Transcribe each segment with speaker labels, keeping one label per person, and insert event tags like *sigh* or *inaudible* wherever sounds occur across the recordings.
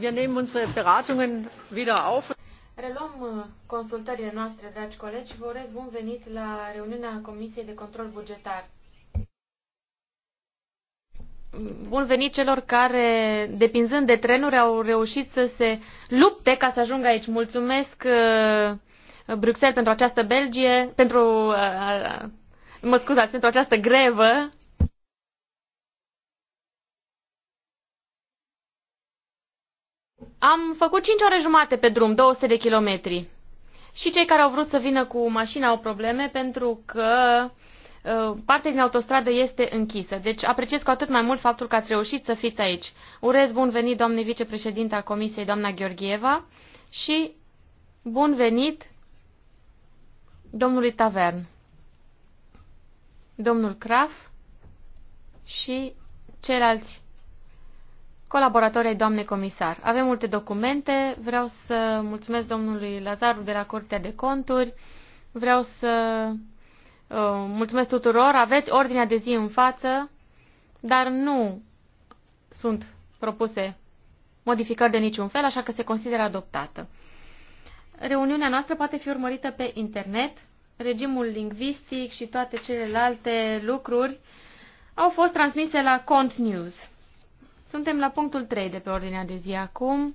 Speaker 1: Wir nehmen unsere Beratungen wieder auf.
Speaker 2: Reluăm uh, consultările noastre, dragi colegi, și vă urez bun venit la reuniunea Comisiei de Control Bugetar. Bun venit celor care, depinzând de trenuri, au reușit să se lupte ca să ajungă aici. Mulțumesc uh, Bruxelles pentru această Belgie, pentru, uh, mă scuzați, pentru această grevă Am făcut 5 ore jumate pe drum, 200 de kilometri. Și cei care au vrut să vină cu mașina au probleme pentru că parte uh, partea din autostradă este închisă. Deci apreciez cu atât mai mult faptul că ați reușit să fiți aici. Urez bun venit doamne vicepreședinte a Comisiei, doamna Gheorgheva, și bun venit domnului Tavern, domnul Craf și ceilalți colaboratorii doamne comisar. Avem multe documente, vreau să mulțumesc domnului Lazaru de la Curtea de Conturi, vreau să uh, mulțumesc tuturor, aveți ordinea de zi în față, dar nu sunt propuse modificări de niciun fel, așa că se consideră adoptată. Reuniunea noastră poate fi urmărită pe internet, regimul lingvistic și toate celelalte lucruri au fost transmise la Cont News. Suntem la punctul 3 de pe ordinea de zi acum.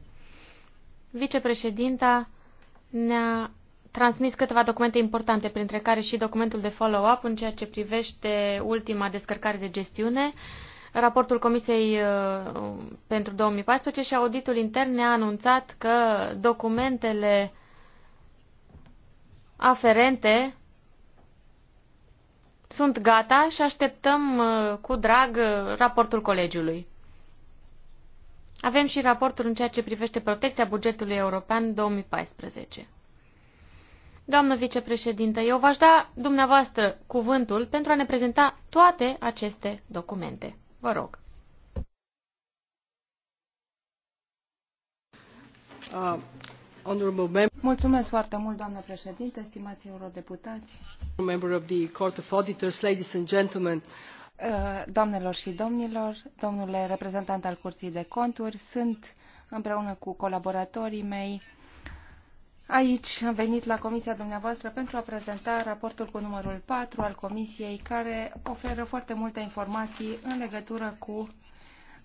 Speaker 2: Vicepreședinta ne-a transmis câteva documente importante, printre care și documentul de follow-up în ceea ce privește ultima descărcare de gestiune, raportul Comisiei uh, pentru 2014 și auditul intern ne-a anunțat că documentele aferente sunt gata și așteptăm uh, cu drag uh, raportul colegiului. Avem și raportul în ceea ce privește protecția bugetului european 2014. Doamnă vicepreședintă, eu v-aș da dumneavoastră cuvântul pentru a ne prezenta toate aceste documente. Vă rog.
Speaker 3: Uh. Mulțumesc foarte mult, doamnă președinte, stimați eurodeputați. Member of the Court of Auditors, ladies and gentlemen, Eh, doamnelor și domnilor, domnule reprezentant al Curții de Conturi, sunt împreună cu colaboratorii mei aici. Am venit la comisia dumneavoastră pentru a prezenta raportul cu numărul 4 al comisiei, care oferă foarte multe informații în legătură cu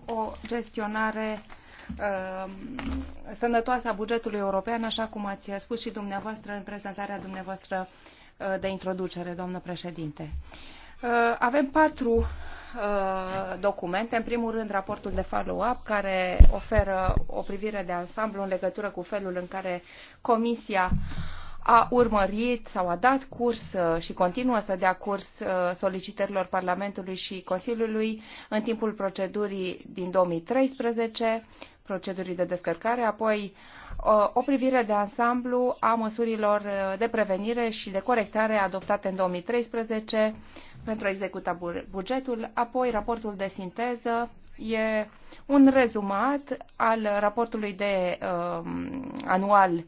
Speaker 3: o gestionare uh, sănătoasă a bugetului european, așa cum ați spus și dumneavoastră în prezentarea dumneavoastră eh, de introducere, doamnă președinte. Uh, Uh, avem patru uh, documente. În primul rând, raportul de follow-up, care oferă o privire de ansamblu în legătură cu felul în care Comisia a urmărit sau a dat curs uh, și continuă să dea curs solicitărilor Parlamentului și Consiliului în timpul procedurii din 2013, procedurii de descărcare, apoi o privire de ansamblu a măsurilor de prevenire și de corectare adoptate în 2013, pentru a executa bugetul, apoi raportul de sinteză e un rezumat al raportului de uh, anual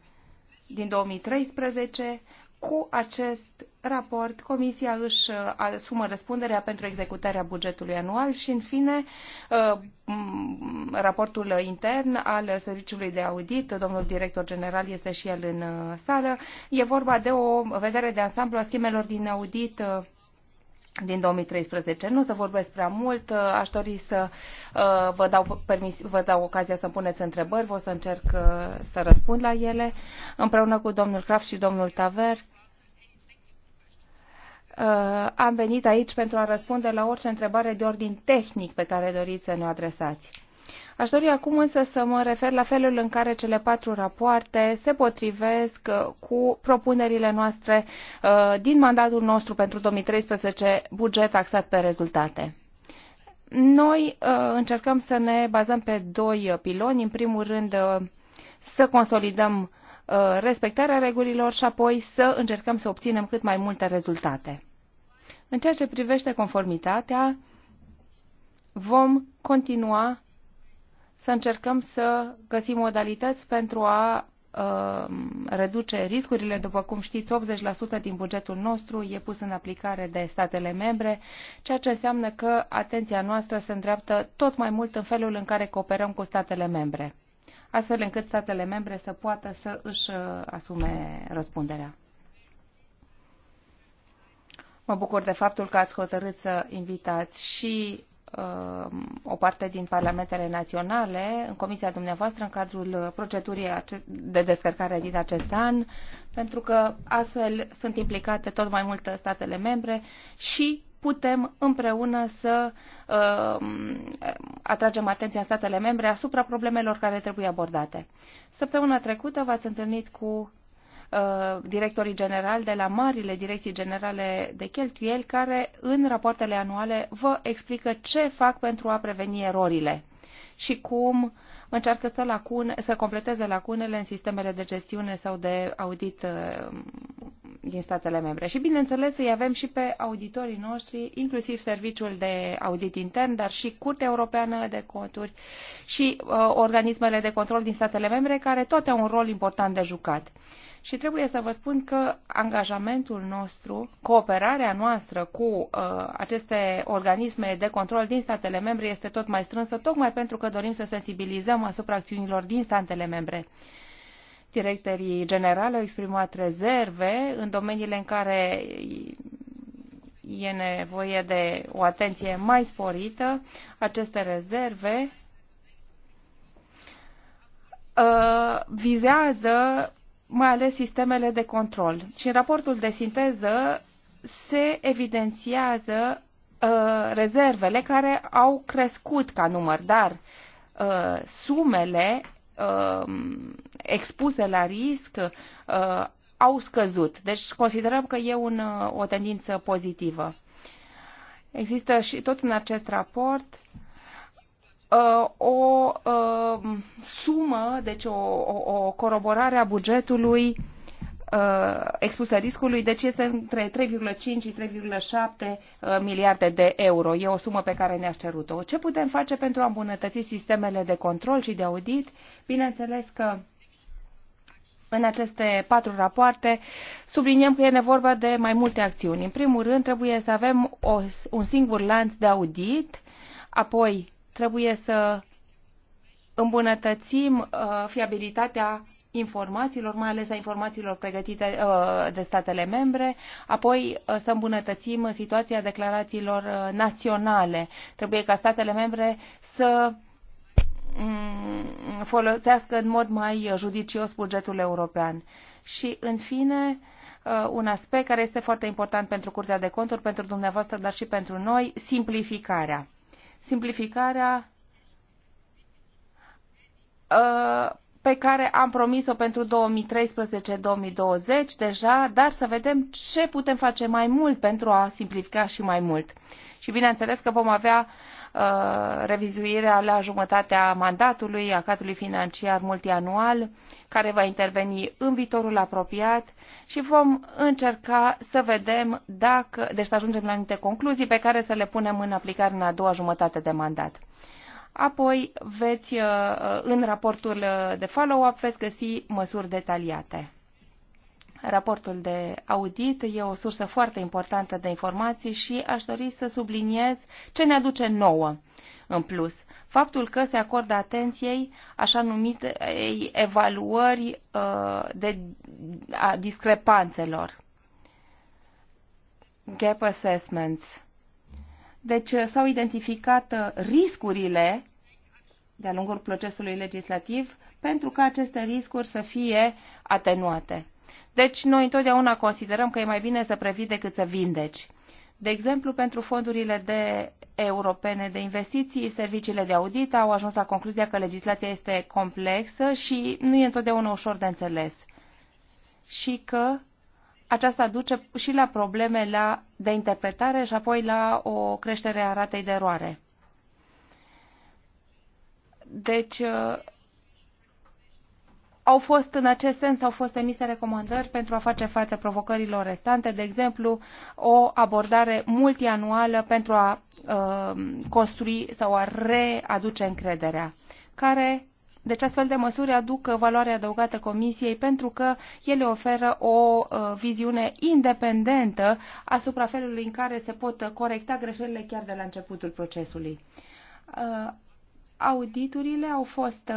Speaker 3: din 2013. Cu acest raport, Comisia își uh, asumă răspunderea pentru executarea bugetului anual și, în fine, uh, raportul intern al Serviciului de Audit, domnul director general este și el în uh, sală. E vorba de o vedere de ansamblu a schemelor din audit din 2013. Nu o să vorbesc prea mult, aș dori să uh, vă dau, permis, vă dau ocazia să puneți întrebări, vă să încerc uh, să răspund la ele, împreună cu domnul Kraft și domnul Taver. Uh, am venit aici pentru a răspunde la orice întrebare de ordin tehnic pe care doriți să ne adresați. Aș dori acum însă să mă refer la felul în care cele patru rapoarte se potrivesc uh, cu propunerile noastre uh, din mandatul nostru pentru 2013, buget axat pe rezultate. Noi uh, încercăm să ne bazăm pe doi piloni. În primul rând, să consolidăm respectarea regulilor și apoi să încercăm să obținem cât mai multe rezultate. În ceea ce privește conformitatea, vom continua să încercăm să găsim modalități pentru a ă, reduce riscurile. După cum știți, 80% din bugetul nostru e pus în aplicare de statele membre, ceea ce înseamnă că atenția noastră se îndreaptă tot mai mult în felul în care cooperăm cu statele membre, astfel încât statele membre să poată să își ă, asume răspunderea. Mă bucur de faptul că ați hotărât să invitați și Uh, o parte din parlamentele naționale în comisia dumneavoastră în cadrul procedurii de descărcare din acest an, pentru că astfel sunt implicate tot mai multe statele membre și putem împreună să uh, atragem atenția statele membre asupra problemelor care trebuie abordate. Săptămâna trecută v-ați întâlnit cu Uh, directorii generali de la marile direcții generale de cheltuieli care în rapoartele anuale vă explică ce fac pentru a preveni erorile și cum încearcă să, lacune, să completeze lacunele în sistemele de gestiune sau de audit uh, din statele membre. Și bineînțeles îi avem și pe auditorii noștri, inclusiv Serviciul de Audit Intern, dar și Curtea Europeană de Conturi și uh, organismele de control din statele membre, care toate au un rol important de jucat. Uh, și trebuie să vă spun că angajamentul nostru, cooperarea noastră cu uh, aceste organisme de control din statele membre este tot mai strânsă, tocmai pentru că dorim să sensibilizăm asupra acțiunilor din statele membre. Directorii generale au exprimat rezerve în domeniile în care e nevoie de o atenție mai sporită. Aceste rezerve uh, vizează mai ales sistemele de control. Și în raportul de sinteză se evidențiază uh, rezervele care au crescut ca număr, dar uh, sumele uh, expuse la risc uh, au scăzut. Deci considerăm că e un, uh, o tendință pozitivă. Există și tot în acest raport uh, Uh, o uh, sumă, deci o, o, o coroborare a bugetului uh, expusă riscului, deci este între 3,5 și 3,7 miliarde de euro. E o sumă pe care ne-a cerut-o. Ce putem face pentru a îmbunătăți sistemele de control și de audit? Bineînțeles că în aceste patru rapoarte subliniem că e nevorba de mai multe acțiuni. În primul rând, trebuie să avem o, un singur lanț de audit, apoi Trebuie să îmbunătățim uh, fiabilitatea informațiilor, mai ales a informațiilor pregătite uh, de statele membre, apoi uh, să îmbunătățim situația declarațiilor naționale. Trebuie ca statele membre să mm, folosească în mod mai judicios bugetul european. Și, în fine, un aspect care este foarte important pentru Curtea de Conturi, pentru dumneavoastră, dar și pentru noi, simplificarea simplificarea uh, pe care am promis-o pentru 2013-2020 deja, dar să vedem ce putem face mai mult pentru a simplifica și mai mult. Și bineînțeles că vom avea Uh, revizuirea la jumătatea mandatului a cadrului financiar multianual, care va interveni în viitorul apropiat și vom încerca să vedem dacă, deci să ajungem la anumite concluzii pe care să le punem în aplicare în a doua jumătate de mandat. Apoi veți, uh, în raportul de follow-up, veți găsi măsuri detaliate raportul de audit e o sursă foarte importantă de informații și aș dori să subliniez ce ne aduce nouă. În plus, faptul că se acordă atenției așa numite evaluări uh, de, a discrepanțelor, gap assessments. Deci uh, s-au identificat uh, riscurile de-a lungul procesului legislativ pentru ca aceste riscuri să fie atenuate. Deci noi întotdeauna considerăm că e mai bine să previi decât să vindeci. De exemplu, pentru fondurile de europene de investiții, serviciile de audit au ajuns la concluzia că legislația este complexă și nu e întotdeauna ușor de înțeles. Și că aceasta duce și la probleme la, de interpretare și apoi la o creștere a ratei de eroare. Deci, au fost în acest sens au fost emise recomandări pentru a face față provocărilor restante, de exemplu o abordare multianuală pentru a uh, construi sau a readuce încrederea, care deci astfel de măsuri aduc valoare adăugată Comisiei pentru că ele oferă o uh, viziune independentă asupra felului în care se pot corecta greșelile chiar de la începutul procesului. Uh, auditurile au fost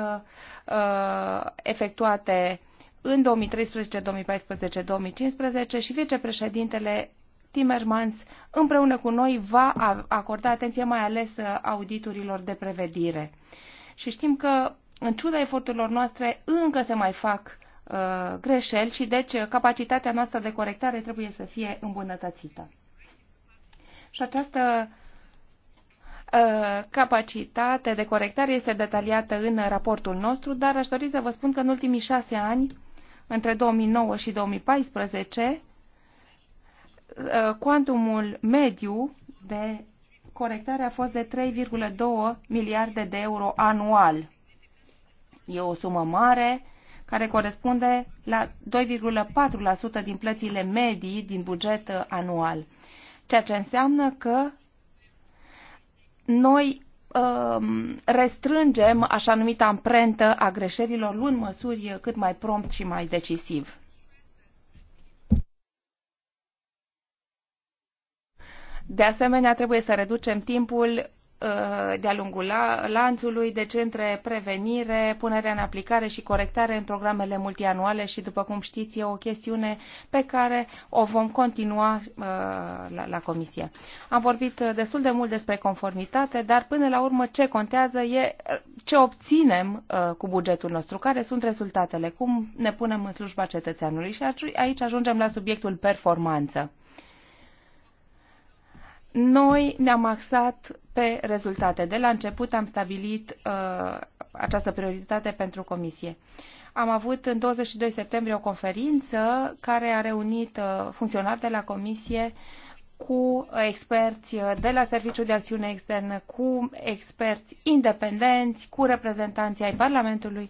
Speaker 3: uh, efectuate în 2013, 2014, 2015 și vicepreședintele Timmermans împreună cu noi va acorda atenție mai ales uh, auditurilor de prevedire. Și știm că, în ciuda eforturilor noastre, încă se mai fac uh, greșeli și deci capacitatea noastră de corectare trebuie să fie îmbunătățită. Și această uh, Ă, capacitate de corectare este detaliată în raportul nostru, dar aș dori să vă spun că în ultimii șase ani, între 2009 și 2014, ă, cuantumul mediu de corectare a fost de 3,2 miliarde de euro anual. E o sumă mare care corespunde la 2,4% din plățile medii din buget anual, ceea ce înseamnă că noi um, restrângem așa numita amprentă a greșelilor, luând măsuri cât mai prompt și mai decisiv. De asemenea, trebuie să reducem timpul Uh, de-a lungul lanțului, deci între prevenire, punerea în aplicare și corectare în programele multianuale și, după cum știți, e o chestiune pe care o vom continua uh, la, la Comisie. Am vorbit uh, destul de mult despre conformitate, dar până la urmă ce contează e ce obținem cu bugetul nostru, care sunt rezultatele, cum ne punem în slujba cetățeanului și aici ajungem la subiectul performanță. Noi ne-am axat pe rezultate. De la început am stabilit uh, această prioritate pentru comisie. Am avut în 22 septembrie o conferință care a reunit uh, funcționari de la comisie cu experți uh, de la Serviciul de Acțiune Externă, cu experți independenți, cu reprezentanții ai Parlamentului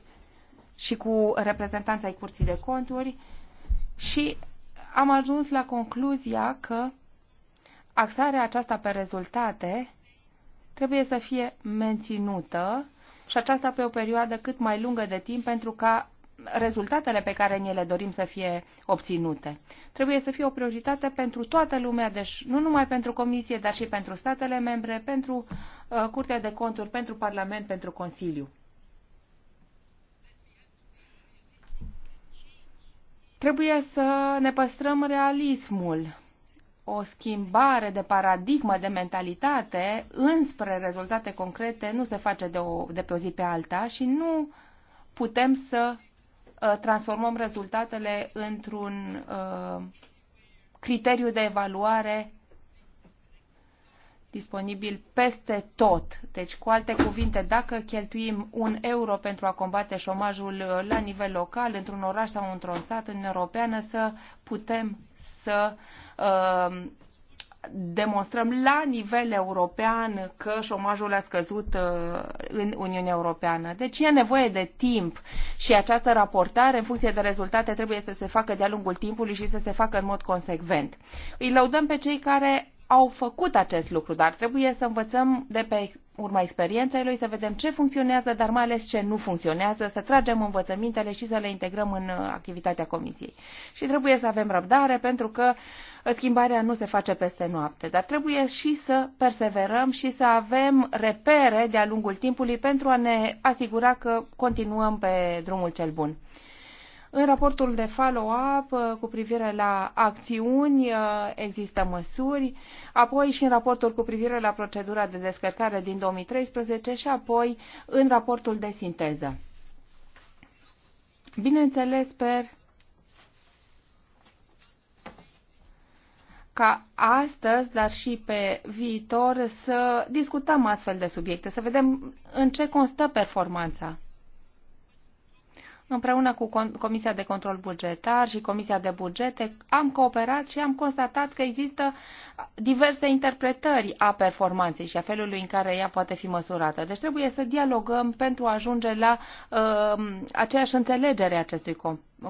Speaker 3: și cu reprezentanții ai Curții de Conturi și am ajuns la concluzia că Axarea aceasta pe rezultate trebuie să fie menținută și aceasta pe o perioadă cât mai lungă de timp pentru ca rezultatele pe care ni le dorim să fie obținute. Trebuie să fie o prioritate pentru toată lumea, deci nu numai pentru Comisie, dar și pentru statele membre, pentru uh, Curtea de Conturi, pentru Parlament, pentru Consiliu. Trebuie să ne păstrăm realismul o schimbare de paradigmă, de mentalitate înspre rezultate concrete nu se face de, o, de pe o zi pe alta și nu putem să uh, transformăm rezultatele într-un uh, criteriu de evaluare disponibil peste tot. Deci, cu alte cuvinte, dacă cheltuim un euro pentru a combate șomajul uh, la nivel local, într-un oraș sau într-un sat în Europeană, să putem să uh, demonstrăm la nivel european că șomajul a scăzut uh, în Uniunea Europeană. Deci e nevoie de timp și această raportare în funcție de rezultate trebuie să se facă de-a lungul timpului și să se facă în mod consecvent. Îi lăudăm pe cei care au făcut acest lucru, dar trebuie să învățăm de pe urma experienței lui, să vedem ce funcționează, dar mai ales ce nu funcționează, să tragem învățămintele și să le integrăm în uh, activitatea comisiei. Și trebuie să avem răbdare pentru că uh, schimbarea nu se face peste noapte, dar trebuie și să perseverăm și să avem repere de-a lungul timpului pentru a ne asigura că continuăm pe drumul cel bun. În raportul de follow-up uh, cu privire la acțiuni uh, există măsuri, apoi și în raportul cu privire la procedura de descărcare din 2013 și apoi în raportul de sinteză. Bineînțeles, sper ca astăzi, dar și pe viitor, să discutăm astfel de subiecte, să vedem în ce constă performanța împreună cu Comisia de Control Bugetar și Comisia de Bugete, am cooperat și am constatat că există diverse interpretări a performanței și a felului în care ea poate fi măsurată. Deci trebuie să dialogăm pentru a ajunge la uh, aceeași înțelegere a acestui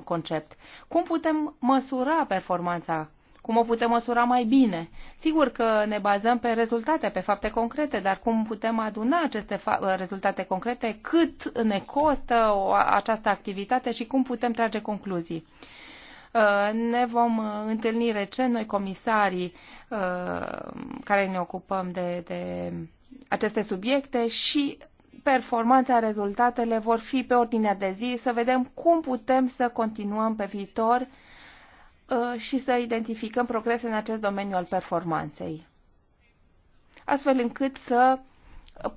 Speaker 3: concept. Cum putem măsura performanța cum o putem măsura mai bine? Sigur că ne bazăm pe rezultate, pe fapte concrete, dar cum putem aduna aceste rezultate concrete? Cât ne costă o această activitate și cum putem trage concluzii? Uh, ne vom întâlni recent noi comisarii uh, care ne ocupăm de, de aceste subiecte și performanța, rezultatele vor fi pe ordinea de zi, să vedem cum putem să continuăm pe viitor Uh, și să identificăm progrese în acest domeniu al performanței, astfel încât să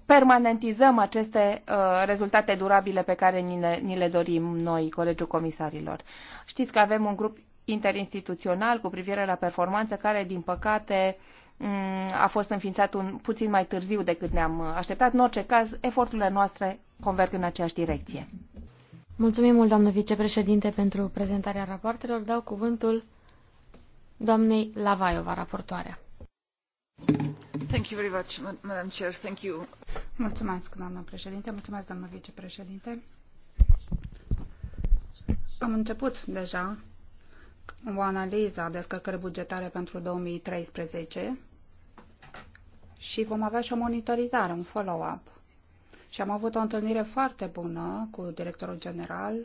Speaker 3: permanentizăm aceste uh, rezultate durabile pe care ni le, ni le dorim noi, Colegiul Comisarilor. Știți că avem un grup interinstituțional cu privire la performanță care, din păcate, mm, a fost înființat un, puțin mai târziu decât ne-am așteptat. În orice caz, eforturile noastre converg în aceeași direcție.
Speaker 2: Mulțumim mult, doamnă vicepreședinte, pentru prezentarea rapoartelor. Dau cuvântul doamnei Lavaiova, raportoarea.
Speaker 4: Thank you very much, Madam Chair. Thank you. Mulțumesc, doamnă președinte. Mulțumesc, doamnă vicepreședinte. Am început deja o analiză a descărcării bugetare pentru 2013 și vom avea și o monitorizare, un follow-up și am avut o întâlnire foarte bună cu directorul general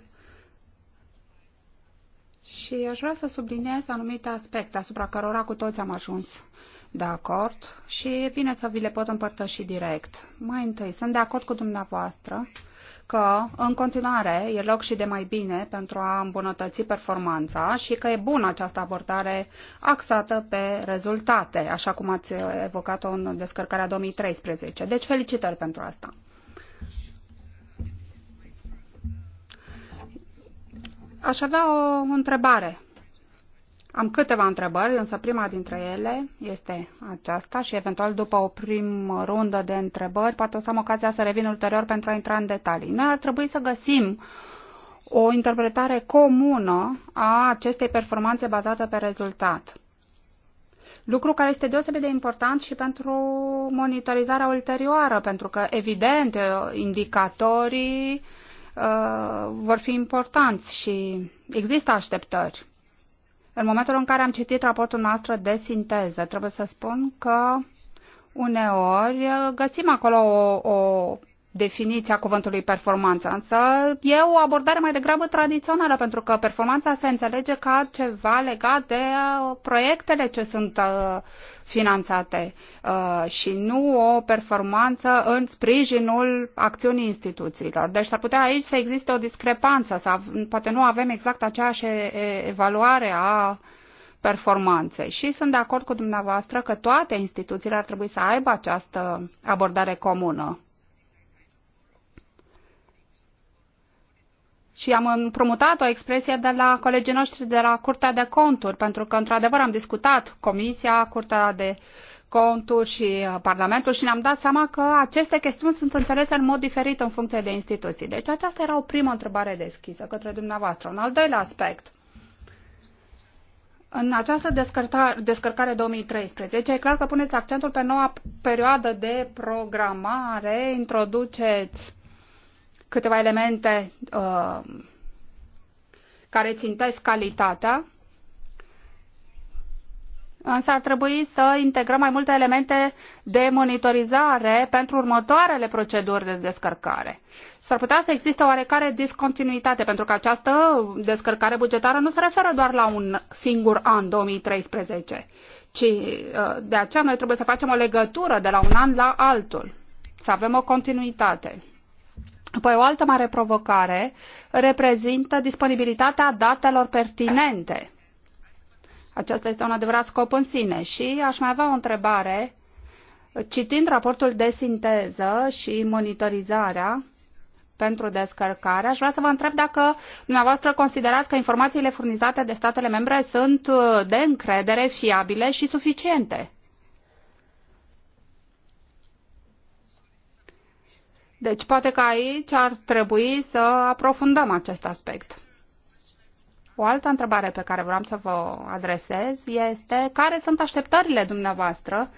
Speaker 4: și aș vrea să subliniez anumite aspecte asupra cărora cu toți am ajuns de acord și e bine să vi le pot împărtăși direct. Mai întâi, sunt de acord cu dumneavoastră că în continuare e loc și de mai bine pentru a îmbunătăți performanța și că e bună această abordare axată pe rezultate, așa cum ați evocat-o în descărcarea 2013. Deci felicitări pentru asta. Aș avea o întrebare. Am câteva întrebări, însă prima dintre ele este aceasta și eventual după o primă rundă de întrebări, poate o să am ocazia să revin ulterior pentru a intra în detalii. Noi ar trebui să găsim o interpretare comună a acestei performanțe bazată pe rezultat. Lucru care este deosebit de important și pentru monitorizarea ulterioară, pentru că, evident, indicatorii uh, Uh, vor fi importanți și există așteptări. În momentul în care am citit raportul noastră de sinteză, trebuie să spun că uneori găsim acolo o, o definiția cuvântului performanță, însă e o abordare mai degrabă tradițională, pentru că performanța se înțelege ca ceva legat de uh, proiectele ce sunt uh, finanțate uh, și nu o performanță în sprijinul acțiunii instituțiilor. Deci s-ar putea aici să existe o discrepanță, să poate nu avem exact aceeași evaluare a performanțe. Și sunt de acord cu dumneavoastră că toate instituțiile ar trebui să aibă această abordare comună. și am împrumutat o expresie de la colegii noștri de la Curtea de Conturi, pentru că, într-adevăr, am discutat Comisia, Curtea de Conturi și uh, Parlamentul și ne-am dat seama că aceste chestiuni sunt înțelese în mod diferit în funcție de instituții. Deci aceasta era o primă întrebare deschisă către dumneavoastră. Un al doilea aspect. În această descărcare, descărcare 2013, e clar că puneți accentul pe noua perioadă de programare, introduceți câteva elemente uh, care țintesc calitatea, însă ar trebui să integrăm mai multe elemente de monitorizare pentru următoarele proceduri de descărcare. S-ar putea să existe oarecare discontinuitate, pentru că această descărcare bugetară nu se referă doar la un singur an, 2013, ci uh, de aceea noi trebuie să facem o legătură de la un an la altul, să avem o continuitate. Apoi o altă mare provocare reprezintă disponibilitatea datelor pertinente. Acesta este un adevărat scop în sine și aș mai avea o întrebare. Citind raportul de sinteză și monitorizarea pentru descărcare, aș vrea să vă întreb dacă dumneavoastră considerați că informațiile furnizate de statele membre sunt de încredere, fiabile și suficiente. Deci poate că aici ar trebui să aprofundăm acest aspect. O altă întrebare pe care vreau să vă adresez este care sunt așteptările dumneavoastră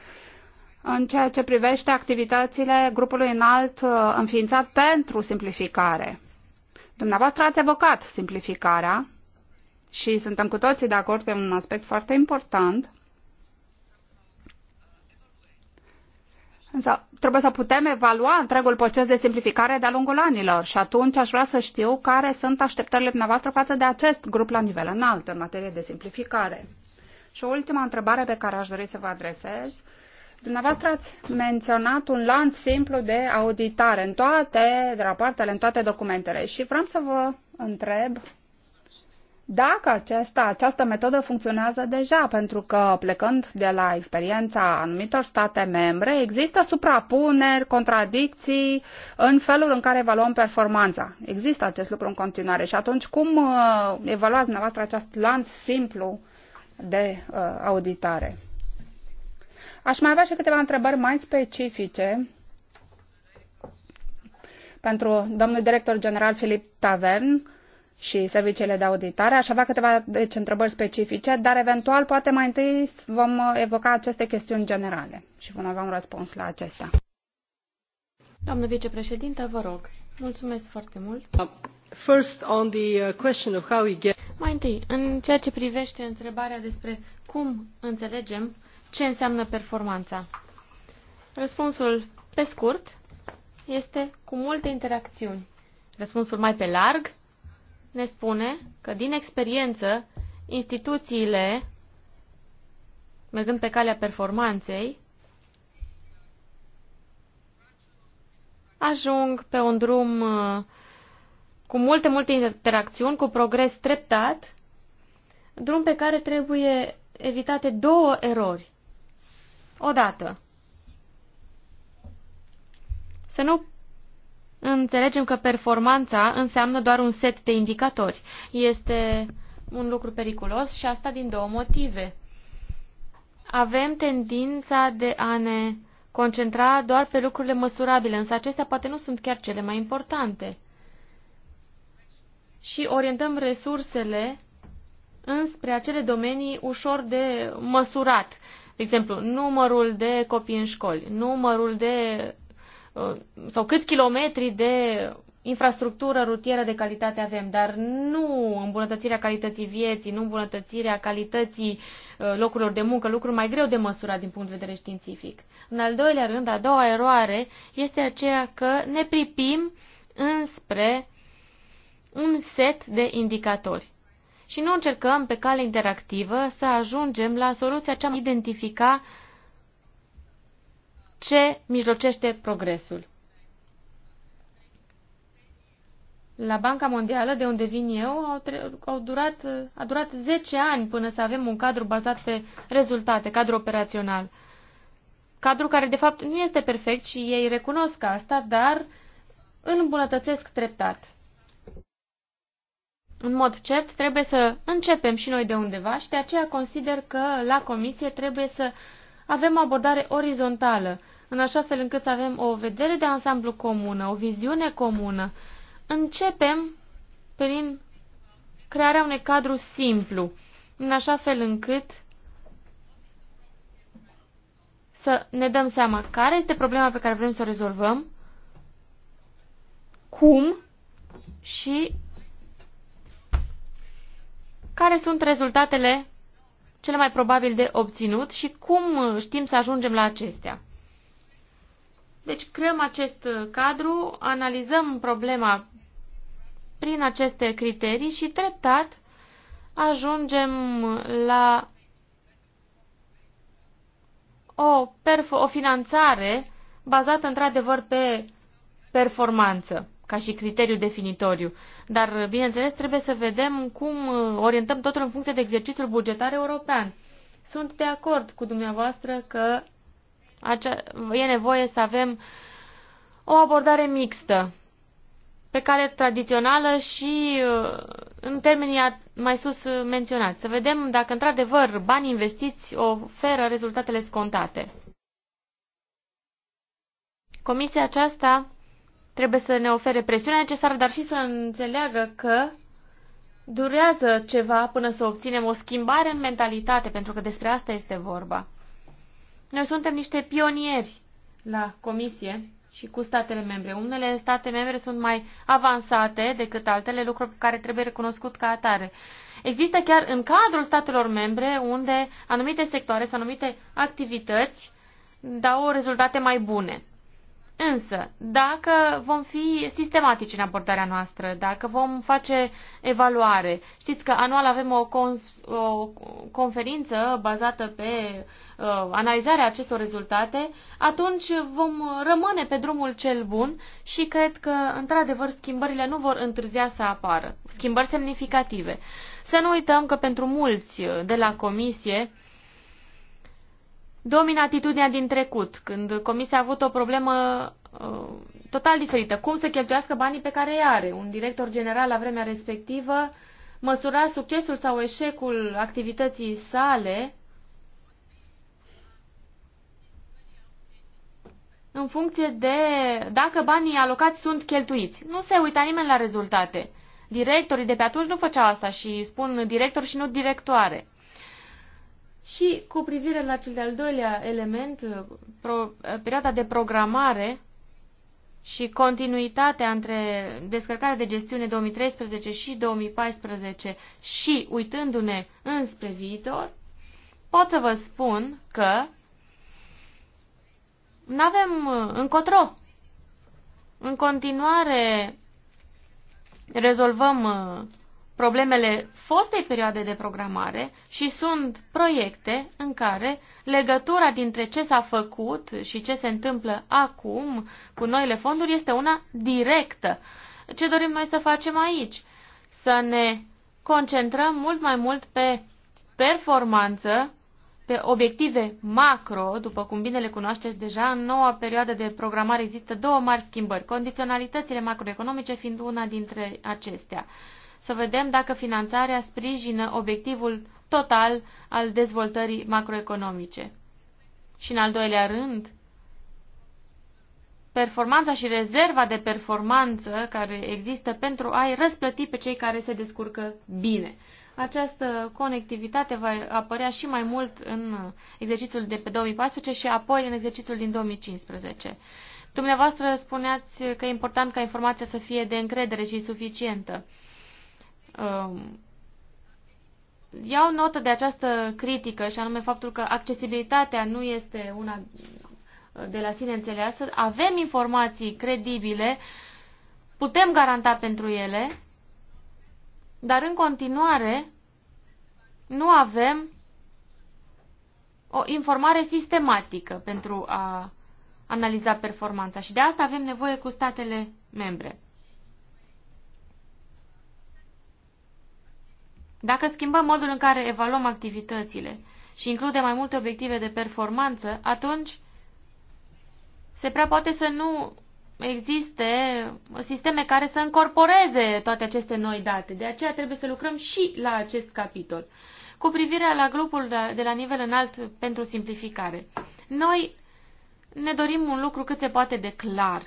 Speaker 4: în ceea ce privește activitățile grupului înalt uh, înființat pentru simplificare. Dumneavoastră ați evocat simplificarea și suntem cu toții de acord că e un aspect foarte important Însă trebuie să putem evalua întregul proces de simplificare de-a lungul anilor și atunci aș vrea să știu care sunt așteptările dumneavoastră față de acest grup la nivel înalt în materie de simplificare. Și o ultima întrebare pe care aș dori să vă adresez. Dumneavoastră ați menționat un lanț simplu de auditare în toate rapoartele, în toate documentele și vreau să vă întreb dacă aceasta, această metodă funcționează deja, pentru că plecând de la experiența anumitor state membre, există suprapuneri, contradicții în felul în care evaluăm performanța. Există acest lucru în continuare și atunci cum uh, evaluați dumneavoastră acest lanț simplu de uh, auditare? Aș mai avea și câteva întrebări mai specifice pentru domnul director general Filip Tavern și serviciile de auditare. Aș avea câteva deci, întrebări specifice, dar eventual poate mai întâi vom evoca aceste chestiuni generale și vom avea un răspuns la acestea.
Speaker 2: Doamnă vicepreședintă, vă rog. Mulțumesc foarte mult.
Speaker 4: First on the uh, question of how we get... Mai întâi,
Speaker 2: în ceea ce privește întrebarea despre cum înțelegem ce înseamnă performanța. Răspunsul, pe scurt, este cu multe interacțiuni. Răspunsul mai pe larg ne spune că, din experiență, instituțiile, mergând pe calea performanței, ajung pe un drum uh, cu multe, multe interacțiuni, cu progres treptat, drum pe care trebuie evitate două erori. Odată, să nu înțelegem că performanța înseamnă doar un set de indicatori. Este un lucru periculos și asta din două motive. Avem tendința de a ne concentra doar pe lucrurile măsurabile, însă acestea poate nu sunt chiar cele mai importante. Și orientăm resursele înspre acele domenii ușor de măsurat. De exemplu, numărul de copii în școli, numărul de Uh, sau câți kilometri de infrastructură rutieră de calitate avem, dar nu îmbunătățirea calității vieții, nu îmbunătățirea calității uh, locurilor de muncă, lucruri mai greu de măsurat din punct de vedere științific. În al doilea rând, a doua eroare este aceea că ne pripim înspre un set de indicatori și nu încercăm pe cale interactivă să ajungem la soluția cea mai identifica ce mijlocește progresul. La Banca Mondială, de unde vin eu, au, au durat, a durat 10 ani până să avem un cadru bazat pe rezultate, cadru operațional. Cadru care, de fapt, nu este perfect și ei recunosc asta, dar îmbunătățesc treptat. În mod cert, trebuie să începem și noi de undeva și de aceea consider că la comisie trebuie să avem o abordare orizontală în așa fel încât să avem o vedere de ansamblu comună, o viziune comună. Începem prin crearea unui cadru simplu, în așa fel încât să ne dăm seama care este problema pe care vrem să o rezolvăm, cum și care sunt rezultatele cele mai probabil de obținut și cum știm să ajungem la acestea. Deci creăm acest uh, cadru, analizăm problema prin aceste criterii și treptat ajungem la o, o finanțare bazată într-adevăr pe performanță ca și criteriu definitoriu. Dar, uh, bineînțeles, trebuie să vedem cum uh, orientăm totul în funcție de exercițiul bugetar european. Sunt de acord cu dumneavoastră că e nevoie să avem o abordare mixtă, pe care tradițională și uh, în termenii mai sus uh, menționați. Să vedem dacă într-adevăr banii investiți oferă rezultatele scontate. Comisia aceasta trebuie să ne ofere presiunea necesară, dar și să înțeleagă că durează ceva până să obținem o schimbare în mentalitate, pentru că despre asta este vorba. Noi suntem niște pionieri la comisie și cu statele membre. Unele state membre sunt mai avansate decât altele, lucruri care trebuie recunoscut ca atare. Există chiar în cadrul statelor membre unde anumite sectoare sau anumite activități dau rezultate mai bune. Însă, dacă vom fi sistematici în abordarea noastră, dacă vom face evaluare, știți că anual avem o, conf- o conferință bazată pe uh, analizarea acestor rezultate, atunci vom rămâne pe drumul cel bun și cred că, într-adevăr, schimbările nu vor întârzia să apară. Schimbări semnificative. Să nu uităm că pentru mulți de la comisie, domină atitudinea din trecut, când comisia a avut o problemă uh, total diferită. Cum să cheltuiască banii pe care îi are? Un director general la vremea respectivă măsura succesul sau eșecul activității sale în funcție de dacă banii alocați sunt cheltuiți. Nu se uita nimeni la rezultate. Directorii de pe atunci nu făceau asta și spun director și nu directoare. Și cu privire la cel de-al doilea element, uh, pro, uh, perioada de programare și continuitatea între descărcarea de gestiune 2013 și 2014 și uitându-ne înspre viitor, pot să vă spun că nu avem uh, încotro. În continuare rezolvăm problemele fostei perioade de programare și sunt proiecte în care legătura dintre ce s-a făcut și ce se întâmplă acum cu noile fonduri este una directă. Ce dorim noi să facem aici? Să ne concentrăm mult mai mult pe performanță, pe obiective macro, după cum bine le cunoașteți deja, în noua perioadă de programare există două mari schimbări, condiționalitățile macroeconomice fiind una dintre acestea să vedem dacă finanțarea sprijină obiectivul total al dezvoltării macroeconomice. Și în al doilea rând, performanța și rezerva de performanță care există pentru a-i răsplăti pe cei care se descurcă bine. Această conectivitate va apărea și mai mult în exercițiul de pe 2014 și apoi în exercițiul din 2015. Dumneavoastră spuneați că e important ca informația să fie de încredere și suficientă. Um, iau notă de această critică și anume faptul că accesibilitatea nu este una de la sine înțeleasă. Avem informații credibile, putem garanta pentru ele, dar în continuare nu avem o informare sistematică pentru a analiza performanța și de asta avem nevoie cu statele membre. Dacă schimbăm modul în care evaluăm activitățile și include mai multe obiective de performanță, atunci se prea poate să nu existe sisteme care să încorporeze toate aceste noi date. De aceea trebuie să lucrăm și la acest capitol. Cu privire la grupul de la nivel înalt pentru simplificare, noi ne dorim un lucru cât se poate de clar.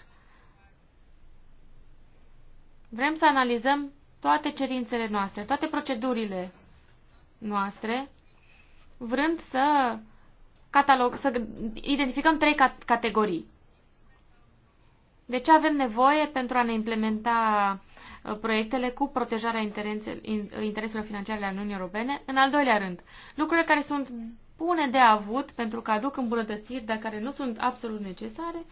Speaker 2: Vrem să analizăm toate cerințele noastre, toate procedurile noastre, vrând să, catalog, să identificăm trei cat categorii. De ce avem nevoie pentru a ne implementa uh, proiectele cu protejarea uh, intereselor financiare ale Uniunii Europene? În al doilea rând, lucrurile care sunt bune de avut pentru că aduc îmbunătățiri, dar care nu sunt absolut necesare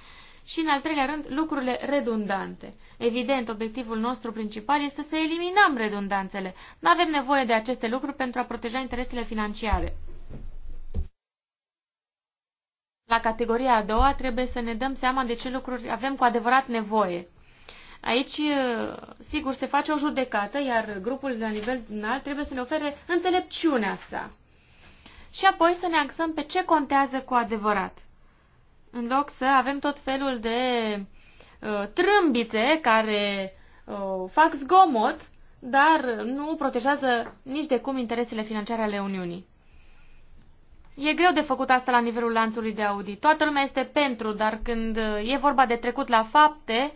Speaker 2: și, în al treilea rând, lucrurile redundante. Evident, obiectivul nostru principal este să eliminăm redundanțele. Nu avem nevoie de aceste lucruri pentru a proteja interesele financiare. La categoria a doua trebuie să ne dăm seama de ce lucruri avem cu adevărat nevoie. Aici, sigur, se face o judecată, iar grupul de la nivel înalt trebuie să ne ofere înțelepciunea sa. Și apoi să ne axăm pe ce contează cu adevărat în loc să avem tot felul de uh, trâmbițe care uh, fac zgomot, dar nu protejează nici de cum interesele financiare ale Uniunii. E greu de făcut asta la nivelul lanțului de audit. Toată lumea este pentru, dar când uh, e vorba de trecut la fapte,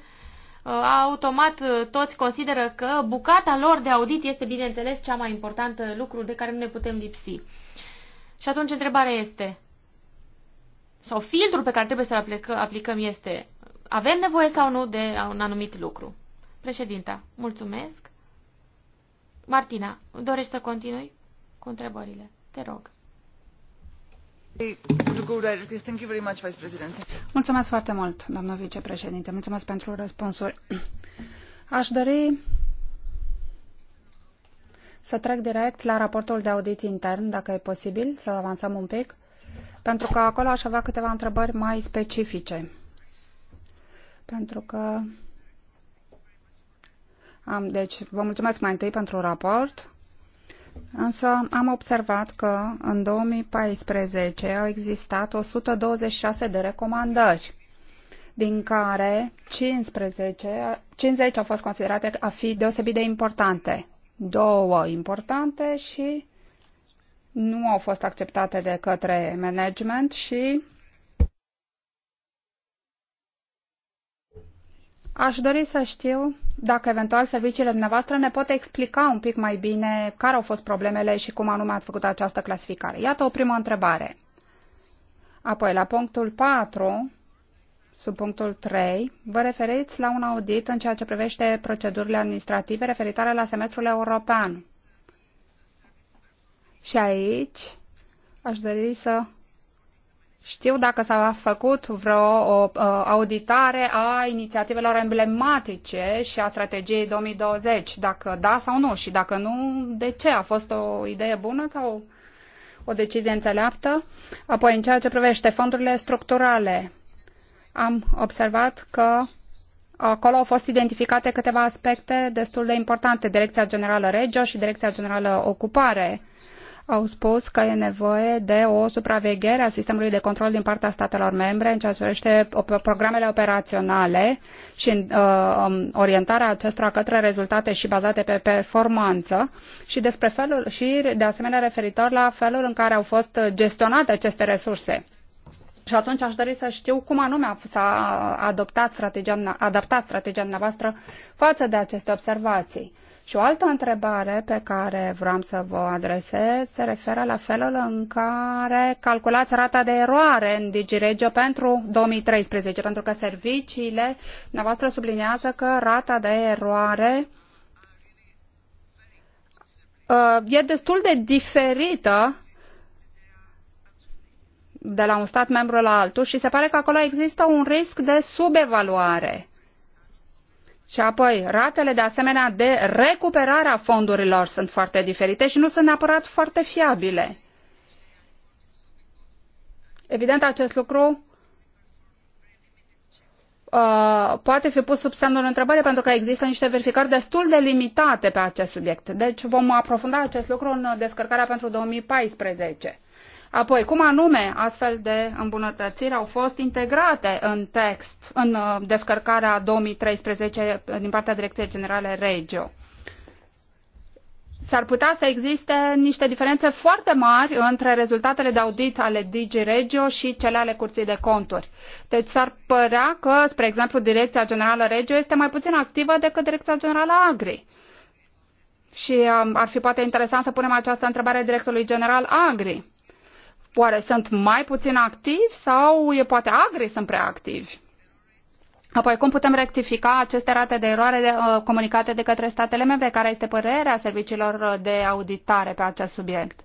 Speaker 2: uh, automat uh, toți consideră că bucata lor de audit este, bineînțeles, cea mai importantă lucru de care nu ne putem lipsi. Și atunci întrebarea este, sau filtrul pe care trebuie să-l aplicăm, este avem nevoie sau nu de un anumit lucru. Președinta, mulțumesc. Martina, dorești să continui cu întrebările? Te rog.
Speaker 4: Mulțumesc foarte mult, doamnă vicepreședinte. Mulțumesc pentru răspunsuri. Aș dori să trec direct la raportul de audit intern, dacă e posibil, să avansăm un pic pentru că acolo aș avea câteva întrebări mai specifice. Pentru că am, deci, vă mulțumesc mai întâi pentru raport, însă am observat că în 2014 au existat 126 de recomandări, din care 15, 50 au fost considerate a fi deosebit de importante, două importante și nu au fost acceptate de către management și Aș dori să știu dacă eventual serviciile dumneavoastră ne pot explica un pic mai bine care au fost problemele și cum anume ați făcut această clasificare. Iată o primă întrebare. Apoi, la punctul 4, sub punctul 3, vă referiți la un audit în ceea ce privește procedurile administrative referitoare la semestrul european. Și aici aș dori să știu dacă s-a făcut vreo o, auditare a inițiativelor emblematice și a strategiei 2020, dacă da sau nu și dacă nu, de ce? A fost o idee bună sau o decizie înțeleaptă? Apoi, în ceea ce privește fondurile structurale, am observat că acolo au fost identificate câteva aspecte destul de importante, Direcția Generală Regio și Direcția Generală Ocupare au spus că e nevoie de o supraveghere a sistemului de control din partea statelor membre în ceea ce privește programele operaționale și uh, um, orientarea acestora către rezultate și bazate pe performanță și despre felul și de asemenea referitor la felul în care au fost gestionate aceste resurse. Și atunci aș dori să știu cum anume s-a adoptat strategia, adaptat strategia noastră față de aceste observații. Și o altă întrebare pe care vreau să vă adresez se referă la felul în care calculați rata de eroare în DigiRegio pentru 2013, pentru că serviciile noastre subliniază că rata de eroare uh, e destul de diferită de la un stat membru la altul și se pare că acolo există un risc de subevaluare. Și apoi, ratele de asemenea de recuperare a fondurilor sunt foarte diferite și nu sunt neapărat foarte fiabile. Evident, acest lucru uh, poate fi pus sub semnul întrebării pentru că există niște verificări destul de limitate pe acest subiect. Deci vom aprofunda acest lucru în descărcarea pentru 2014. Apoi, cum anume astfel de îmbunătățiri au fost integrate în text, în uh, descărcarea 2013 din partea Direcției Generale Regio? S-ar putea să existe niște diferențe foarte mari între rezultatele de audit ale DG Regio și cele ale Curții de Conturi. Deci s-ar părea că, spre exemplu, Direcția Generală Regio este mai puțin activă decât Direcția Generală Agri. Și um, ar fi poate interesant să punem această întrebare directorului general Agri Oare sunt mai puțin activi sau e poate agri sunt prea activi? Apoi, cum putem rectifica aceste rate de eroare de, uh, comunicate de către statele membre? Care este părerea serviciilor uh, de auditare pe acest subiect?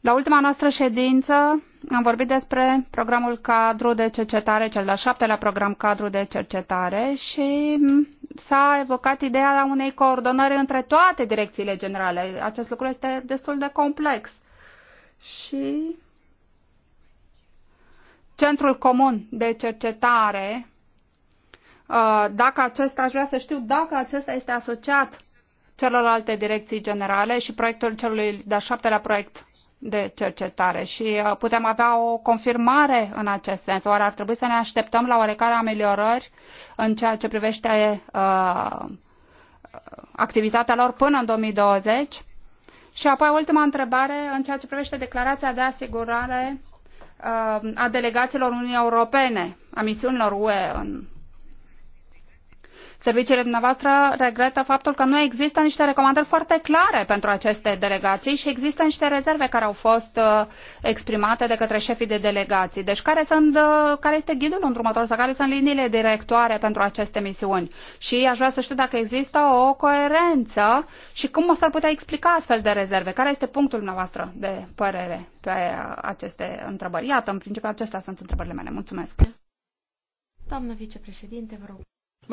Speaker 4: La ultima noastră ședință am vorbit despre programul cadru de cercetare, cel de-al șaptelea program cadru de cercetare și s-a evocat ideea unei coordonări între toate direcțiile generale. Acest lucru este destul de complex. Uh, și Centrul Comun de Cercetare, uh, dacă acesta, aș vrea să știu dacă acesta este asociat celorlalte direcții generale și proiectul celui de-a șaptelea proiect de cercetare și uh, putem avea o confirmare în acest sens. Oare ar trebui să ne așteptăm la oarecare ameliorări în ceea ce privește uh, activitatea lor până în 2020? Și apoi ultima întrebare în ceea ce privește declarația de asigurare uh, a delegațiilor Uniunii Europene, a misiunilor UE în Serviciile dumneavoastră regretă faptul că nu există niște recomandări foarte clare pentru aceste delegații și există niște rezerve care au fost uh, exprimate de către șefii de delegații. Deci care, sunt, uh, care este ghidul următor sau care sunt liniile directoare pentru aceste misiuni? Și aș vrea să știu dacă există o coerență și cum s-ar putea explica astfel de rezerve. Care este punctul dumneavoastră de părere pe uh, aceste întrebări? Iată, în principiu acestea sunt întrebările mele. Mulțumesc.
Speaker 2: Doamnă vicepreședinte, vă rog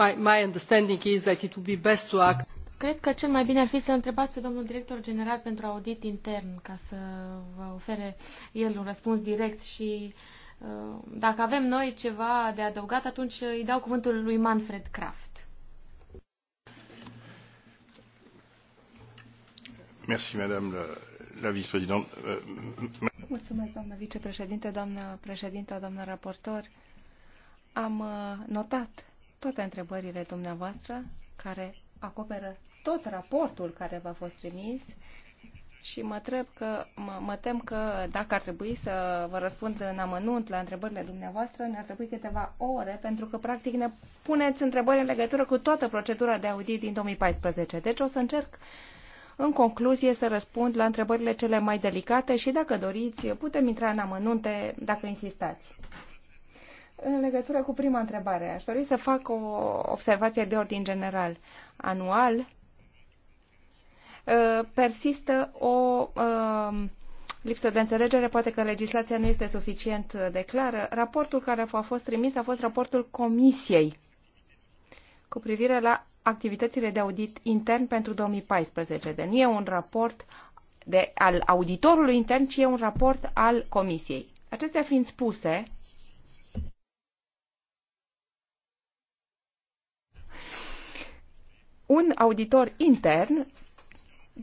Speaker 1: my, understanding is that it would be best to act
Speaker 2: Cred că cel mai bine ar fi să întrebați pe domnul director general pentru audit intern ca să vă ofere el un răspuns direct și uh, dacă avem noi ceva de adăugat, atunci îi dau cuvântul lui Manfred
Speaker 3: Kraft. Merci, madame la, la vice euh, Mulțumesc, doamnă vicepreședinte, doamnă președinte, doamnă raportor. Am uh, notat toate întrebările dumneavoastră care acoperă tot raportul care v-a fost trimis și mă, treb că, mă, mă tem că dacă ar trebui să vă răspund în amănunt la întrebările dumneavoastră, ne-ar trebui câteva ore, pentru că practic ne puneți întrebări în legătură cu toată procedura de audit din 2014. Deci o să încerc în concluzie să răspund la întrebările cele mai delicate și dacă doriți putem intra în amănunte dacă insistați. În legătură cu prima întrebare, aș dori să fac o observație de ordin general. Anual uh, persistă o uh, lipsă de înțelegere, poate că legislația nu este suficient de clară. Raportul care a fost trimis a fost raportul Comisiei cu privire la activitățile de audit intern pentru 2014. Deci nu e un raport de, al auditorului intern, ci e un raport al Comisiei. Acestea fiind spuse, un auditor intern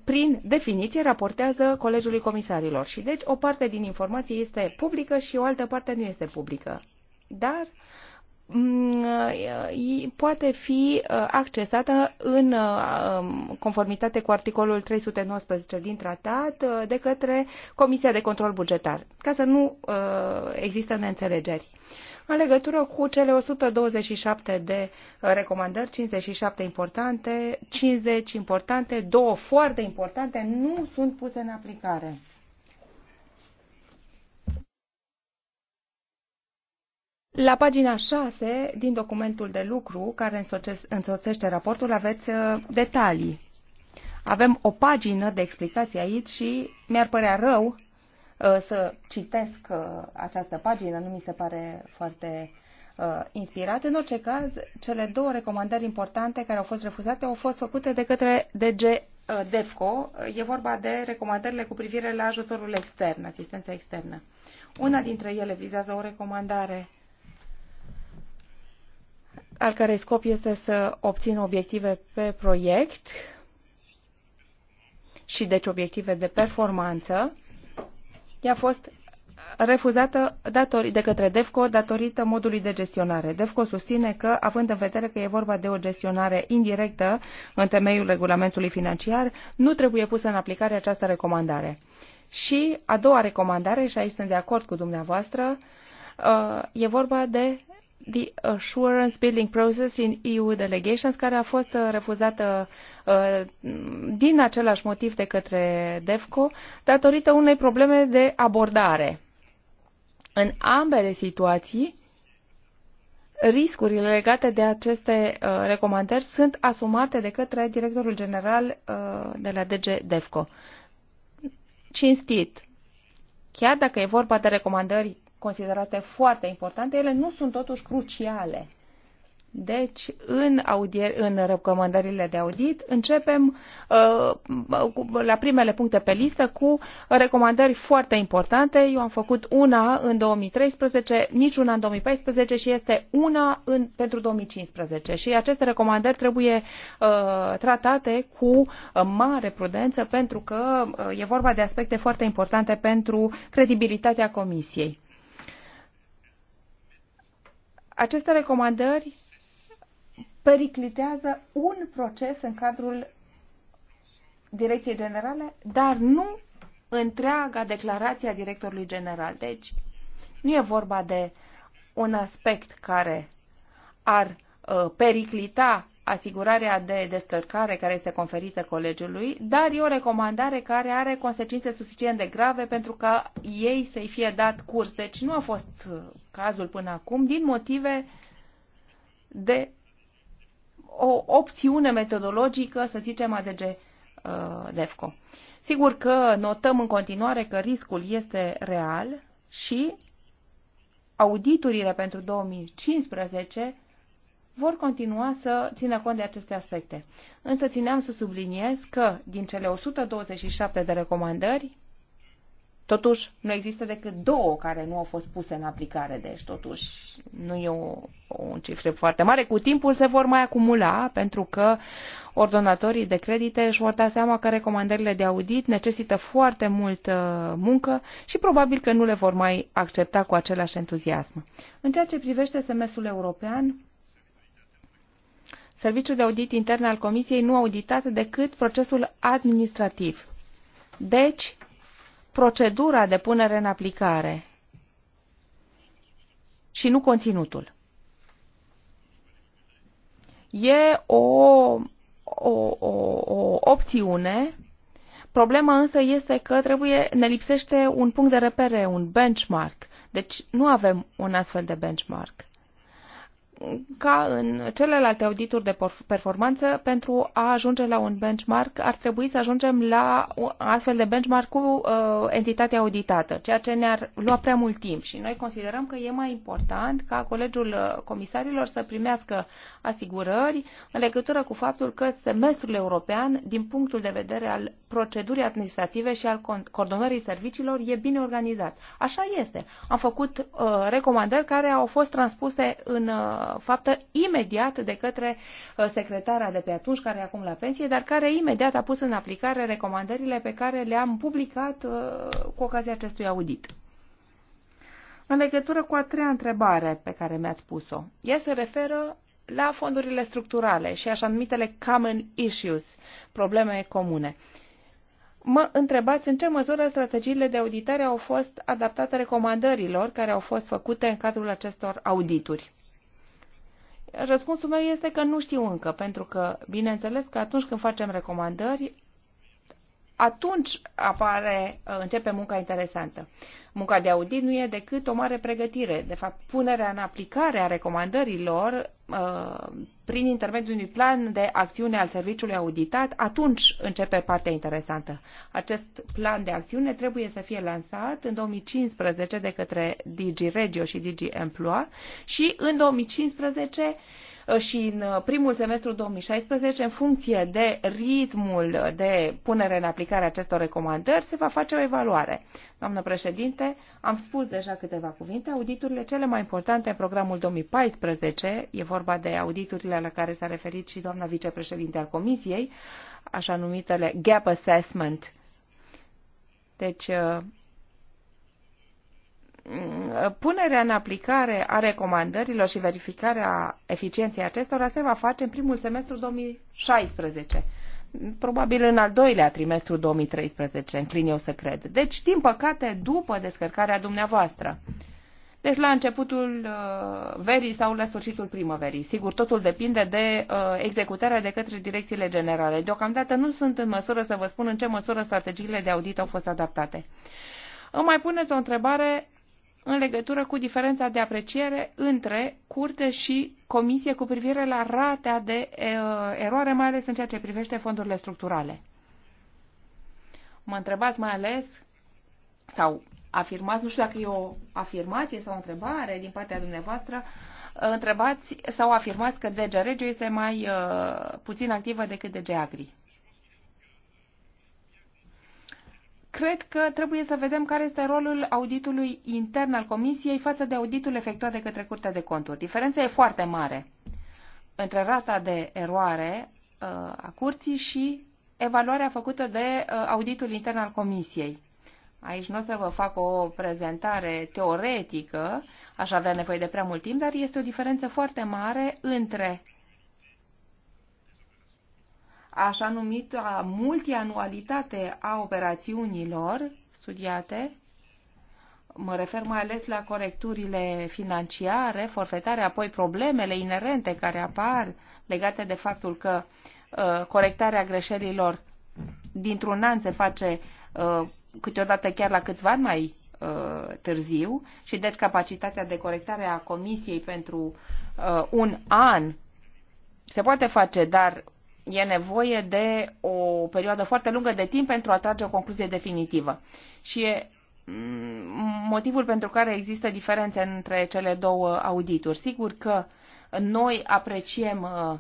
Speaker 3: prin definiție, raportează Colegiului Comisarilor. Și deci o parte din informație este publică și o altă parte nu este publică. Dar mm, poate fi uh, accesată în uh, um, conformitate cu articolul 319 din tratat uh, de către Comisia de Control Bugetar, ca să nu există neînțelegeri în legătură cu cele 127 de uh, recomandări, 57 importante, 50 importante, două foarte importante, nu sunt puse în aplicare. La pagina 6 din documentul de lucru care însoțește raportul aveți uh, detalii. Avem o pagină de explicații aici și mi-ar părea rău Uh, să citesc uh, această pagină, nu mi se pare foarte uh, inspirat. În orice caz, cele două recomandări importante care au fost refuzate au fost făcute de către DG DEFCO. E vorba de recomandările cu privire la ajutorul extern, asistența externă. Una dintre ele vizează o recomandare al cărei scop este să obțină obiective pe proiect și deci obiective de performanță i-a fost refuzată datori, de către DEFCO datorită modului de gestionare. DEFCO susține că, având în vedere că e vorba de o gestionare indirectă în temeiul regulamentului financiar, nu trebuie pusă în aplicare această recomandare. Și a doua recomandare, și aici sunt de acord cu dumneavoastră, uh, e vorba de the assurance building process in EU delegations, care a fost uh, refuzată uh, din același motiv de către DEFCO, datorită unei probleme de abordare. În ambele situații, riscurile legate de aceste uh, recomandări sunt asumate de către directorul general de la DG DEFCO. Cinstit, chiar dacă e vorba de recomandări considerate foarte importante, ele nu sunt totuși cruciale. Deci, în, audier, în recomandările de audit, începem uh, la primele puncte pe listă cu recomandări foarte importante. Eu am făcut una în 2013, niciuna în 2014 și este una în, pentru 2015. Și aceste recomandări trebuie uh, tratate cu mare prudență pentru că uh, e vorba de aspecte foarte importante pentru credibilitatea Comisiei. Aceste recomandări periclitează un proces în cadrul Direcției Generale, dar nu întreaga declarație a directorului general. Deci, nu e vorba de un aspect care ar uh, periclita asigurarea de descărcare care este conferită colegiului, dar e o recomandare care are consecințe suficient de grave pentru ca ei să-i fie dat curs. Deci nu a fost uh, cazul până acum din motive de o opțiune metodologică, să zicem, a DG uh, DEFCO. Sigur că notăm în continuare că riscul este real și auditurile pentru 2015 vor continua să țină cont de aceste aspecte. Însă țineam să subliniez că din cele 127 de recomandări, totuși nu există decât două care nu au fost puse în aplicare, deci totuși nu e o, o cifră foarte mare. Cu timpul se vor mai acumula pentru că ordonatorii de credite își vor da seama că recomandările de audit necesită foarte mult uh, muncă și probabil că nu le vor mai accepta cu același entuziasm. În ceea ce privește semestrul european, Serviciul de audit intern al Comisiei nu a auditat decât procesul administrativ. Deci, procedura de punere în aplicare și nu conținutul. E o, o, o, o opțiune. Problema însă este că trebuie, ne lipsește un punct de repere, un benchmark. Deci nu avem un astfel de benchmark ca în celelalte audituri de performanță, pentru a ajunge la un benchmark, ar trebui să ajungem la un astfel de benchmark cu uh, entitatea auditată, ceea ce ne-ar lua prea mult timp. Și noi considerăm că e mai important ca colegiul uh, comisarilor să primească asigurări în legătură cu faptul că semestrul european, din punctul de vedere al procedurii administrative și al coordonării serviciilor, e bine organizat. Așa este. Am făcut uh, recomandări care au fost transpuse în uh, faptă imediat de către uh, secretara de pe atunci, care e acum la pensie, dar care imediat a pus în aplicare recomandările pe care le-am publicat uh, cu ocazia acestui audit. În legătură cu a treia întrebare pe care mi-ați pus-o, ea se referă la fondurile structurale și așa numitele common issues, probleme comune. Mă întrebați în ce măsură strategiile de auditare au fost adaptate recomandărilor care au fost făcute în cadrul acestor audituri. Răspunsul meu este că nu știu încă, pentru că, bineînțeles, că atunci când facem recomandări, atunci apare, uh, începe munca interesantă. Munca de audit nu e decât o mare pregătire, de fapt punerea în aplicare a recomandărilor uh, prin intermediul unui plan de acțiune al serviciului auditat, atunci începe partea interesantă. Acest plan de acțiune trebuie să fie lansat în 2015 de către DigiRegio și DigiEmploa și în 2015 Uh, și în uh, primul semestru 2016, în funcție de ritmul de punere în aplicare a acestor recomandări, se va face o evaluare. Doamnă președinte, am spus deja câteva cuvinte. Auditurile cele mai importante în programul 2014, e vorba de auditurile la care s-a referit și doamna vicepreședinte al Comisiei, așa numitele gap assessment. Deci, uh, punerea în aplicare a recomandărilor și verificarea eficienței acestora se va face în primul semestru 2016 probabil în al doilea trimestru 2013, înclin eu să cred. Deci, din păcate, după descărcarea dumneavoastră. Deci la începutul uh, verii sau la sfârșitul primăverii. Sigur, totul depinde de uh, executarea de către direcțiile generale. Deocamdată nu sunt în măsură să vă spun în ce măsură strategiile de audit au fost adaptate. Îmi mai puneți o întrebare în legătură cu diferența de apreciere între curte și comisie cu privire la ratea de eroare, mai ales în ceea ce privește fondurile structurale. Mă întrebați mai ales, sau afirmați, nu știu dacă e o afirmație sau o întrebare din partea dumneavoastră, întrebați sau afirmați că DG Regio este mai uh, puțin activă decât DG Agri. cred că trebuie să vedem care este rolul auditului intern al Comisiei față de auditul efectuat de către Curtea de Conturi. Diferența e foarte mare între rata de eroare uh, a curții și evaluarea făcută de uh, auditul intern al Comisiei. Aici nu o să vă fac o prezentare teoretică, aș avea nevoie de prea mult timp, dar este o diferență foarte mare între așa numită multianualitate a operațiunilor studiate, mă refer mai ales la corecturile financiare, forfetare, apoi problemele inerente care apar legate de faptul că uh, corectarea greșelilor dintr-un an se face uh, câteodată chiar la câțiva ani mai uh, târziu și deci capacitatea de corectare a comisiei pentru uh, un an se poate face, dar e nevoie de o perioadă foarte lungă de timp pentru a trage o concluzie definitivă. Și e mm, motivul pentru care există diferențe între cele două audituri. Sigur că noi apreciem uh,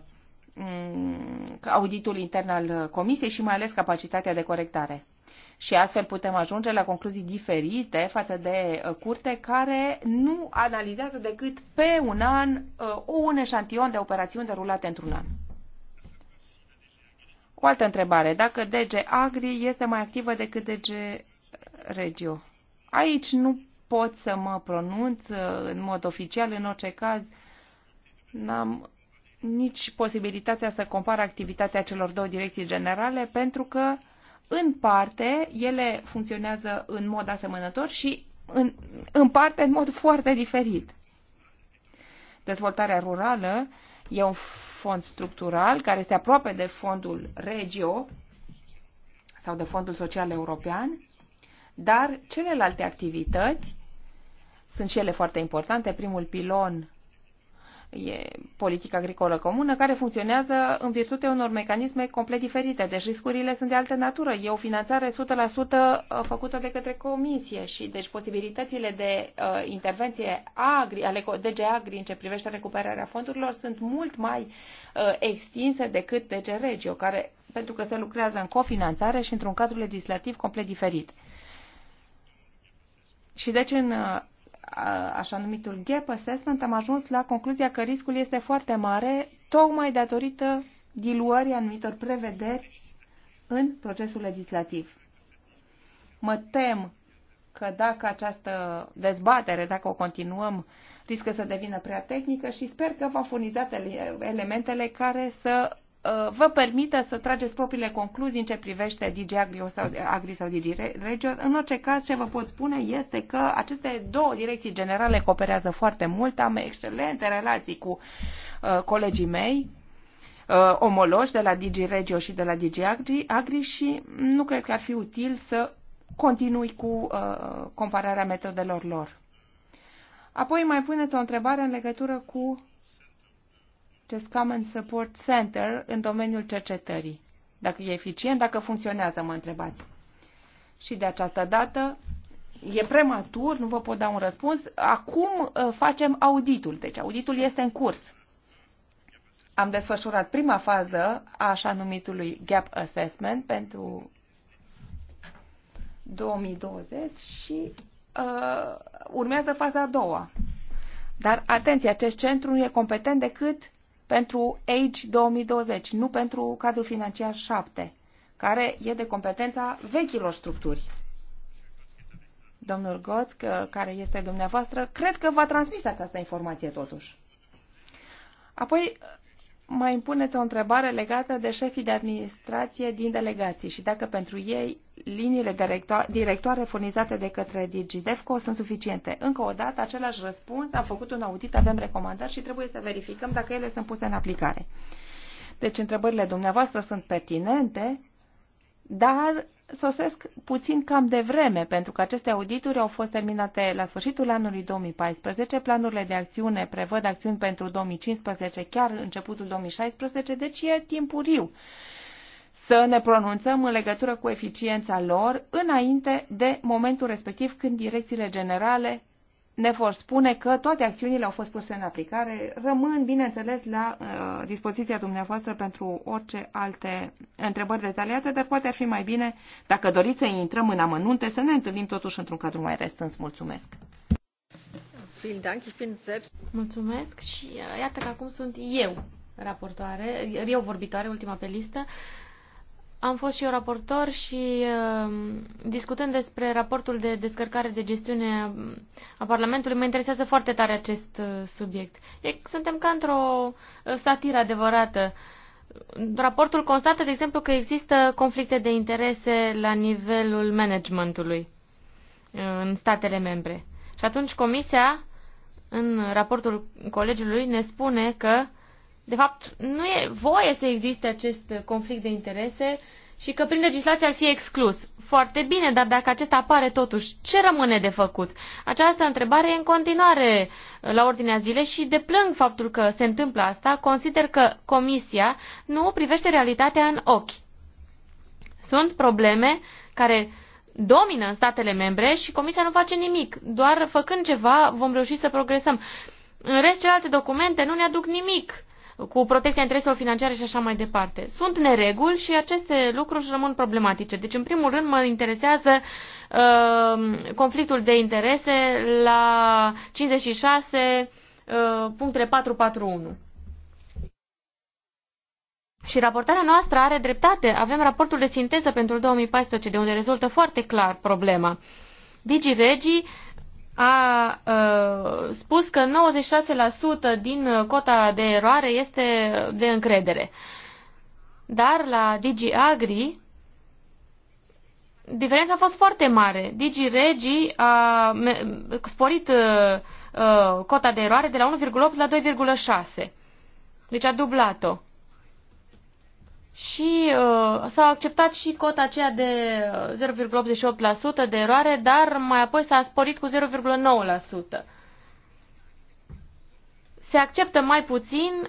Speaker 3: mm, auditul intern al Comisiei și mai ales capacitatea de corectare. Și astfel putem ajunge la concluzii diferite față de uh, curte care nu analizează decât pe un an uh, un eșantion de operațiuni derulate într-un an. O altă întrebare. Dacă DG Agri este mai activă decât DG Regio? Aici nu pot să mă pronunț uh, în mod oficial, în orice caz n-am nici posibilitatea să compar activitatea celor două direcții generale pentru că în parte ele funcționează în mod asemănător și în, în parte în mod foarte diferit. Dezvoltarea rurală e un fond structural, care este aproape de fondul Regio sau de Fondul Social European, dar celelalte activități sunt și ele foarte importante. Primul pilon e politica agricolă comună, care funcționează în virtutea unor mecanisme complet diferite. Deci riscurile sunt de altă natură. E o finanțare 100% făcută de către comisie și deci posibilitățile de uh, intervenție agri, ale DG Agri în ce privește recuperarea fondurilor sunt mult mai uh, extinse decât DG Regio, care, pentru că se lucrează în cofinanțare și într-un cadru legislativ complet diferit. Și deci în uh, așa numitul gap assessment, am ajuns la concluzia că riscul este foarte mare, tocmai datorită diluării anumitor prevederi în procesul legislativ. Mă tem că dacă această dezbatere, dacă o continuăm, riscă să devină prea tehnică și sper că va furniza elementele care să Uh, vă permită să trageți propriile concluzii în ce privește DG Agri sau, Agri sau DG Regio. În orice caz, ce vă pot spune este că aceste două direcții generale cooperează foarte mult, am excelente relații cu uh, colegii mei, uh, omologi de la DG Regio și de la DG Agri, Agri și nu cred că ar fi util să continui cu compararea metodelor lor. Apoi mai puneți o întrebare în legătură cu acest Common Support Center în domeniul cercetării. Dacă e eficient, dacă funcționează, mă întrebați. Și de această dată e prematur, nu vă pot da un răspuns. Acum uh, facem auditul, deci auditul este în curs. Am desfășurat prima fază a așa numitului gap assessment pentru 2020 și uh, urmează faza a doua. Dar, atenție, acest centru nu e competent decât pentru Age 2020, nu pentru cadrul financiar 7, care e de competența vechilor structuri. Domnul Goț, uh, care este dumneavoastră, cred că v-a transmis această informație totuși. Apoi, mai impuneți o întrebare legată de șefii de administrație din delegații și dacă pentru ei liniile directoare furnizate de către Digidevco sunt suficiente. Încă o dată, același răspuns, am făcut un audit, avem recomandări și trebuie să verificăm dacă ele sunt puse în aplicare. Deci întrebările dumneavoastră sunt pertinente, dar sosesc puțin cam de vreme, pentru că aceste audituri au fost terminate la sfârșitul anului 2014. Planurile de acțiune prevăd acțiuni pentru 2015, chiar începutul 2016, deci e timpuriu să ne pronunțăm în legătură cu eficiența lor înainte de momentul respectiv când direcțiile generale ne vor spune că toate acțiunile au fost puse în aplicare. Rămân, bineînțeles, la uh, dispoziția dumneavoastră pentru orice alte întrebări detaliate, dar poate ar fi mai bine, dacă doriți să intrăm în amănunte, să ne întâlnim totuși într-un cadru mai restâns. Mulțumesc!
Speaker 2: Mulțumesc și uh, iată că acum sunt eu raportoare, eu vorbitoare, ultima pe listă. Uh, am fost și eu raportor și uh, discutând despre raportul de descărcare de gestiune a Parlamentului, mă interesează foarte tare acest uh, subiect. suntem ca într-o uh, satiră adevărată. Raportul constată, de exemplu, că există conflicte de interese la nivelul managementului în statele membre. Și atunci Comisia, în raportul colegiului, ne spune că uh, de fapt, nu e voie să existe acest conflict de interese și că prin legislație ar fi exclus. Foarte bine, dar dacă acesta apare totuși, ce rămâne de făcut? Această întrebare e în continuare uh, la ordinea zilei și deplâng faptul că se întâmplă asta. Consider că Comisia nu privește realitatea în ochi. Sunt probleme care domină în statele membre și Comisia nu face nimic. Doar făcând ceva vom reuși să progresăm. În rest, celelalte documente nu ne aduc nimic cu protecția intereselor financiare și așa mai departe. Sunt nereguli și aceste lucruri rămân problematice. Deci, în primul rând, mă interesează uh, conflictul de interese la 56, uh, punctele 441. Și raportarea noastră are dreptate. Avem raportul de sinteză pentru 2014, de unde rezultă foarte clar problema. Digi Regii a uh, spus că 96% din uh, cota de eroare este de încredere. Dar la Digi Agri diferența a fost foarte mare. Digi Regi a sporit uh, uh, cota de eroare de la 1,8 la 2,6. Deci a dublat-o și uh, s-a acceptat și cota aceea de 0,88% uh, de eroare, dar mai apoi s-a sporit cu 0,9%. Se acceptă mai puțin,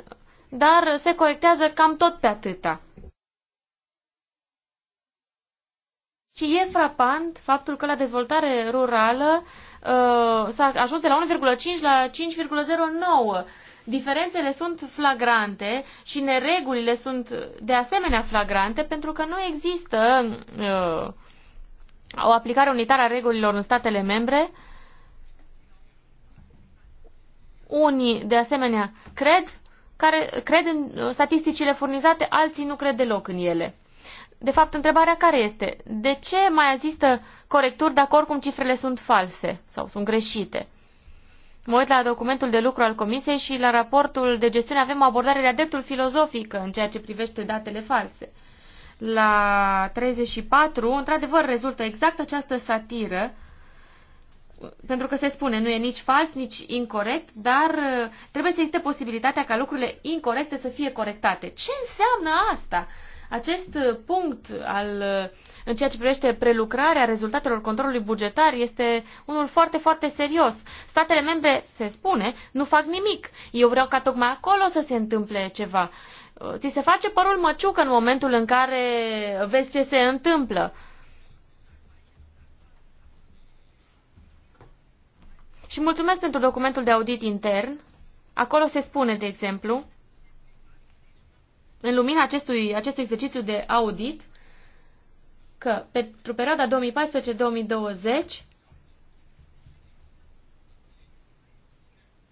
Speaker 2: dar se corectează cam tot pe atâta. Și e frapant faptul că la dezvoltare rurală uh, s-a ajuns de la 1,5 la 5,09 diferențele sunt flagrante și neregulile sunt de asemenea flagrante pentru că nu există uh, o aplicare unitară a regulilor în statele membre. Unii, de asemenea, cred, care, cred în statisticile furnizate, alții nu cred deloc în ele. De fapt, întrebarea care este? De ce mai există corecturi dacă oricum cifrele sunt false sau sunt greșite? Mă uit la documentul de lucru al Comisiei și la raportul de gestiune avem o abordare de-a dreptul filozofică în ceea ce privește datele false. La 34, într-adevăr, rezultă exact această satiră, pentru că se spune, nu e nici fals, nici incorrect, dar uh, trebuie să existe posibilitatea ca lucrurile incorrecte să fie corectate. Ce înseamnă asta? Acest uh, punct al, uh, în ceea ce privește prelucrarea rezultatelor controlului bugetar este unul foarte, foarte serios. Statele membre, se spune, nu fac nimic. Eu vreau ca tocmai acolo să se întâmple ceva. Uh, ți se face părul măciucă în momentul în care vezi ce se întâmplă. Și mulțumesc pentru documentul de audit intern. Acolo se spune, de exemplu, în lumina acestui, acestui exercițiu de audit că pentru perioada 2014-2020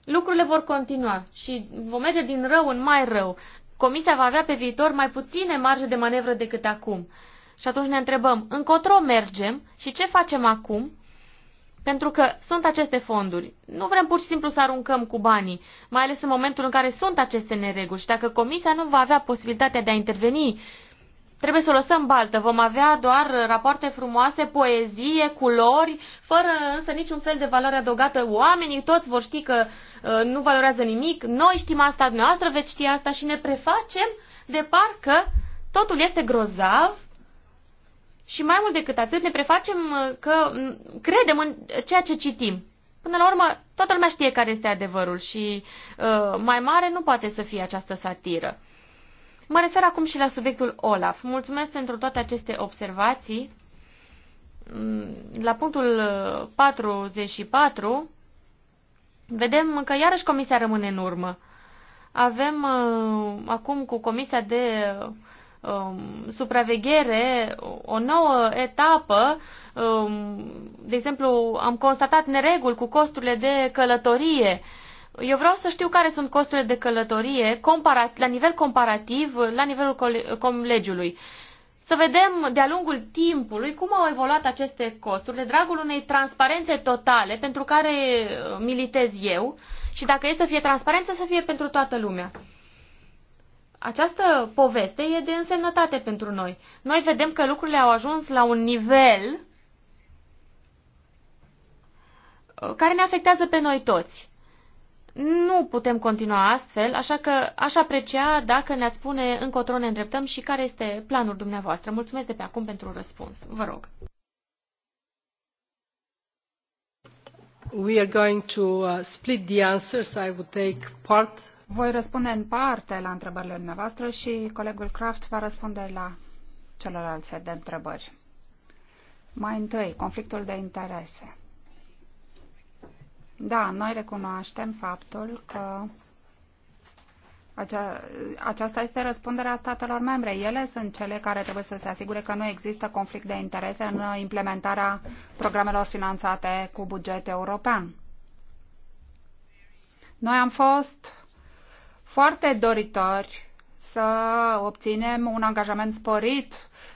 Speaker 2: lucrurile vor continua și vom merge din rău în mai rău. Comisia va avea pe viitor mai puține marge de manevră decât acum. Și atunci ne întrebăm, încotro mergem și ce facem acum pentru că sunt aceste fonduri. Nu vrem pur și simplu să aruncăm cu banii, mai ales în momentul în care sunt aceste nereguli. Și dacă comisia nu va avea posibilitatea de a interveni, trebuie să o lăsăm baltă. Vom avea doar rapoarte frumoase, poezie, culori, fără însă niciun fel de valoare adăugată. Oamenii toți vor ști că uh, nu valorează nimic. Noi știm asta, dumneavoastră veți ști asta și ne prefacem de parcă totul este grozav și mai mult decât atât, ne prefacem uh, că mm, credem în ceea ce citim. Până la urmă, toată lumea știe care este adevărul și uh, mai mare nu poate să fie această satiră. Mă refer acum și la subiectul Olaf. Mulțumesc pentru toate aceste observații. Mm, la punctul 44 uh, vedem că iarăși comisia rămâne în urmă. Avem uh, acum cu comisia de uh, um, supraveghere, o nouă etapă. Um, de exemplu, am constatat nereguli cu costurile de călătorie. Eu vreau să știu care sunt costurile de călătorie comparat, la nivel comparativ la nivelul colegiului. Să vedem de-a lungul timpului cum au evoluat aceste costuri, de dragul unei transparențe totale pentru care uh, militez eu și dacă e să fie transparență, să fie pentru toată lumea. Această poveste e de însemnătate pentru noi. Noi vedem că lucrurile au ajuns la un nivel uh, care ne afectează pe noi toți. Nu putem continua astfel, așa că aș aprecia dacă ne-ați spune încotro ne îndreptăm și care este planul dumneavoastră. Mulțumesc de pe acum pentru răspuns. Vă rog.
Speaker 4: We are going to uh, split the answers. I would take part voi răspunde în parte la întrebările dumneavoastră și colegul Kraft va răspunde la celelalte set de întrebări. Mai întâi, conflictul de interese. Da, noi recunoaștem faptul că acea, aceasta este răspunderea statelor membre. Ele sunt cele care trebuie să se asigure că nu există conflict de interese în implementarea programelor finanțate cu buget european. Noi am fost foarte doritori să obținem un angajament sporit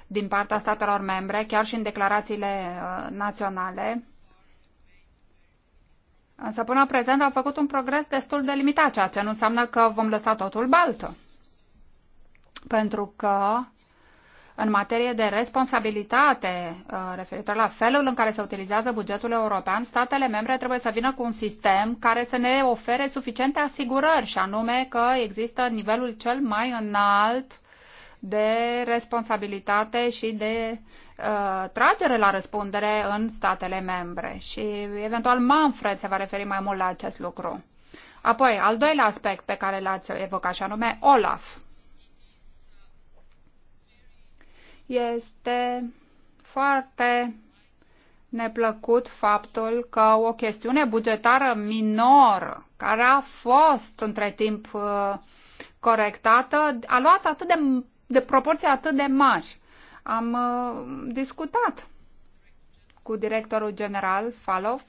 Speaker 4: din partea statelor membre, chiar și în declarațiile uh, naționale. Însă până prezent am făcut un progres destul de limitat, ceea ce nu înseamnă că vom lăsa totul baltă. Pentru că în materie de responsabilitate uh, referitor la felul în care se utilizează bugetul european, statele membre trebuie să vină cu un sistem care să ne ofere suficiente asigurări, și anume că există nivelul cel mai înalt de responsabilitate și de uh, tragere la răspundere în statele membre. Și eventual Manfred se va referi mai mult la acest lucru. Apoi, al doilea aspect pe care l-ați evocat, și anume OLAF. Este foarte neplăcut faptul că o chestiune bugetară minoră, care a fost între timp uh, corectată, a luat atât de, de proporții atât de mari. Am uh, discutat cu directorul general Falov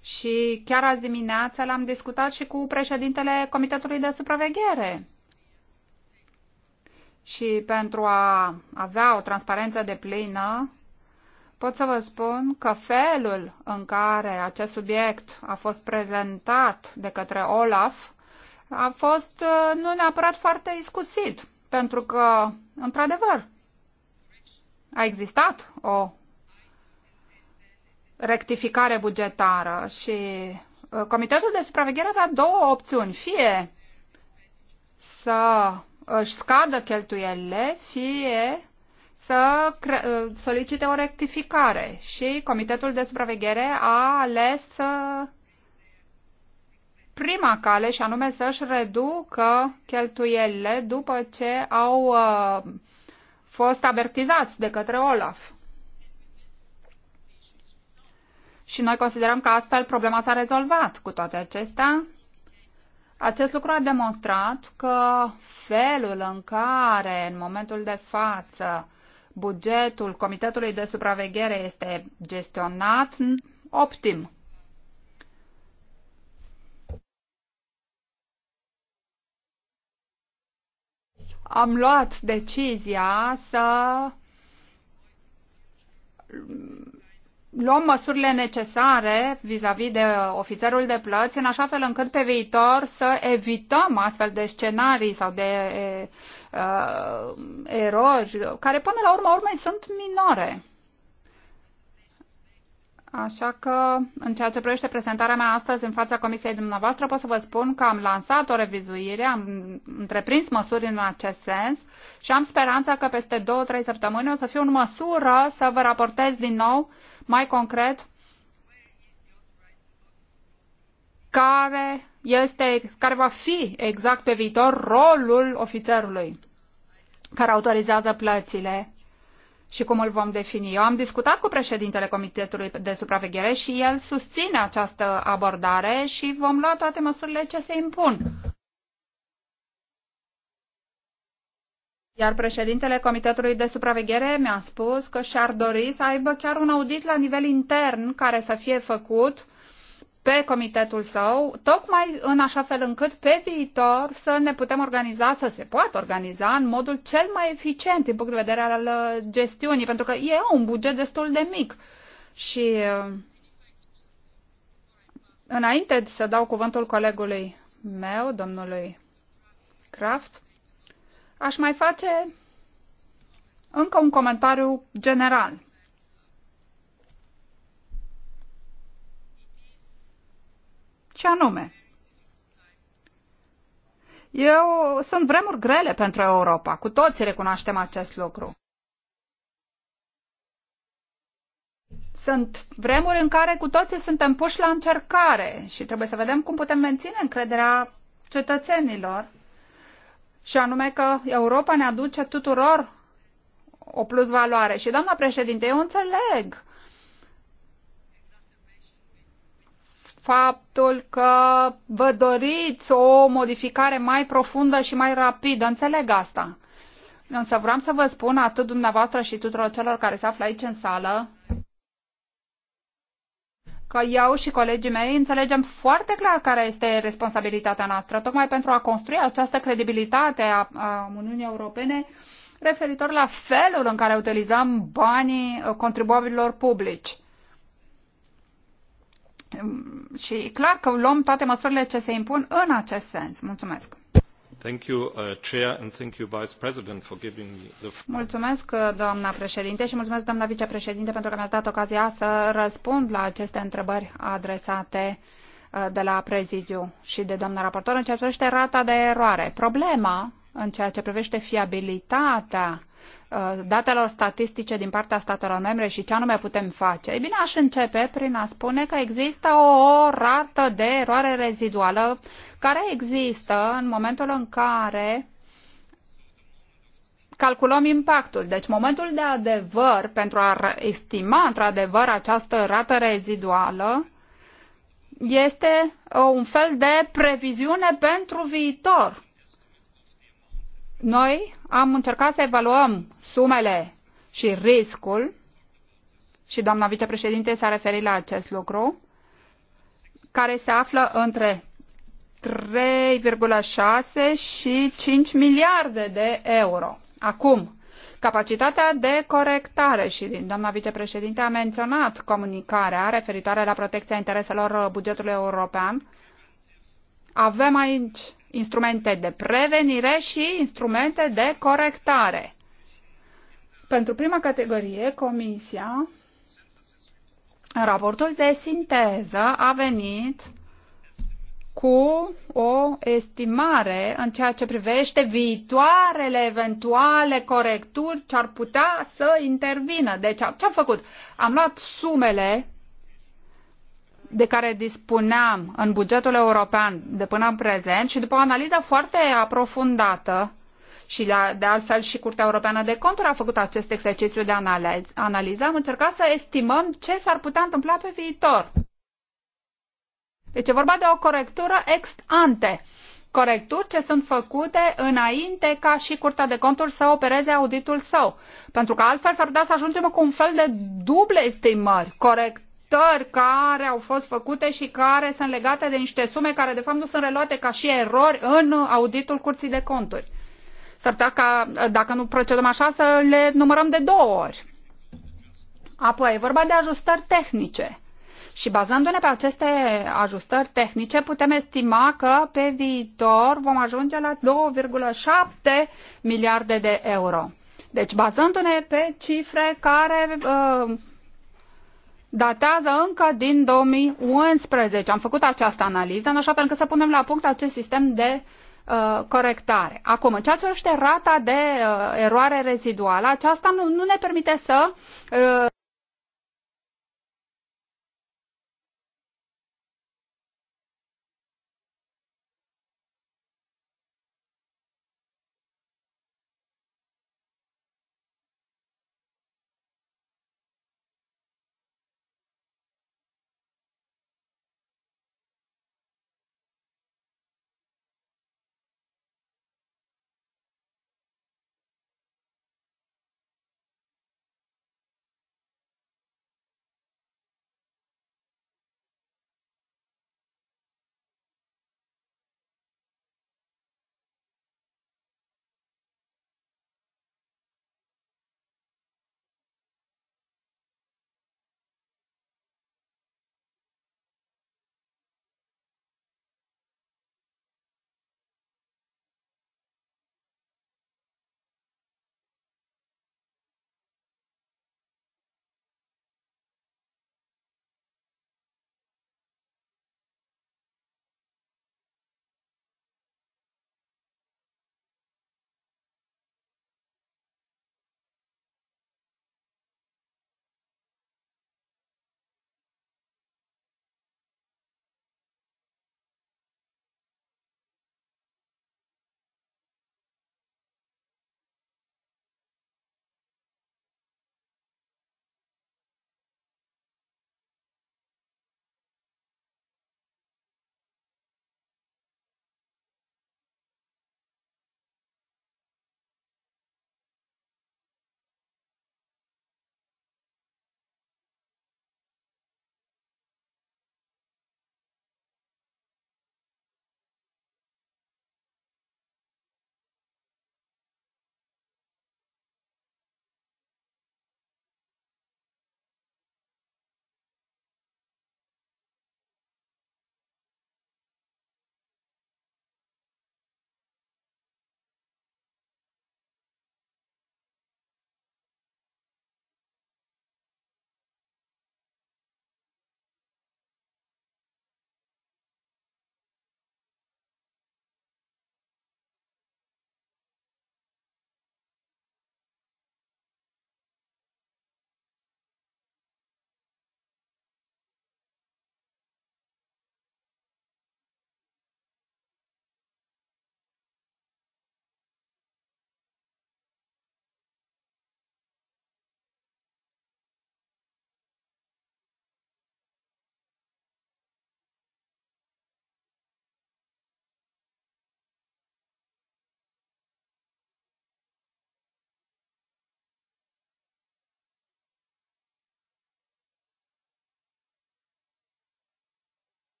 Speaker 4: și chiar azi dimineața l-am discutat și cu președintele Comitetului de Supraveghere și pentru a avea o transparență de plină, pot să vă spun că felul în care acest subiect a fost prezentat de către Olaf a fost uh, nu neapărat foarte iscusit, pentru că, într-adevăr, a existat o rectificare bugetară și uh, Comitetul de supraveghere avea două opțiuni. Fie să își scadă cheltuielile, fie să solicite o rectificare. Și Comitetul de Supraveghere a ales prima cale și anume să-și reducă cheltuielile după ce au uh, fost avertizați de către Olaf. Și noi considerăm că astfel problema s-a rezolvat. Cu toate acestea, acest lucru a demonstrat că felul în care, în momentul de față, bugetul Comitetului de Supraveghere este gestionat optim. Am luat decizia să luăm măsurile necesare vis-a-vis -vis de ofițerul de plăți, în așa fel încât pe viitor să evităm astfel de scenarii sau de uh, erori, care până la urmă urmei sunt minore. Așa că, în ceea ce privește prezentarea mea astăzi în fața comisiei dumneavoastră, pot să vă spun că am lansat o revizuire, am întreprins măsuri în acest sens și am speranța că peste 2-3 săptămâni o să fiu în măsură să vă raportez din nou uh, mai concret, care, este, care va fi exact pe viitor rolul ofițerului care autorizează plățile și cum îl vom defini. Eu am discutat cu președintele Comitetului de Supraveghere și el susține această abordare și vom lua toate măsurile ce se impun. Iar președintele Comitetului de Supraveghere mi-a spus că și-ar dori să aibă chiar un audit la nivel intern care să fie făcut pe comitetul său, tocmai în așa fel încât pe viitor să ne putem organiza, să se poată organiza în modul cel mai eficient din punct de vedere al uh, gestiunii, pentru că e un buget destul de mic. Și uh, înainte să dau cuvântul colegului meu, domnului Kraft, Aș mai face încă un comentariu general. Ce anume? Eu, sunt vremuri grele pentru Europa, cu toții recunoaștem acest lucru. Sunt vremuri în care cu toții suntem puși la încercare și trebuie să vedem cum putem menține încrederea cetățenilor și anume că Europa ne aduce tuturor o plus valoare. Și, doamna președinte, eu înțeleg faptul că vă doriți o modificare mai profundă și mai rapidă. Înțeleg asta. Însă vreau să vă spun atât dumneavoastră și tuturor celor care se află aici în sală că eu și colegii mei înțelegem foarte clar care este responsabilitatea noastră, tocmai pentru a construi această credibilitate a, a Uniunii Europene referitor la felul în care utilizăm banii uh, contribuabililor publici. Mm, și e clar că luăm toate măsurile ce se impun în acest sens. Mulțumesc! Mulțumesc, doamnă președinte, și mulțumesc, doamnă vicepreședinte, pentru că mi-ați dat ocazia să răspund la aceste întrebări adresate uh, de la prezidiu și de doamna raportor în ceea ce privește rata de eroare. Problema în ceea ce privește fiabilitatea Uh, datelor statistice din partea statelor membre și ce anume putem face? Ei bine, aș începe prin a spune că există o rată de eroare reziduală care există în momentul în care calculăm impactul. Deci momentul de adevăr pentru a estima într-adevăr această rată reziduală este uh, un fel de previziune pentru viitor. Noi am încercat să evaluăm sumele și riscul și doamna vicepreședinte s-a referit la acest lucru, care se află între 3,6 și 5 miliarde de euro. Acum, capacitatea de corectare și doamna vicepreședinte a menționat comunicarea referitoare la protecția intereselor bugetului european. Avem aici instrumente de prevenire și instrumente de corectare. Pentru prima categorie, Comisia, în raportul de sinteză, a venit cu o estimare în ceea ce privește viitoarele eventuale corecturi ce ar putea să intervină. Deci, ce am făcut? Am luat sumele de care dispuneam în bugetul european de până în prezent și după o analiză foarte aprofundată și de altfel și Curtea Europeană de Conturi a făcut acest exercițiu de analiz, analiză, am încercat să estimăm ce s-ar putea întâmpla pe viitor. Deci e vorba de o corectură ex ante, corecturi ce sunt făcute înainte ca și Curtea de Conturi să opereze auditul său, pentru că altfel s-ar putea să ajungem cu un fel de duble estimări, corect corectări care au fost făcute și care sunt legate de niște sume care de fapt nu sunt reluate ca și erori în auditul Curții de Conturi. S-ar putea ca, dacă nu procedăm așa, să le numărăm de două ori. Apoi, e vorba de ajustări tehnice. Și bazându-ne pe aceste ajustări tehnice, putem estima că pe viitor vom ajunge la 2,7 miliarde de euro. Deci, bazându-ne pe cifre care uh, datează încă din 2011. Am făcut această analiză în așa fel încât să punem la punct acest sistem de uh, corectare. Acum, în ceea ce rata de uh, eroare reziduală, aceasta nu, nu ne permite să uh,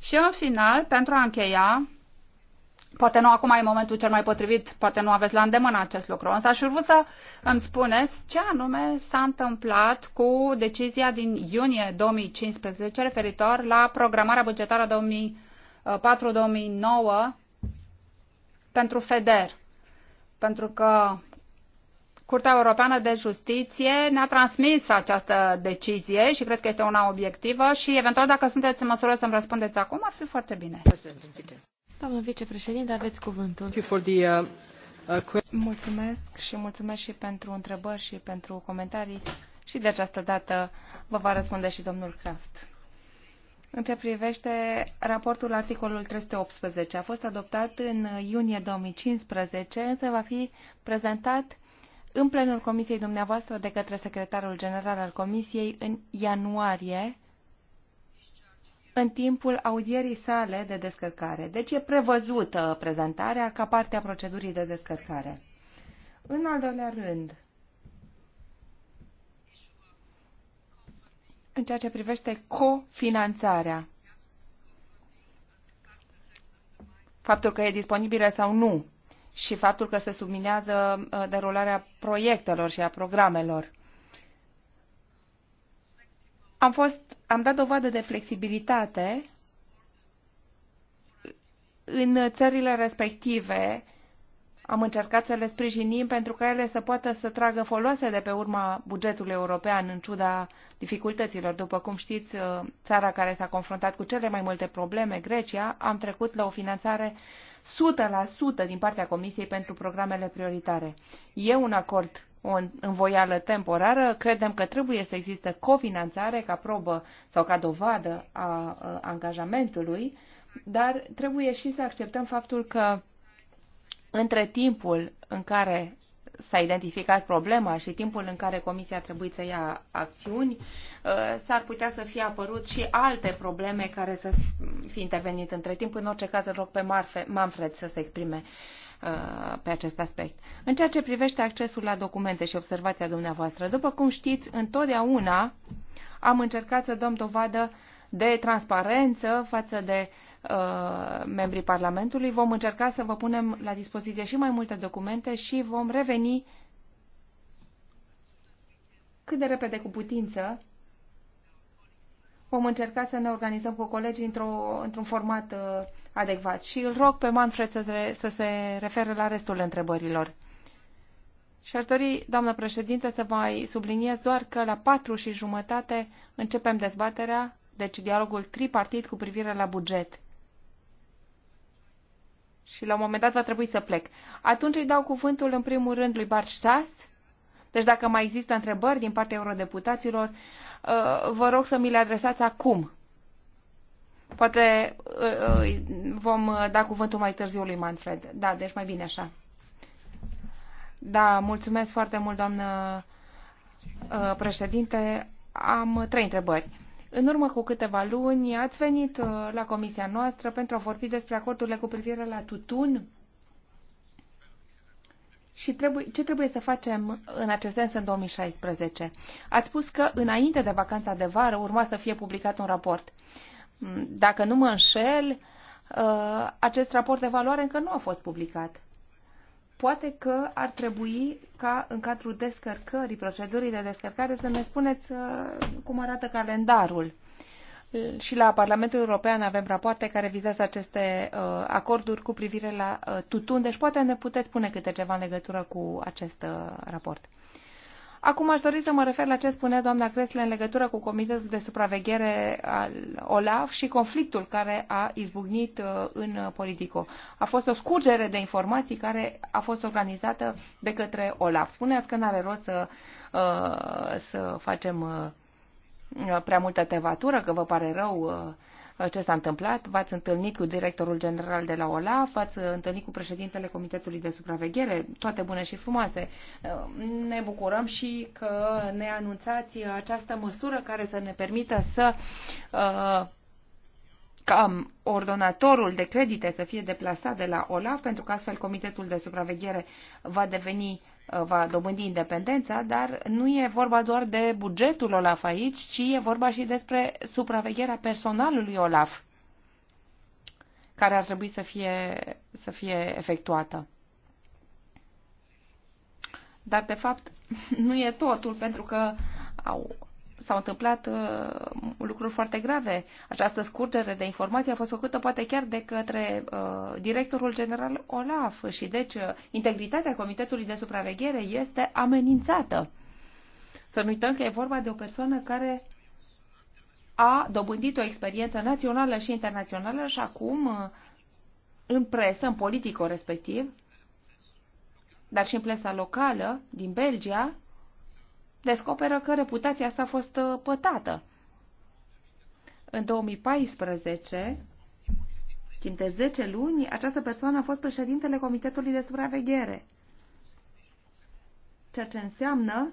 Speaker 4: Și în final, pentru a încheia, poate nu acum e momentul cel mai potrivit, poate nu aveți la îndemână acest lucru, însă aș vrea să îmi spuneți ce anume s-a întâmplat cu decizia din iunie 2015 referitor la programarea bugetară 2004-2009 pentru FEDER. Pentru că Curtea Europeană de Justiție ne-a transmis această decizie și cred că este una obiectivă și eventual dacă sunteți în măsură să-mi răspundeți acum, ar fi foarte bine.
Speaker 3: Doamnă vicepreședinte, aveți cuvântul. Uh, uh, mulțumesc și mulțumesc și pentru întrebări și pentru comentarii și de această dată vă va răspunde și domnul Kraft. În ce privește raportul articolul 318, a fost adoptat în iunie 2015, însă va fi prezentat în plenul Comisiei dumneavoastră de către secretarul general al Comisiei în ianuarie, în timpul audierii sale de descărcare. Deci e prevăzută prezentarea ca parte a procedurii de descărcare. În al doilea rând, în ceea ce privește cofinanțarea, faptul că e disponibilă sau nu și faptul că se subminează uh, derularea proiectelor și a programelor. Am, fost, am dat dovadă de flexibilitate în țările respective. Am încercat să le sprijinim pentru ca ele să poată să tragă foloase de pe urma bugetului european, în ciuda dificultăților. După cum știți, uh, țara care s-a confruntat cu cele mai multe probleme, Grecia, am trecut la o finanțare uh, 100% din partea Comisiei pentru programele prioritare. E un acord o învoială temporară, credem că trebuie să existe cofinanțare ca probă sau ca dovadă a angajamentului, dar trebuie și să acceptăm faptul că între timpul în care s-a identificat problema și timpul în care Comisia a trebuit să ia acțiuni, uh, s-ar putea să fie apărut și alte probleme care să fi intervenit între timp. În orice caz, rog pe Manfred să se exprime uh, pe acest aspect. În ceea ce privește accesul la documente și observația dumneavoastră, după cum știți, întotdeauna am încercat să dăm dovadă de transparență față de Uh, membrii Parlamentului. Vom încerca să vă punem la dispoziție și mai multe documente și vom reveni cât de repede cu putință. Vom încerca să ne organizăm cu colegii într-un într format uh, adecvat și îl rog pe Manfred să, re, să se refere la restul întrebărilor. Și aș dori, doamnă președinte, să mai subliniez doar că la patru și jumătate începem dezbaterea, deci dialogul tripartit cu privire la buget și la un moment dat va trebui să plec. Atunci îi dau cuvântul în primul rând lui Bart Stas. Deci dacă mai există întrebări din partea eurodeputaților, uh, vă rog să mi le adresați acum. Poate uh, uh, vom da cuvântul mai târziu lui Manfred. Da, deci mai bine așa. Da, mulțumesc foarte mult, doamnă președinte. Am trei întrebări. În urmă cu câteva luni ați venit uh, la comisia noastră pentru a vorbi despre acordurile cu privire la tutun și trebuie, ce trebuie să facem în acest sens în 2016? Ați spus că înainte de vacanța de vară urma să fie publicat un raport. Mm, dacă nu mă înșel, uh, acest raport de valoare încă nu a fost publicat. Poate că ar trebui ca în cadrul descărcării, procedurii de descărcare, să ne spuneți uh, cum arată calendarul. Și la Parlamentul European avem rapoarte care vizează aceste uh, acorduri cu privire la uh, tutun, deci poate ne puteți spune câte ceva în legătură cu acest uh, raport. Acum aș dori să mă refer la ce spunea doamna Cresle în legătură cu Comitetul de Supraveghere al OLAF și conflictul care a izbucnit uh, în Politico. A fost o scurgere de informații care a fost organizată de către OLAF. Spuneați că nu are rost să, uh, să facem uh, prea multă tevatură, că vă pare rău ce s-a întâmplat. V-ați întâlnit cu directorul general de la OLAF, v-ați întâlnit cu președintele Comitetului de Supraveghere, toate bune și frumoase. Ne bucurăm și că ne anunțați această măsură care să ne permită să uh, ca ordonatorul de credite să fie deplasat de la OLAF, pentru că astfel Comitetul de Supraveghere va deveni Uh, va dobândi independența, dar nu e vorba doar de bugetul OLAF aici, ci e vorba și despre supravegherea personalului OLAF, care ar trebui să fie, să fie efectuată. Dar, de fapt, *laughs* nu e totul, pentru că au s-au întâmplat uh, lucruri foarte grave. Această scurgere de informații a fost făcută poate chiar de către uh, directorul general Olaf și deci uh, integritatea Comitetului de Supraveghere este amenințată. Să nu uităm că e vorba de o persoană care a dobândit o experiență națională și internațională și acum uh, în presă, în politică respectiv, dar și în presa locală din Belgia, descoperă că reputația sa a fost uh, pătată. În 2014, timp de 10 luni, această persoană a fost președintele Comitetului de Supraveghere, ceea ce înseamnă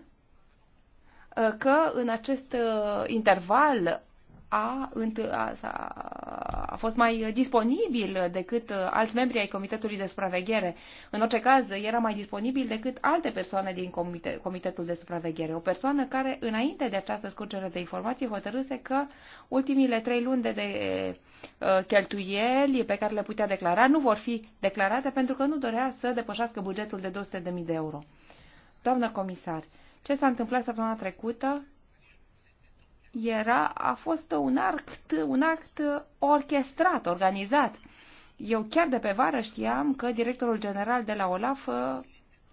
Speaker 3: uh, că în acest uh, interval a, a, a fost mai disponibil decât uh, alți membri ai Comitetului de Supraveghere. În orice caz, era mai disponibil decât alte persoane din comite, Comitetul de Supraveghere. O persoană care, înainte de această scurgere de informații, hotărâse că ultimile trei luni de, de uh, cheltuieli pe care le putea declara nu vor fi declarate pentru că nu dorea să depășească bugetul de 200.000 de euro. Doamnă comisar, ce s-a întâmplat săptămâna trecută era, a fost un act, un act orchestrat, organizat. Eu chiar de pe vară știam că directorul general de la OLAF uh,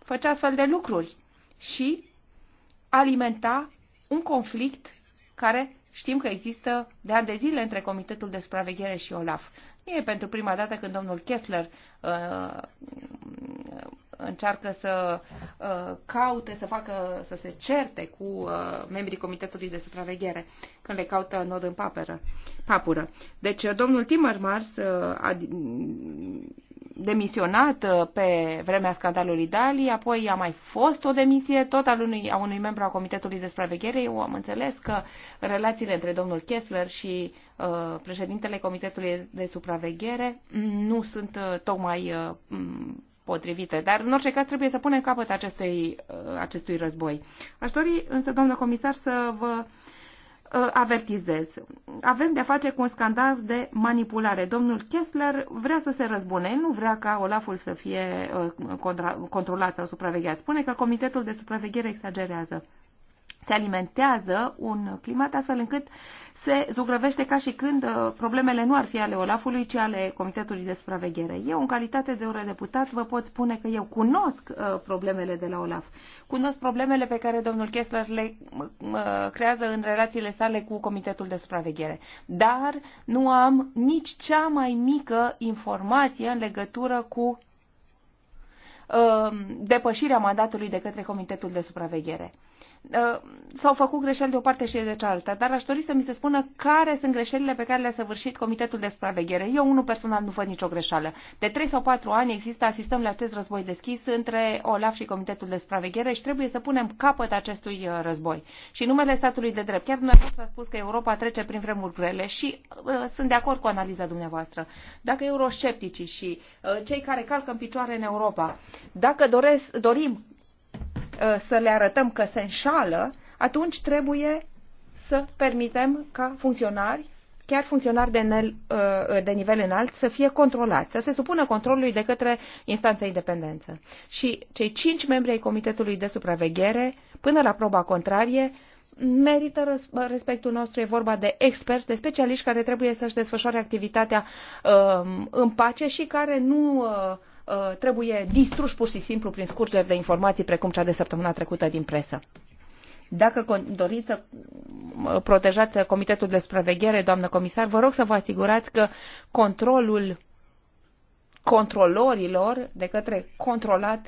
Speaker 3: făcea astfel de lucruri și alimenta un conflict care știm că există de ani de zile între Comitetul de Supraveghere și OLAF. Nu e pentru prima dată când domnul Kessler uh, încearcă să uh, caute, să facă, să se certe cu uh, membrii Comitetului de Supraveghere când le caută nod în paperă, papură. Deci uh, domnul Timmermans a demisionat pe vremea scandalului Dali, apoi a mai fost o demisie tot al unui, a unui membru a Comitetului de Supraveghere. Eu am înțeles că relațiile între domnul Kessler și uh, președintele Comitetului de Supraveghere nu sunt uh, tocmai uh, potrivite. Dar, în orice caz, trebuie să punem capăt acestui, uh, acestui război. Aș dori, însă, doamnă comisar, să vă uh, avertizez. Avem de-a face cu un scandal de manipulare. Domnul Kessler vrea să se răzbune, nu vrea ca Olaful să fie uh, controlat sau supravegheat. Spune că Comitetul de Supraveghere exagerează se alimentează un climat astfel încât se zugrăvește ca și când uh, problemele nu ar fi ale Olafului, ci ale Comitetului de Supraveghere. Eu, în calitate de eurodeputat, vă pot spune că eu cunosc uh, problemele de la Olaf. Cunosc problemele pe care domnul Kessler le creează în relațiile sale cu Comitetul de Supraveghere. Dar nu am nici cea mai mică informație în legătură cu uh, depășirea mandatului de către Comitetul de Supraveghere. Uh, s-au făcut greșeli de o parte și de cealaltă, dar aș dori să mi se spună care sunt greșelile pe care le-a săvârșit Comitetul de Supraveghere. Eu, unul personal, nu văd nicio greșeală. De 3 sau 4 ani există, asistăm la acest război deschis între OLAF și Comitetul de Supraveghere și trebuie să punem capăt acestui uh, război. Și numele statului de drept. Chiar dumneavoastră a spus că Europa trece prin vremuri grele și uh, sunt de acord cu analiza dumneavoastră. Dacă euroscepticii și uh, cei care calcă în picioare în Europa, dacă doresc, dorim Uh, să le arătăm că se înșală, atunci trebuie să permitem ca funcționari, chiar funcționari de, nel, uh, de nivel înalt, să fie controlați, să se supună controlului de către instanța independență. Și cei cinci membri ai Comitetului de Supraveghere, până la proba contrarie, merită respectul nostru. E vorba de experți, de specialiști care trebuie să-și desfășoare activitatea um, în pace și care nu uh, Uh, trebuie distruși pur și simplu prin scurgeri de informații precum cea de săptămâna trecută din presă. Dacă doriți să uh, protejați Comitetul de Supraveghere, doamnă comisar, vă rog să vă asigurați că controlul controlorilor de către controlat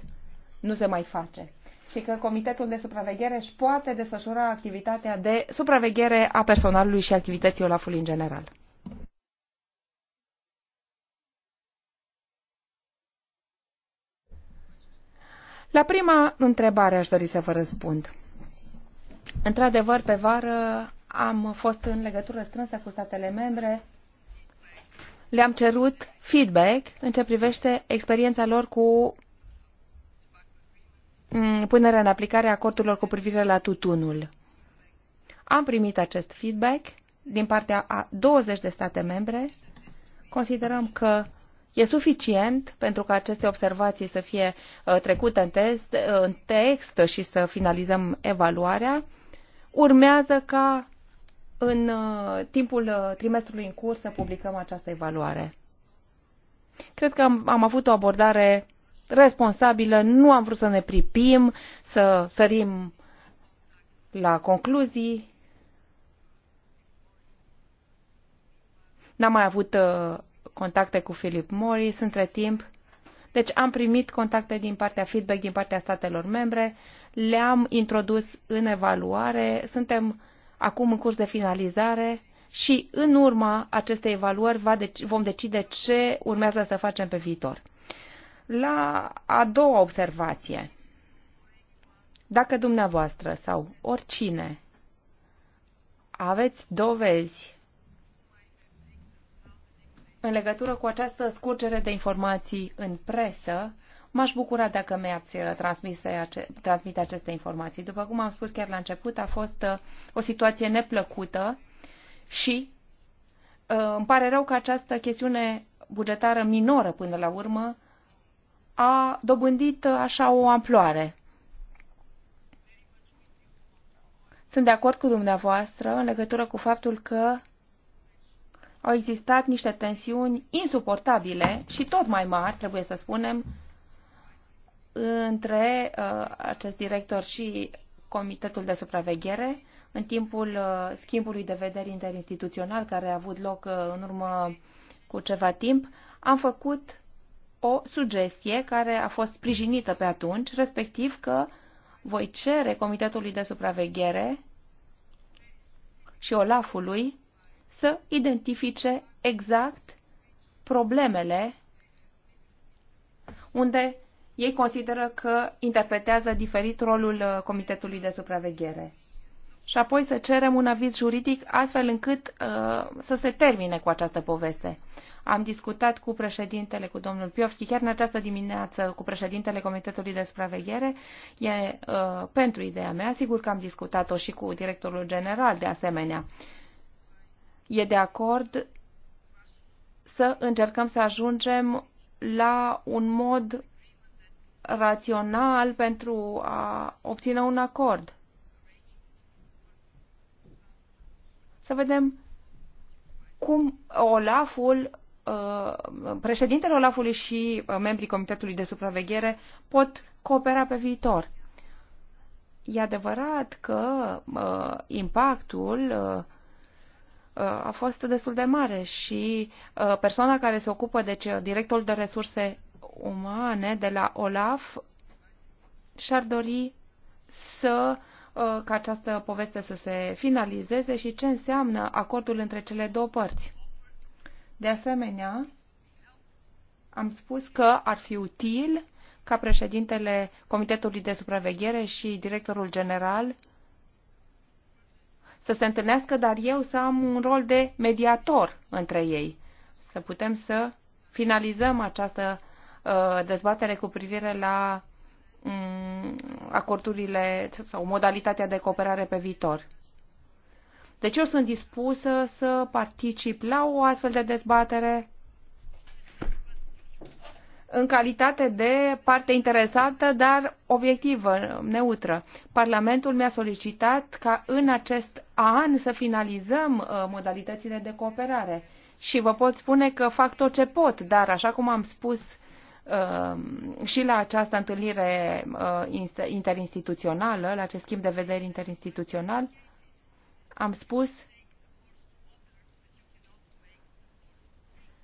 Speaker 3: nu se mai face și că Comitetul de Supraveghere își poate desfășura activitatea de supraveghere a personalului și activității Olafului în general. La prima întrebare aș dori să vă răspund. Într-adevăr, pe vară am fost în legătură strânsă cu statele membre. Le-am cerut feedback în ce privește experiența lor cu mm, punerea în aplicare a acordurilor cu privire la tutunul. Am primit acest feedback din partea a 20 de state membre. Considerăm că E suficient pentru ca aceste observații să fie uh, trecute în, text, uh, în text și să finalizăm evaluarea. Urmează ca în uh, timpul trimestrului în curs să publicăm această evaluare. Cred că am, am avut o abordare responsabilă, nu am vrut să ne pripim, să sărim la concluzii. N-am mai avut contacte cu Philip Morris între timp. Deci am primit contacte din partea feedback din partea statelor membre, le-am introdus în evaluare, suntem acum în curs de finalizare și în urma acestei evaluări va deci, vom decide ce urmează să facem pe viitor. La a doua observație, dacă dumneavoastră sau oricine aveți dovezi în legătură cu această scurgere de informații în presă, m-aș bucura dacă mi-ați uh, transmite aceste informații. După cum am spus chiar la început, a fost uh, o situație neplăcută și uh, îmi pare rău că această chestiune bugetară minoră până la urmă a dobândit așa o amploare. Sunt de acord cu dumneavoastră în legătură cu faptul că au existat niște tensiuni insuportabile și tot mai mari, trebuie să spunem, între uh, acest director și Comitetul de Supraveghere în timpul uh, schimbului de vederi interinstituțional care a avut loc uh, în urmă cu ceva timp, am făcut o sugestie care a fost sprijinită pe atunci, respectiv că voi cere Comitetului de Supraveghere și Olafului să identifice exact problemele unde ei consideră că interpretează diferit rolul uh, Comitetului de Supraveghere. Și apoi să cerem un aviz juridic astfel încât uh, să se termine cu această poveste. Am discutat cu președintele, cu domnul Piovski, chiar în această dimineață, cu președintele Comitetului de Supraveghere. E uh, pentru ideea mea, sigur că am discutat-o și cu directorul general de asemenea. Uh, e de acord să încercăm să ajungem la un mod rațional pentru a obține un acord. Să vedem cum Olaful, uh, președintele Olafului și uh, membrii Comitetului de Supraveghere pot coopera pe viitor. E adevărat că uh, impactul a fost destul de mare și uh, persoana care se ocupă, deci uh, directorul de resurse umane de la OLAF, și-ar dori să uh, ca această poveste să se finalizeze și ce înseamnă acordul între cele două părți. De asemenea, am spus că ar fi util ca președintele Comitetului de Supraveghere și directorul general să se întâlnească, dar eu să am un rol de mediator între ei, să putem să finalizăm această uh, dezbatere cu privire la mm, acordurile sau modalitatea de cooperare pe viitor. Deci eu sunt dispusă să particip la o astfel de dezbatere în calitate de parte interesată, dar obiectivă, neutră. Parlamentul mi-a solicitat ca în acest an să finalizăm uh, modalitățile de cooperare. Și vă pot spune că fac tot ce pot, dar așa cum am spus uh, și la această întâlnire uh, interinstituțională, la acest schimb de vederi interinstituțional, am spus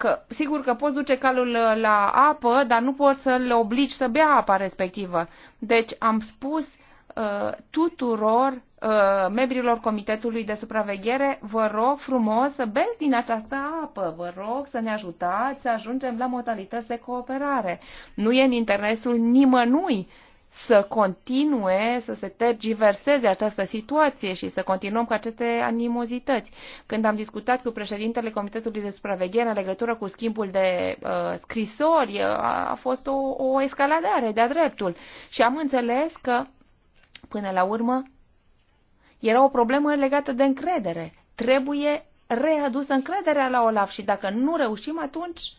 Speaker 3: că sigur că poți duce calul uh, la apă, dar nu poți să-l obligi să bea apa respectivă. Deci am spus uh, tuturor uh, membrilor Comitetului de Supraveghere, vă rog frumos să beți din această apă, vă rog să ne ajutați să ajungem la modalități de cooperare. Nu e în interesul nimănui să continue să se tergiverseze această situație și să continuăm cu aceste animozități. Când am discutat cu președintele Comitetului de Supraveghere în legătură cu schimbul de uh, scrisori, uh, a, a fost o, o escaladare de-a dreptul și am înțeles că, până la urmă, era o problemă legată de încredere. Trebuie readusă încrederea la Olaf și dacă nu reușim, atunci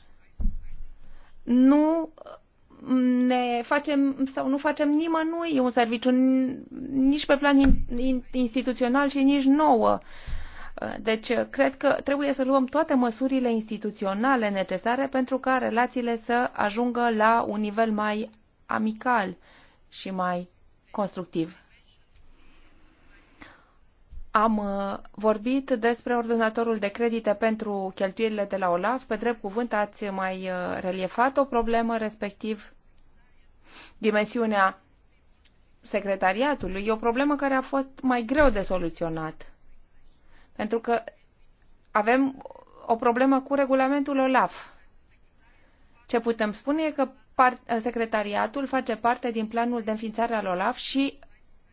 Speaker 3: nu ne facem sau nu facem nimănui un serviciu, nici pe plan instituțional și nici nouă. Deci, cred că trebuie să luăm toate măsurile instituționale necesare pentru ca relațiile să ajungă la un nivel mai amical și mai constructiv. Am uh, vorbit despre ordonatorul de credite pentru cheltuielile de la OLAF. Pe drept cuvânt ați mai uh, reliefat o problemă, respectiv dimensiunea secretariatului. E o problemă care a fost mai greu de soluționat. Pentru că avem o problemă cu regulamentul OLAF. Ce putem spune e că secretariatul face parte din planul de înființare al OLAF și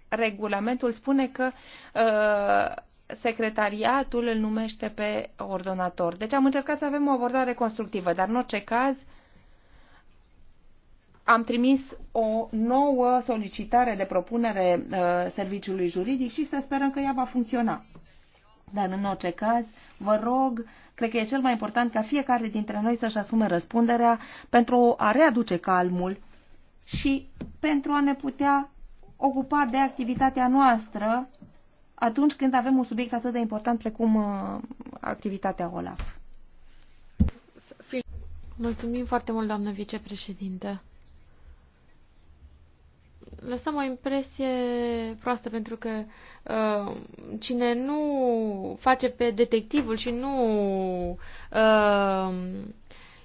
Speaker 3: regulamentul spune că uh, secretariatul îl numește pe ordonator. Deci am încercat să avem o abordare constructivă, dar în orice caz am trimis o nouă solicitare de propunere uh, serviciului juridic și să sperăm că ea va funcționa. Dar în orice caz, vă rog, cred că e cel mai important ca fiecare dintre noi să-și asume răspunderea pentru a readuce calmul și pentru a ne putea ocupat de activitatea noastră atunci când avem un subiect atât de important precum uh, activitatea OLAF.
Speaker 2: Mulțumim foarte mult, doamnă vicepreședinte. Lăsăm o impresie proastă pentru că uh, cine nu face pe detectivul și nu uh,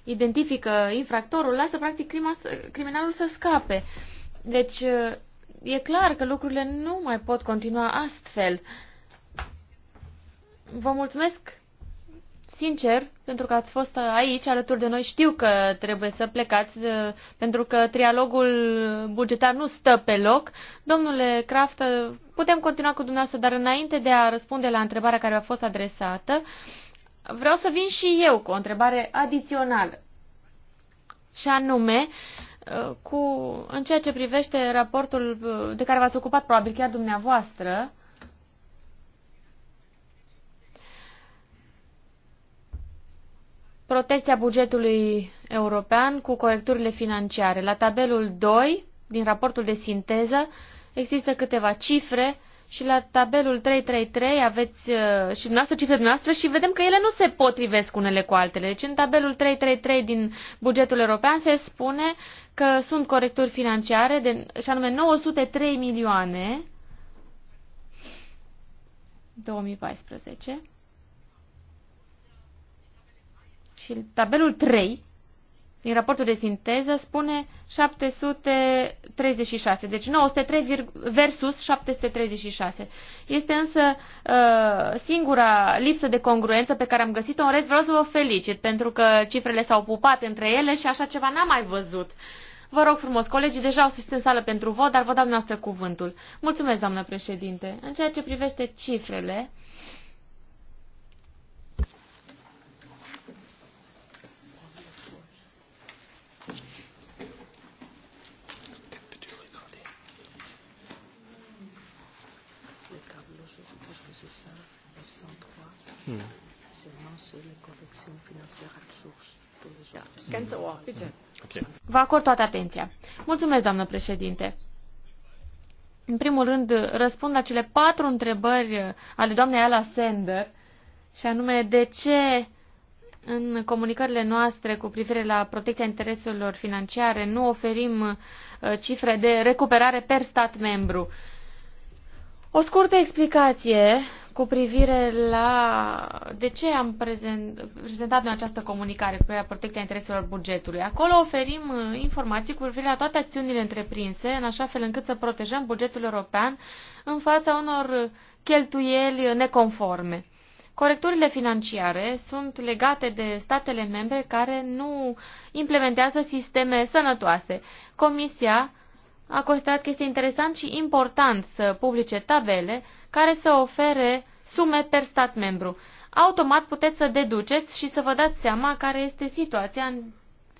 Speaker 2: identifică infractorul, lasă practic crima, criminalul să scape. Deci, uh, e clar că lucrurile nu mai pot continua astfel. Vă mulțumesc sincer pentru că ați fost aici alături de noi. Știu că trebuie să plecați uh, pentru că trialogul bugetar nu stă pe loc. Domnule Craft, uh, putem continua cu dumneavoastră, dar înainte de a răspunde la întrebarea care a fost adresată, vreau să vin și eu cu o întrebare adițională. Și anume, uh, Uh, cu, în ceea ce privește raportul uh, de care v-ați ocupat probabil chiar dumneavoastră, protecția bugetului european cu corecturile financiare. La tabelul 2 din raportul de sinteză există câteva cifre și la tabelul 333 aveți uh, și dumneavoastră cifrele dumneavoastră și vedem că ele nu se potrivesc unele cu altele. Deci în tabelul 333 din bugetul european se spune că sunt corecturi financiare, de, și anume 903 milioane 2014. Și tabelul 3 din raportul de sinteză spune 736, deci 903 versus 736. Este însă uh, singura lipsă de congruență pe care am găsit-o. În rest vreau să vă felicit pentru că cifrele s-au pupat între ele și așa ceva n-am mai văzut. Vă rog frumos, colegii deja au susțin sală pentru vot, dar vă dau noastră cuvântul. Mulțumesc, doamnă președinte. În ceea ce privește cifrele, uh, Da. Vă acord toată atenția. Mulțumesc, doamnă președinte. În primul rând, răspund la cele patru întrebări ale doamnei Ala Sender, și anume de ce în comunicările noastre cu privire la protecția intereselor financiare nu oferim uh, cifre de recuperare per stat membru. O scurtă explicație cu privire la de ce am prezent, prezentat noi această comunicare cu privire la protecția intereselor bugetului. Acolo oferim uh, informații cu privire la toate acțiunile întreprinse, în așa fel încât să protejăm bugetul european în fața unor cheltuieli neconforme. Corecturile financiare sunt legate de statele membre care nu implementează sisteme sănătoase. Comisia a considerat că este interesant și important să publice tabele care să ofere sume per stat membru. Automat puteți să deduceți și să vă dați seama care este situația în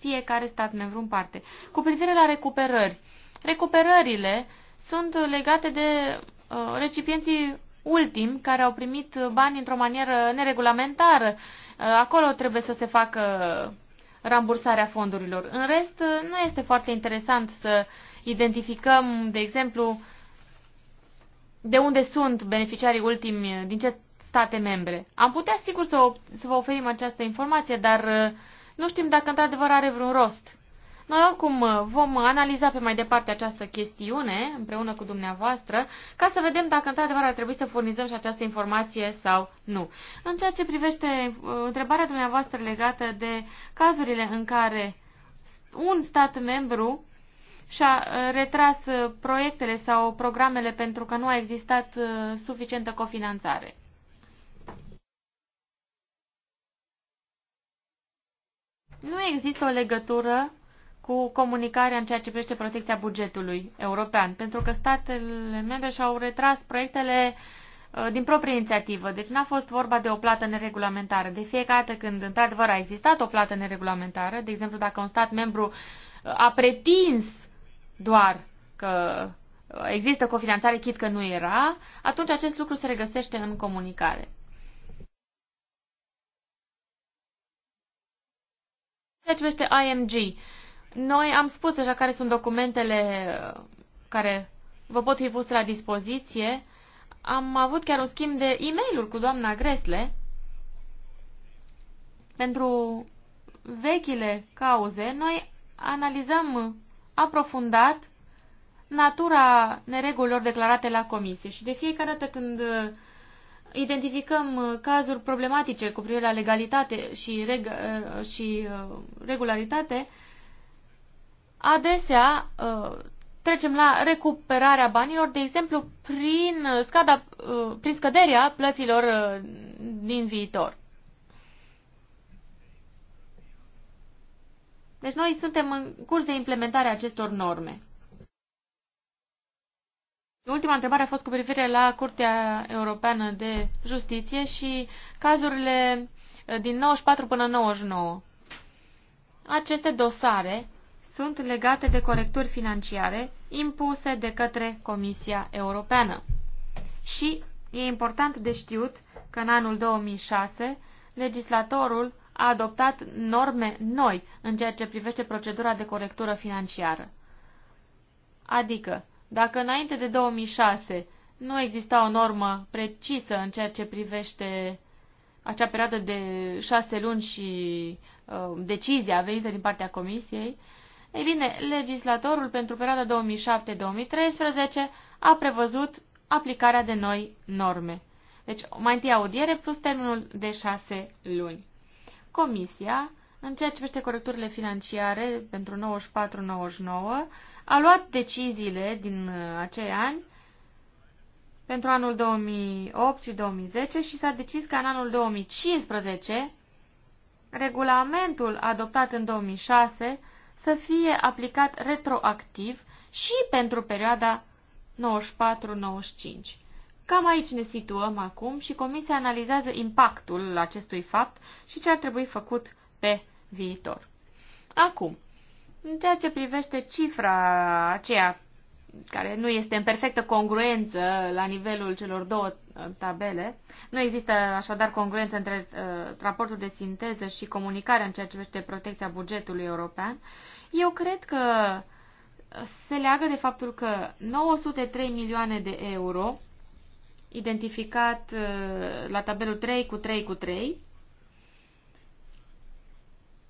Speaker 2: fiecare stat membru în parte. Cu privire la recuperări, recuperările sunt legate de uh, recipienții ultimi care au primit bani într-o manieră neregulamentară. Uh, acolo trebuie să se facă rambursarea fondurilor. În rest, uh, nu este foarte interesant să uh, identificăm, de exemplu, de unde sunt beneficiarii ultimi, din ce state membre. Am putea, sigur, să, să vă oferim această informație, dar uh, nu știm dacă într-adevăr are vreun rost. Noi oricum uh, vom analiza pe mai departe această chestiune împreună cu dumneavoastră ca să vedem dacă într-adevăr ar trebui să furnizăm și această informație sau nu. În ceea ce privește uh, întrebarea dumneavoastră legată de cazurile în care un stat membru și-a uh, retras uh, proiectele sau programele pentru că nu a existat uh, suficientă cofinanțare. Nu există o legătură cu comunicarea în ceea ce privește protecția bugetului european, pentru că statele membre și-au retras proiectele din proprie inițiativă. Deci n-a fost vorba de o plată neregulamentară. De fiecare dată când, într-adevăr, a existat o plată neregulamentară, de exemplu, dacă un stat membru a pretins doar că există cofinanțare, chit că nu era, atunci acest lucru se regăsește în comunicare. Ceea ce privește IMG, noi am spus deja care sunt documentele uh, care vă pot fi puse la dispoziție. Am avut chiar un schimb de e mail cu doamna Gresle pentru vechile cauze. Noi analizăm aprofundat natura neregulilor declarate la comisie și de fiecare dată când uh, identificăm uh, cazuri problematice cu privire la legalitate și, reg uh, și regularitate, adesea trecem la recuperarea banilor, de exemplu, prin, scada, prin scăderea plăților din viitor. Deci noi suntem în curs de implementare a acestor norme. Ultima întrebare a fost cu privire la Curtea Europeană de Justiție și cazurile eh, din 94 până 99. Aceste dosare sunt legate de corecturi financiare impuse de către Comisia Europeană. Și e important de știut că în anul 2006 legislatorul a adoptat norme noi în ceea ce privește procedura de corectură financiară. Adică, dacă înainte de 2006 nu exista o normă precisă în ceea ce privește acea perioadă de șase luni și uh, decizia venită din partea Comisiei, ei bine, legislatorul pentru perioada 2007-2013 a prevăzut aplicarea de noi norme. Deci, mai întâi audiere plus termenul de șase luni. Comisia, în ceea ce privește corecturile financiare pentru 94-99, a luat deciziile din uh, acei ani pentru anul 2008 și 2010 și s-a decis ca în anul 2015 regulamentul adoptat în 2006 să fie aplicat retroactiv și pentru perioada 94-95. Cam aici ne situăm acum și Comisia analizează impactul acestui fapt și ce ar trebui făcut pe viitor. Acum, în ceea ce privește cifra aceea care nu este în perfectă congruență la nivelul celor două uh, tabele. Nu există așadar congruență între uh, raportul de sinteză și comunicarea în ceea ce privește protecția bugetului european. Eu cred că se leagă de faptul că 903 milioane de euro identificat uh, la tabelul 3 cu 3 cu 3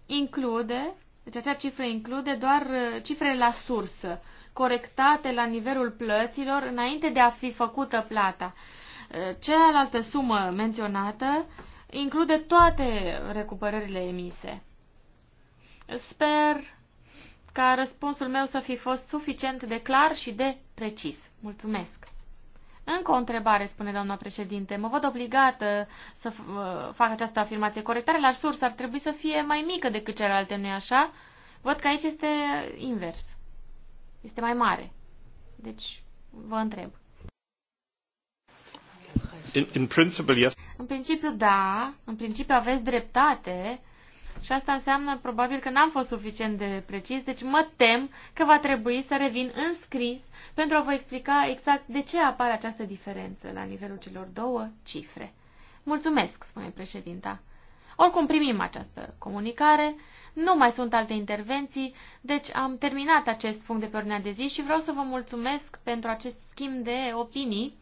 Speaker 2: include, deci acea cifră include doar uh, cifrele la sursă, corectate la nivelul plăților înainte de a fi făcută plata. Uh, cealaltă sumă menționată include toate recuperările emise. Sper ca răspunsul meu să fi fost suficient de clar și de precis. Mulțumesc! Încă o întrebare, spune doamna președinte. Mă văd obligată să uh, fac această afirmație. Corectarea la sursă ar trebui să fie mai mică decât celelalte, nu-i așa? Văd că aici este invers. Este mai mare. Deci, vă întreb.
Speaker 1: In, in principle, yes.
Speaker 2: În principiu, da. În principiu aveți dreptate. Uh, și asta înseamnă probabil că n-am fost suficient de precis, deci mă tem că va trebui să revin în scris pentru a vă explica exact de ce apare această diferență la nivelul celor două cifre. Mulțumesc, spune președinta. Oricum primim această comunicare, nu mai sunt alte intervenții, deci am terminat acest punct de pe ordinea de zi și vreau să vă mulțumesc pentru acest schimb de opinii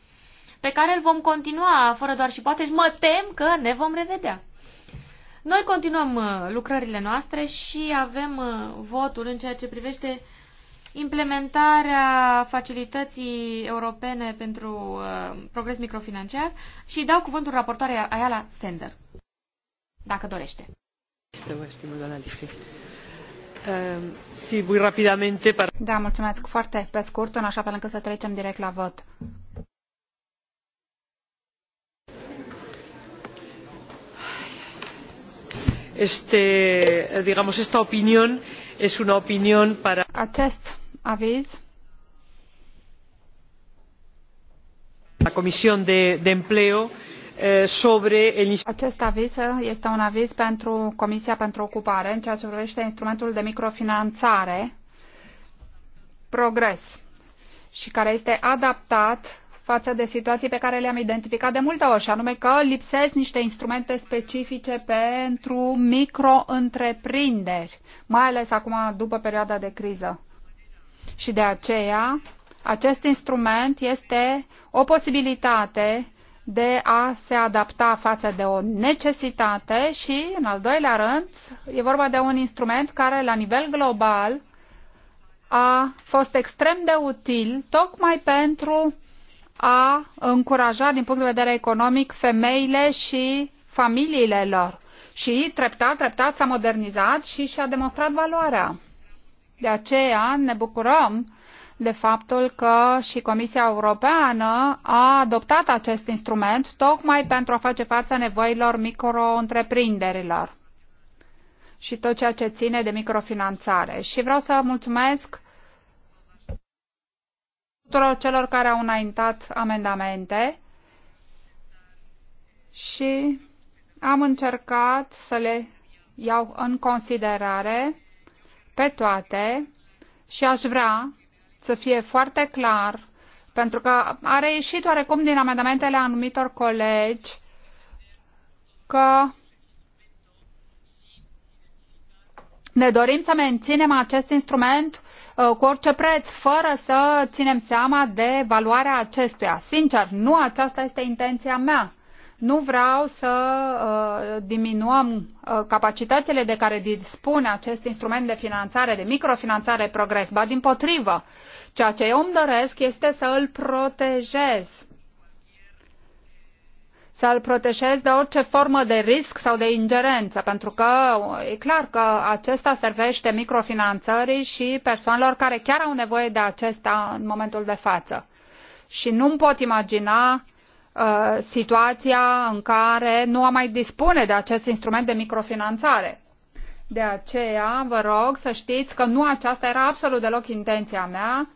Speaker 2: pe care îl vom continua fără doar și poate și mă tem că ne vom revedea. Noi continuăm uh, lucrările noastre și avem uh, votul în ceea ce privește implementarea facilității europene pentru uh, progres microfinanciar și dau cuvântul raportoarei Ayala Sender, dacă dorește.
Speaker 1: Ehm,
Speaker 4: da, mulțumesc foarte pe scurt, în așa fel încât să trecem direct la vot.
Speaker 1: esta opinión es una opinión para. Acest
Speaker 4: aviz la Comisión de, Empleo eh, sobre el... Acest aviz este un aviz pentru Comisia pentru Ocupare în ceea ce privește instrumentul de microfinanțare Progress, și care este adaptat față de situații pe care le-am identificat de multe ori, și anume că lipsesc niște instrumente specifice pentru micro-întreprinderi, mai ales acum după perioada de criză. Și de aceea, acest instrument este o posibilitate de a se adapta față de o necesitate și, în al doilea rând, e vorba de un instrument care, la nivel global, a fost extrem de util tocmai pentru a încuraja din punct de vedere economic femeile și familiile lor. Și treptat, treptat s-a modernizat și și-a demonstrat valoarea. De aceea ne bucurăm de faptul că și Comisia Europeană a adoptat acest instrument tocmai pentru a face față nevoilor micro-întreprinderilor și tot ceea ce ține de microfinanțare. Și vreau să mulțumesc tuturor celor care au înaintat amendamente și am încercat să le iau în considerare pe toate și aș vrea să fie foarte clar, pentru că a reieșit oarecum din amendamentele anumitor colegi că ne dorim să menținem acest instrument Uh, cu orice preț, fără să ținem seama de valoarea acestuia. Sincer, nu aceasta este intenția mea. Nu vreau să uh, diminuăm uh, capacitățile de care dispune acest instrument de finanțare, de microfinanțare progres, ba din potrivă. Ceea ce eu îmi doresc este să îl protejez să îl protejezi de orice formă de risc sau de ingerență, pentru că e clar că acesta servește microfinanțării și persoanelor care chiar au nevoie de acesta în momentul de față. Și nu-mi pot imagina uh, situația în care nu am mai dispune de acest instrument de microfinanțare. De aceea vă rog să știți că nu aceasta era absolut deloc intenția mea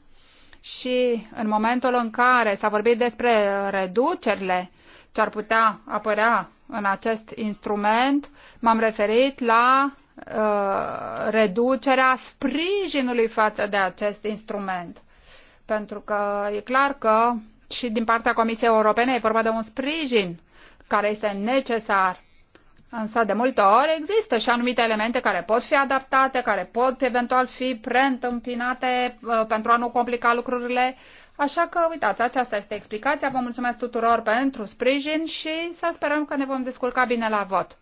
Speaker 4: și în momentul în care s-a vorbit despre reducerile ce ar putea apărea în acest instrument, m-am referit la uh, reducerea sprijinului față de acest instrument. Pentru că e clar că și din partea Comisiei Europene e vorba de un sprijin care este necesar. Însă, de multe ori, există și anumite elemente care pot fi adaptate, care pot eventual fi preîntâmpinate uh, pentru a nu complica lucrurile, Așa că, uitați, aceasta este explicația. Vă mulțumesc tuturor pentru sprijin și să sperăm că ne vom descurca bine la vot.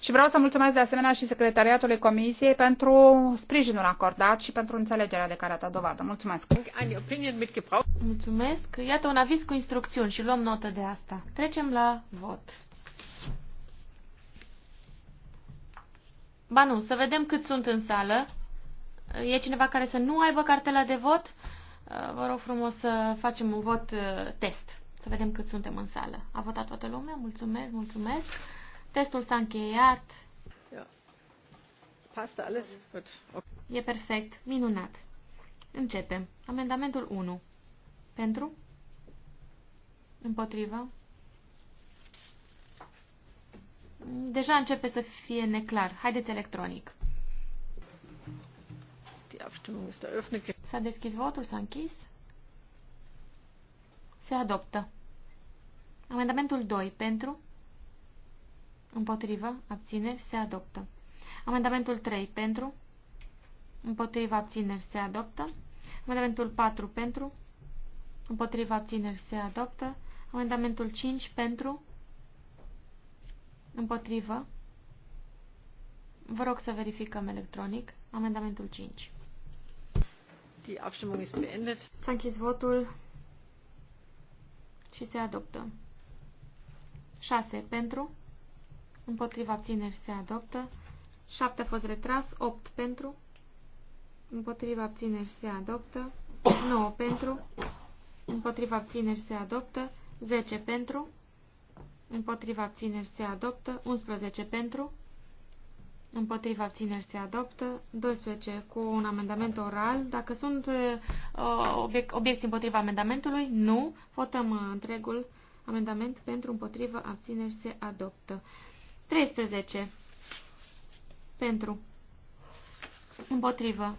Speaker 4: Și vreau să mulțumesc de asemenea și Secretariatului Comisiei pentru sprijinul acordat și pentru înțelegerea de care a dat dovadă. Mulțumesc! Mulțumesc! Iată un aviz cu instrucțiuni și luăm notă de asta.
Speaker 2: Trecem la vot. Ba nu, să vedem cât sunt în sală. E cineva care să nu aibă cartela de vot? Uh, vă rog frumos să facem un vot uh, test, să vedem cât suntem în sală. A votat toată lumea? Mulțumesc, mulțumesc. Testul s-a încheiat. Pastă ales? E perfect, minunat. Începem. Amendamentul 1. Pentru? Împotrivă? Deja începe să fie neclar. Haideți electronic. Die Abstimmung ist eröffnet. S-a deschis votul, s-a închis. Se adoptă. Amendamentul 2 pentru, împotrivă, abțineri, se adoptă. Amendamentul 3 pentru, împotrivă, abțineri, se adoptă. Amendamentul 4 pentru, împotrivă, abțineri, se adoptă. Amendamentul 5 pentru, împotrivă, Vă rog să verificăm electronic. Amendamentul 5. Die Abstimmung ist beendet. S-a închis votul și se adoptă. 6 pentru, împotriva abțineri se adoptă. 7 a fost retras, 8 pentru, împotriva abțineri se adoptă. 9 pentru, împotriva abțineri se adoptă. 10 pentru, împotriva abțineri se adoptă. 11 pentru, Împotriva abțineri se adoptă. 12 cu un amendament oral. Dacă sunt uh, obiecții împotriva amendamentului, nu. Votăm uh, întregul amendament pentru împotriva abțineri se adoptă. 13 pentru împotrivă.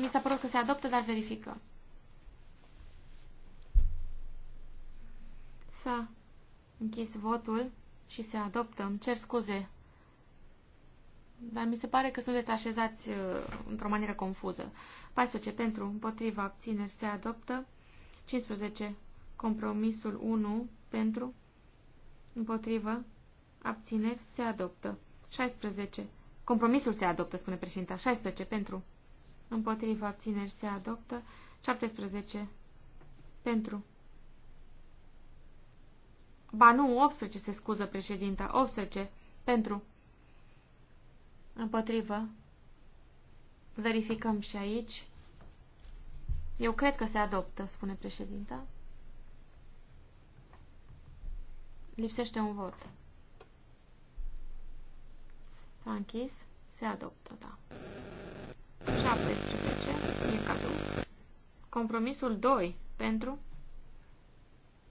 Speaker 2: Mi s-a părut că se adoptă, dar verifică. S-a închis votul și se adoptă. Îmi cer scuze dar mi se pare că sunteți așezați uh, într-o manieră confuză. 14 pentru, împotriva, abțineri, se adoptă. 15. Compromisul 1 pentru, împotrivă, abțineri, se adoptă. 16. Compromisul se adoptă, spune președinta. 16 pentru, împotriva, abțineri, se adoptă. 17 pentru. Ba nu, 18 se scuză președinta. 18 pentru. Împotrivă. Verificăm și aici. Eu cred că se adoptă, spune președinta. Lipsește un vot. S-a închis. Se adoptă, da. 17. E cadou. Compromisul 2. Pentru.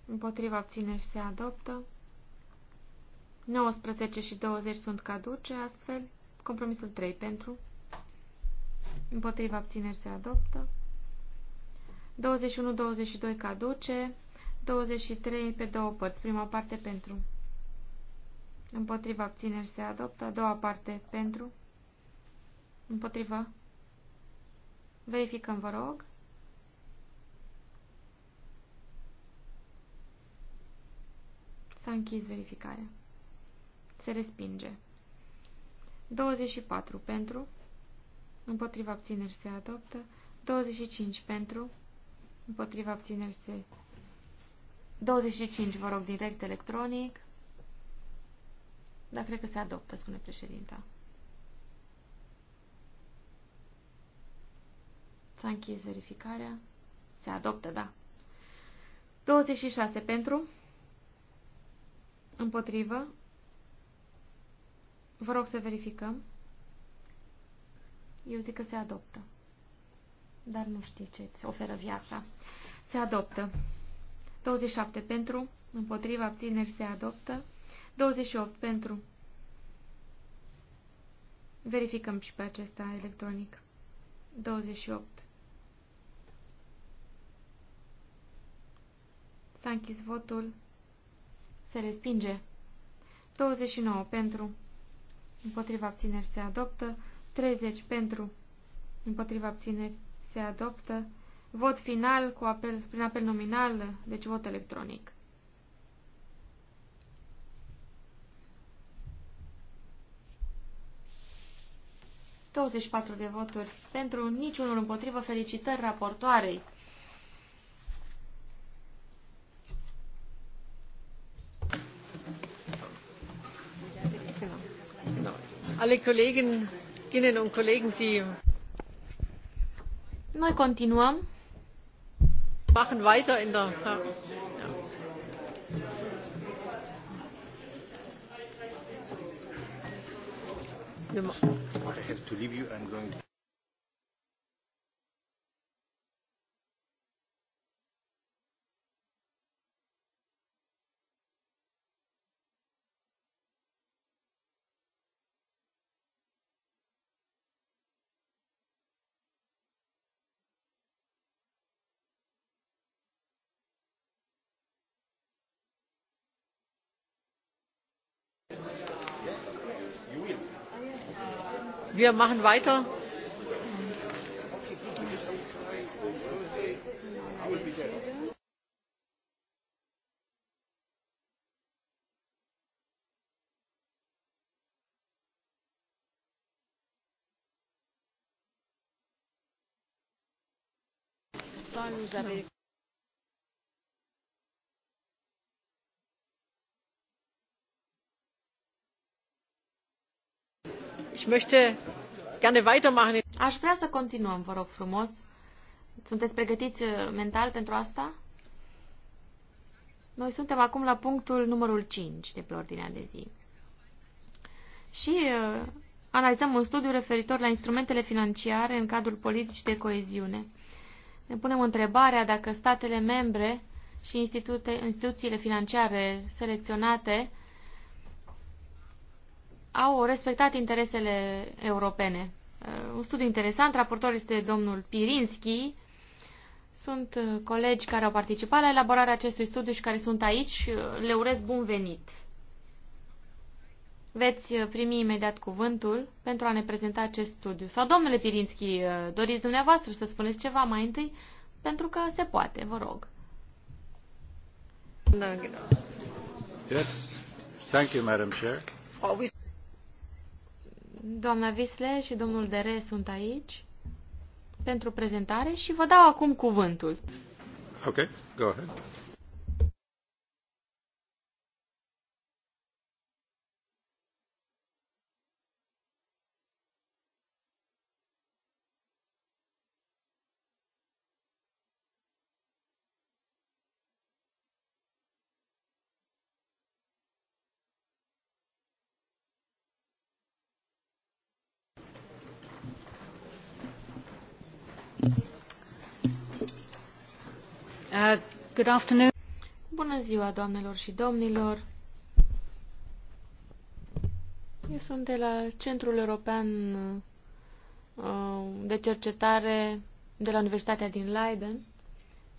Speaker 2: Împotriva obțineri se adoptă. 19 și 20 sunt caduce, astfel. Compromisul 3 pentru. Împotriva abțineri se adoptă. 21-22 caduce. 23 pe două părți. Prima parte pentru. Împotriva abțineri se adoptă. A doua parte pentru. Împotriva. Verificăm, vă rog. S-a închis verificarea. Se respinge. 24 pentru, împotriva abțineri se adoptă, 25 pentru, împotriva abțineri se... 25, vă rog, direct electronic. Dar cred că se adoptă, spune președinta. S-a închis verificarea. Se adoptă, da. 26 pentru, împotrivă, Vă rog să verificăm. Eu zic că se adoptă. Dar nu știi ce îți oferă viața. Se adoptă. 27 pentru, împotriva abțineri se adoptă. 28 pentru. Verificăm și pe acesta electronic. 28. S-a închis votul. Se respinge. 29 pentru împotriva abțineri se adoptă, 30 pentru, împotriva abțineri se adoptă, vot final cu apel, prin apel nominal, deci vot electronic. patru de voturi pentru niciunul împotrivă. Felicitări raportoarei!
Speaker 1: alle Kolleginnen und Kollegen, die
Speaker 2: Noi continuăm. Machen weiter in der
Speaker 1: ja. wir machen weiter. Vous avez
Speaker 2: Ich möchte gerne weitermachen. Aș vrea să continuăm, vă rog frumos. Sunteți pregătiți uh, mental pentru asta? Noi suntem acum la punctul numărul 5 de pe ordinea de zi. Și uh, analizăm un studiu referitor la instrumentele financiare în cadrul politicii de coeziune. Ne punem întrebarea dacă statele membre și institute, instituțiile financiare selecționate au respectat interesele europene. Uh, un studiu interesant, raportor este domnul Pirinski. Sunt uh, colegi care au participat la elaborarea acestui studiu și care sunt aici. Uh, le urez bun venit. Veți primi imediat cuvântul pentru a ne prezenta acest studiu. Sau, domnule Pirinski, doriți dumneavoastră să spuneți ceva mai întâi? Pentru că se poate, vă rog.
Speaker 1: Yes. Thank you, Madam Chair.
Speaker 2: Doamna Visle și domnul Dere sunt aici pentru prezentare și vă dau acum cuvântul.
Speaker 1: Ok, go ahead.
Speaker 2: Uh, Bună ziua, doamnelor și domnilor! Eu sunt de la Centrul European uh, de Cercetare de la Universitatea din Leiden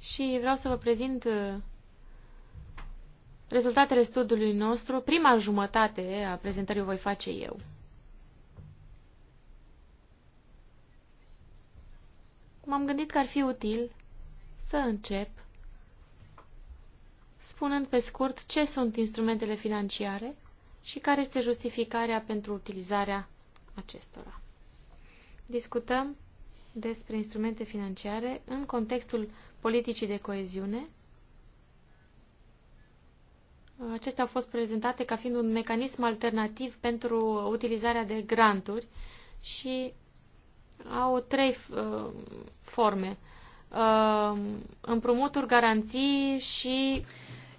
Speaker 2: și vreau să vă prezint uh, rezultatele studiului nostru. Prima jumătate a prezentării o voi face eu. M-am gândit că ar fi util să încep spunând pe scurt ce sunt instrumentele financiare și care este justificarea pentru utilizarea acestora. Discutăm despre instrumente financiare în contextul politicii de coeziune. Acestea au fost prezentate ca fiind un mecanism alternativ pentru utilizarea de granturi și au trei uh, forme. Uh, împrumuturi, garanții și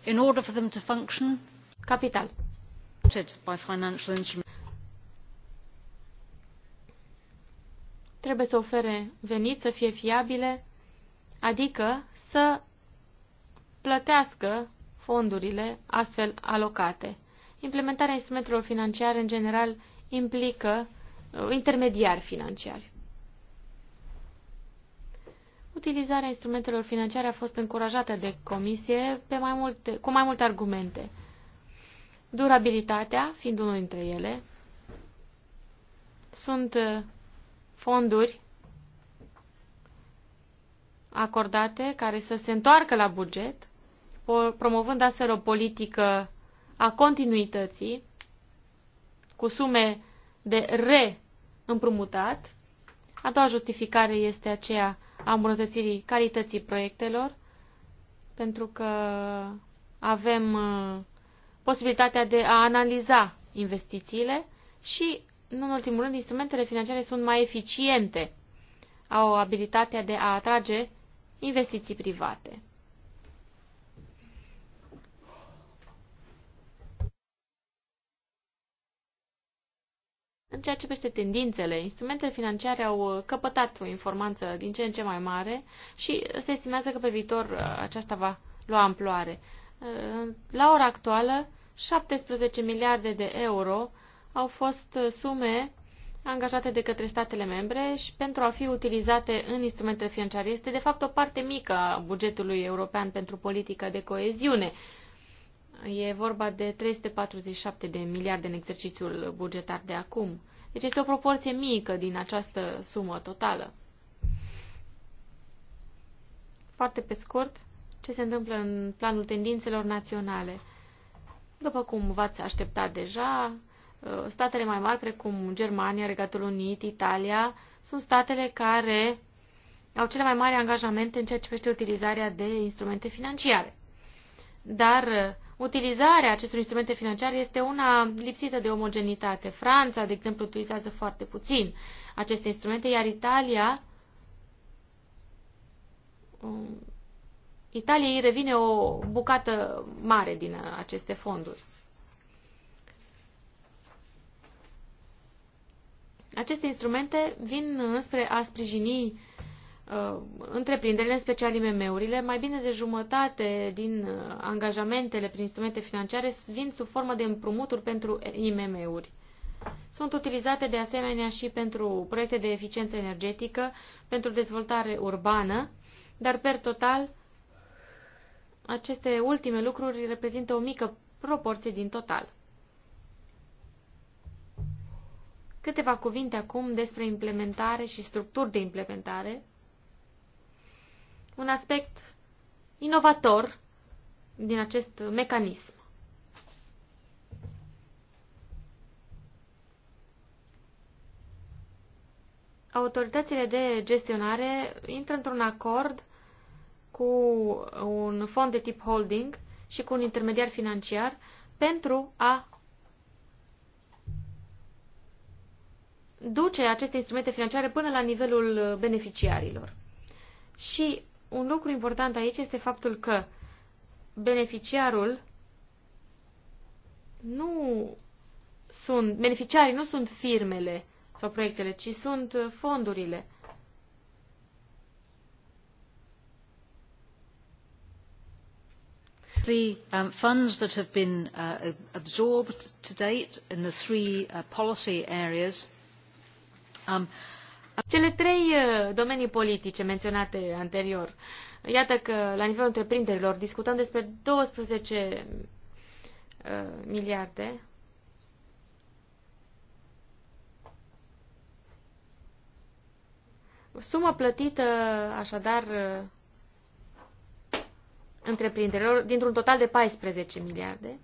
Speaker 2: in order for them to function capital by financial instruments. trebuie să ofere venit, să fie fiabile, adică să plătească fondurile astfel alocate. Implementarea instrumentelor financiare, în general, implică uh, intermediari financiari. Utilizarea instrumentelor financiare a fost încurajată de comisie pe mai multe, cu mai multe argumente. Durabilitatea, fiind unul dintre ele, sunt uh, fonduri acordate care să se întoarcă la buget, promovând astfel o politică a continuității cu sume de reîmprumutat. A doua justificare este aceea a îmbunătățirii calității proiectelor, pentru că avem uh, posibilitatea de a analiza investițiile și, nu în ultimul rând, instrumentele financiare sunt mai eficiente, au abilitatea de a atrage investiții private. În ceea ce privește tendințele, instrumentele financiare au uh, căpătat o informanță din ce în ce mai mare și se estimează că pe viitor uh, aceasta va lua amploare. Uh, la ora actuală, 17 miliarde de euro au fost sume angajate de către statele membre și pentru a fi utilizate în instrumentele financiare. Este, de fapt, o parte mică a bugetului european pentru politică de coeziune, E vorba de 347 de miliarde în exercițiul bugetar de acum. Deci este o proporție mică din această sumă totală. Foarte pe scurt, ce se întâmplă în planul tendințelor naționale. După cum v-ați așteptat deja, uh, statele mai mari, precum Germania, Regatul Unit, Italia, sunt statele care au cele mai mari angajamente în ceea ce privește utilizarea de instrumente financiare. Dar uh, utilizarea acestor instrumente financiare este una lipsită de omogenitate. Franța, de exemplu, utilizează foarte puțin aceste instrumente, iar Italia um, Italiei revine o bucată mare din aceste fonduri. Aceste instrumente vin spre a sprijini Uh, întreprinderile, în special IMM-urile, mai bine de jumătate din uh, angajamentele prin instrumente financiare vin sub formă de împrumuturi pentru IMM-uri. Sunt utilizate de asemenea și pentru proiecte de eficiență energetică, pentru dezvoltare urbană, dar per total aceste ultime lucruri reprezintă o mică proporție din total. Câteva cuvinte acum despre implementare și structuri de implementare un aspect inovator din acest mecanism. Autoritățile de gestionare intră într-un acord cu un fond de tip holding și cu un intermediar financiar pentru a duce aceste instrumente financiare până la nivelul beneficiarilor. Și un lucru important aici este faptul că beneficiarul nu sunt, beneficiarii nu sunt firmele sau proiectele, ci sunt uh, fondurile.
Speaker 1: The um, funds that have been uh, absorbed to date in the three uh, policy
Speaker 2: areas um, cele trei uh, domenii politice menționate anterior, iată că la nivelul întreprinderilor discutăm despre 12 uh, miliarde. Sumă plătită, așadar, uh, întreprinderilor dintr-un total de 14 miliarde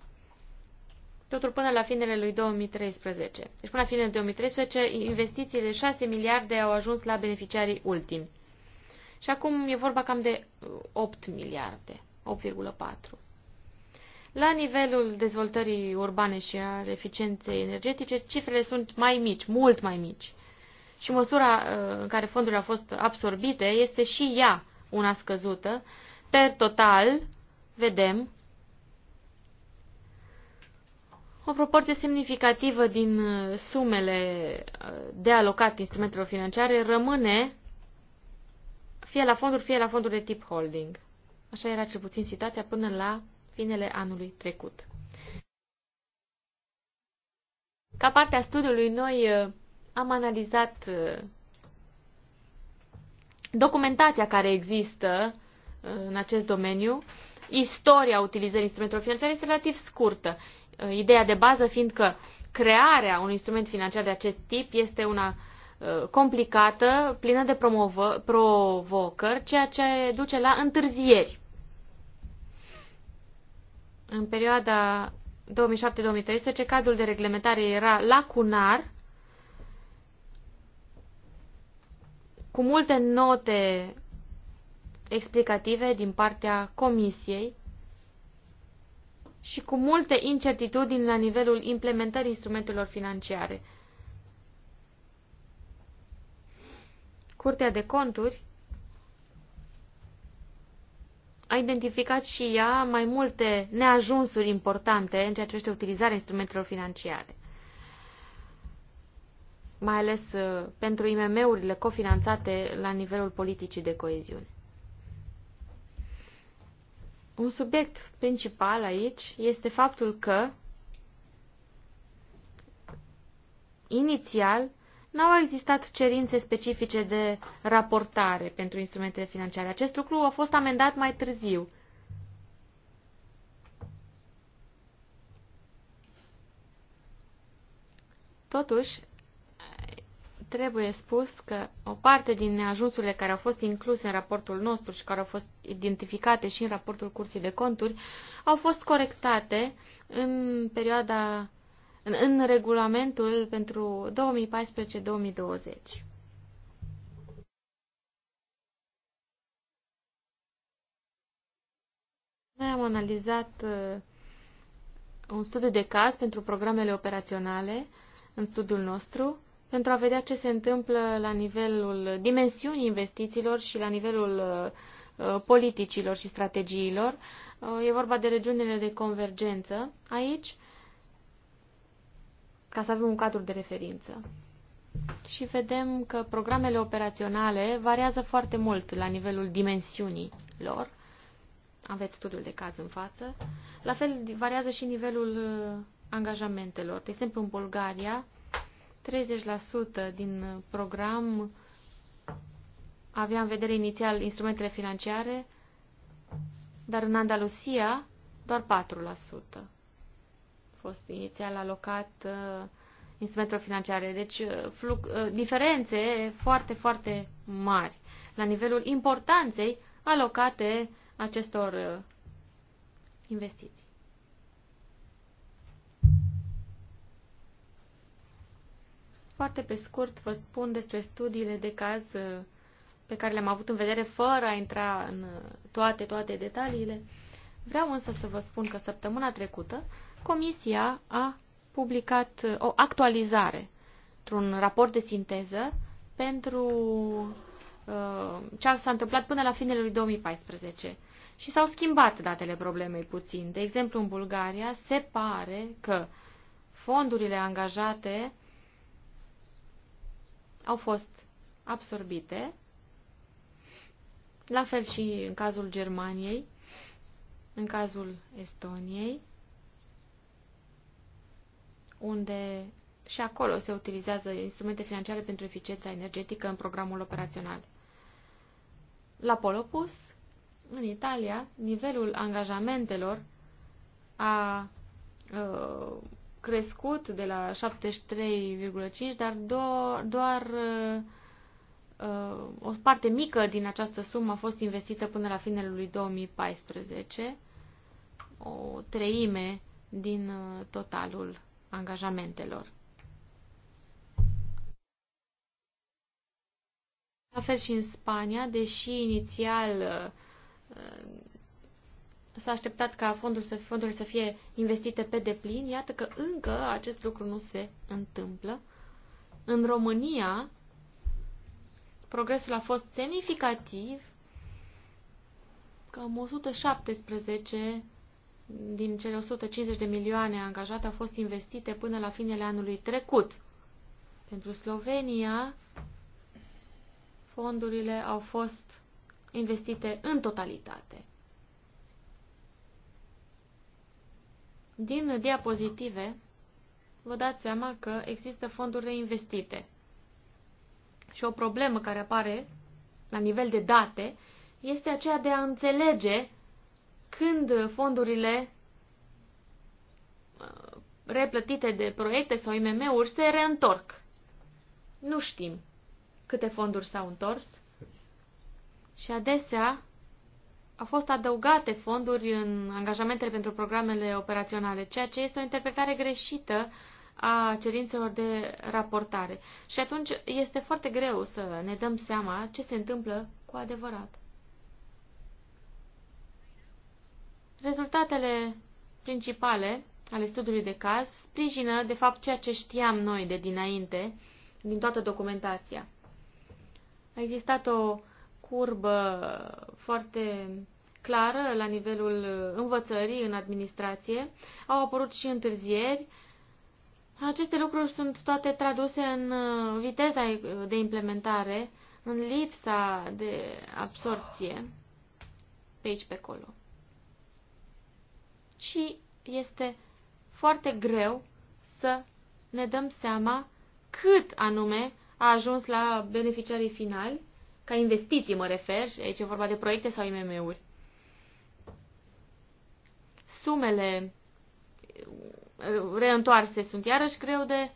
Speaker 2: totul până la finele lui 2013. Deci până la finele 2013, investițiile de 6 miliarde au ajuns la beneficiarii ultimi. Și acum e vorba cam de 8 uh, miliarde, 8,4. La nivelul dezvoltării urbane și a eficienței energetice, cifrele sunt mai mici, mult mai mici. Și măsura uh, în care fondurile au fost absorbite este și ea una scăzută. Per total, vedem o proporție semnificativă din uh, sumele uh, de alocat instrumentelor financiare rămâne fie la fonduri, fie la fonduri de tip holding. Așa era cel puțin situația până la finele anului trecut. Ca parte a studiului, noi uh, am analizat documentația care există în acest domeniu. Istoria utilizării instrumentelor financiare este relativ scurtă Uh, ideea de bază fiind că crearea unui instrument financiar de acest tip este una uh, complicată, plină de provocări, ceea ce duce la întârzieri. În perioada 2007-2013, cadrul de reglementare era lacunar, cu multe note explicative din partea Comisiei și cu multe incertitudini la nivelul implementării instrumentelor financiare. Curtea de conturi a identificat și ea mai multe neajunsuri importante în ceea ce privește utilizarea instrumentelor financiare, mai ales uh, pentru IMM-urile cofinanțate la nivelul politicii de coeziune. Un subiect principal aici este faptul că inițial n-au existat cerințe specifice de raportare pentru instrumentele financiare. Acest lucru a fost amendat mai târziu. Totuși, trebuie spus că o parte din neajunsurile care au fost incluse în raportul nostru și care au fost identificate și în raportul Curții de Conturi au fost corectate în perioada în, în regulamentul pentru 2014-2020. Noi am analizat uh, un studiu de caz pentru programele operaționale în studiul nostru pentru a vedea ce se întâmplă la nivelul dimensiunii investițiilor și la nivelul uh, politicilor și strategiilor. Uh, e vorba de regiunile de convergență aici, ca să avem un cadru de referință. Și vedem că programele operaționale variază foarte mult la nivelul dimensiunii lor. Aveți studiul de caz în față. La fel variază și nivelul uh, angajamentelor. De exemplu, în Bulgaria, 30% din program avea în vedere inițial instrumentele financiare, dar în Andalusia doar 4% fost inițial alocat uh, instrumentelor financiare. Deci uh, fluc, uh, diferențe foarte, foarte mari la nivelul importanței alocate acestor uh, investiții. Foarte pe scurt vă spun despre studiile de caz uh, pe care le-am avut în vedere fără a intra în uh, toate, toate detaliile. Vreau însă să vă spun că săptămâna trecută Comisia a publicat uh, o actualizare într-un raport de sinteză pentru uh, ce s-a întâmplat până la finele lui 2014. Și s-au schimbat datele problemei puțin. De exemplu, în Bulgaria se pare că fondurile angajate uh, au fost absorbite, la fel și în cazul Germaniei, în cazul Estoniei, unde și acolo se utilizează instrumente financiare pentru eficiența energetică în programul operațional. La Polopus, în Italia, nivelul angajamentelor a uh, crescut de la 73,5, dar do- doar uh, o parte mică din această sumă a fost investită până la finele lui 2014, o treime din uh, totalul angajamentelor. La fel și în Spania, deși inițial uh, s-a așteptat ca fondul să, fondurile să fie investite pe deplin. Iată că încă acest lucru nu se întâmplă. În România, progresul a fost semnificativ, cam 117 din cele 150 de milioane angajate au fost investite până la finele anului trecut. Pentru Slovenia, fondurile au fost investite în totalitate. Din diapozitive vă dați seama că există fonduri reinvestite. Și o problemă care apare la nivel de date este aceea de a înțelege când fondurile uh, replătite de proiecte sau IMM-uri se reîntorc. Nu știm câte fonduri s-au întors și adesea au fost adăugate fonduri în angajamentele pentru programele operaționale, ceea ce este o interpretare greșită a cerințelor de raportare. Și atunci este foarte greu să ne dăm seama ce se întâmplă cu adevărat. Rezultatele principale ale studiului de caz sprijină, de fapt, ceea ce știam noi de dinainte, din toată documentația. A existat o curbă foarte clară la nivelul învățării în administrație. Au apărut și întârzieri. Aceste lucruri sunt toate traduse în uh, viteza de implementare, în lipsa de absorpție pe aici, pe acolo. Și este foarte greu să ne dăm seama cât anume a ajuns la beneficiarii finali ca investiții mă refer, aici e vorba de proiecte sau IMM-uri. Sumele uh, reîntoarse sunt iarăși greu de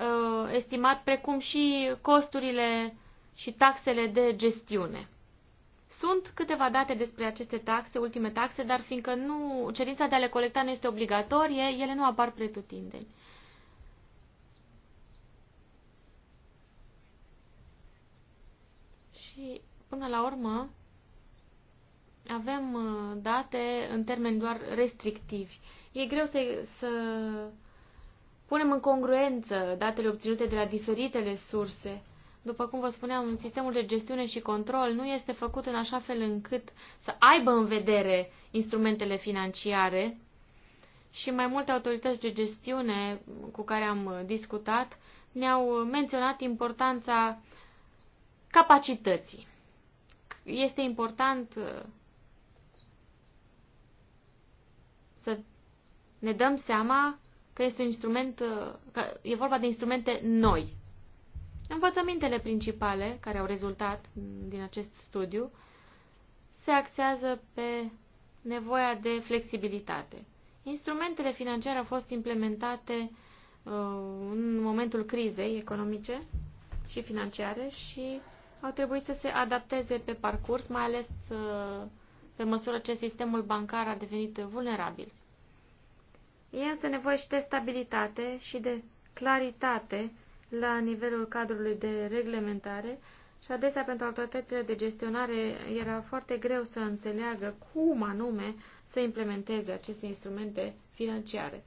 Speaker 2: uh, estimat, precum și costurile și taxele de gestiune. Sunt câteva date despre aceste taxe, ultime taxe, dar fiindcă nu, cerința de a le colecta nu este obligatorie, ele nu apar pretutindeni. Și, până la urmă, avem uh, date în termeni doar restrictivi. E greu să, să punem în congruență datele obținute de la diferitele surse. După cum vă spuneam, sistemul de gestiune și control nu este făcut în așa fel încât să aibă în vedere instrumentele financiare și mai multe autorități de gestiune cu care am uh, discutat ne-au uh, menționat importanța capacității. Este important uh, să ne dăm seama că este un instrument, uh, că e vorba de instrumente noi. Învățămintele principale care au rezultat din acest studiu se axează pe nevoia de flexibilitate. Instrumentele financiare au fost implementate uh, în momentul crizei economice și financiare și au trebuit să se adapteze pe parcurs, mai ales uh, pe măsură ce sistemul bancar a devenit vulnerabil. E însă nevoie și de stabilitate și de claritate la nivelul cadrului de reglementare și adesea pentru autoritățile de gestionare era foarte greu să înțeleagă cum anume să implementeze aceste instrumente financiare.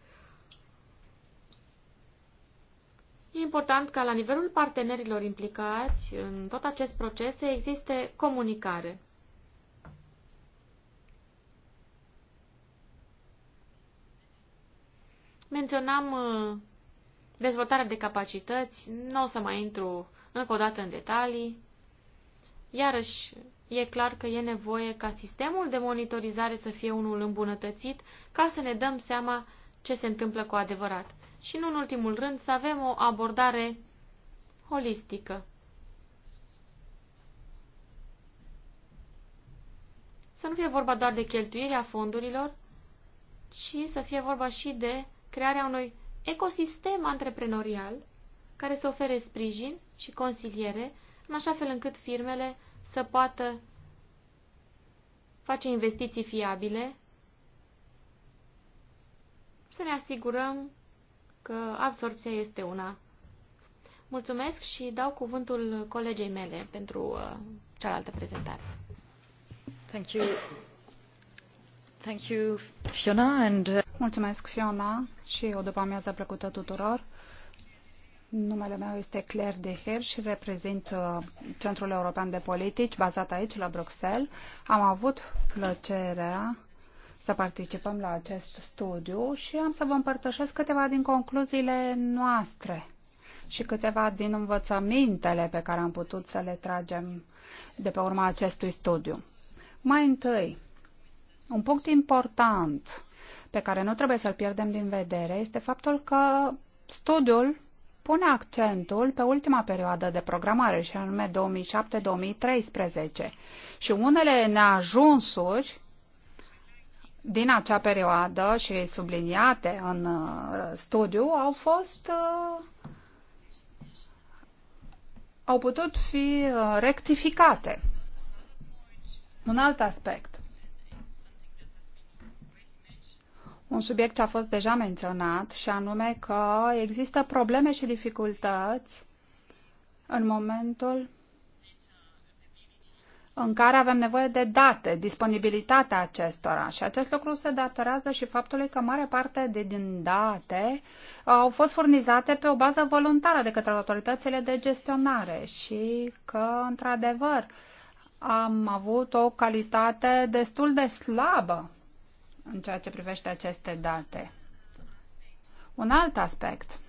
Speaker 2: E important ca la nivelul partenerilor implicați în tot acest proces să existe comunicare. Menționam uh, dezvoltarea de capacități, nu o să mai intru încă o dată în detalii. Iarăși, e clar că e nevoie ca sistemul de monitorizare să fie unul îmbunătățit ca să ne dăm seama ce se întâmplă cu adevărat și, nu în ultimul rând, să avem o abordare holistică. Să nu fie vorba doar de cheltuirea fondurilor, ci să fie vorba și de crearea unui ecosistem antreprenorial care să ofere sprijin și consiliere în așa fel încât firmele să poată face investiții fiabile, să ne asigurăm că absorpția este una. Mulțumesc și dau cuvântul colegei mele pentru uh, cealaltă prezentare.
Speaker 4: Thank you. Thank you, Fiona, and... Uh, Mulțumesc, Fiona, și o după amiază plăcută tuturor. Numele meu este Claire Deher și reprezint uh, Centrul European de Politici, bazat aici, la Bruxelles. Am avut plăcerea să participăm la acest studiu și am să vă împărtășesc câteva din concluziile noastre și câteva din învățămintele pe care am putut să le tragem de pe urma acestui studiu. Mai întâi, un punct important pe care nu trebuie să-l pierdem din vedere este faptul că studiul pune accentul pe ultima perioadă de programare, și anume 2007-2013. Și unele neajunsuri din acea perioadă și subliniate în uh, studiu au fost uh, au putut fi uh, rectificate. Un alt aspect. Un subiect ce a fost deja menționat și anume că există probleme și dificultăți în momentul în care avem nevoie de date, disponibilitatea acestora. Și acest lucru se datorează și faptului că mare parte de, din date uh, au fost furnizate pe o bază voluntară de către autoritățile de gestionare și că, într-adevăr, am avut o calitate destul de slabă în ceea ce privește aceste date. Un alt aspect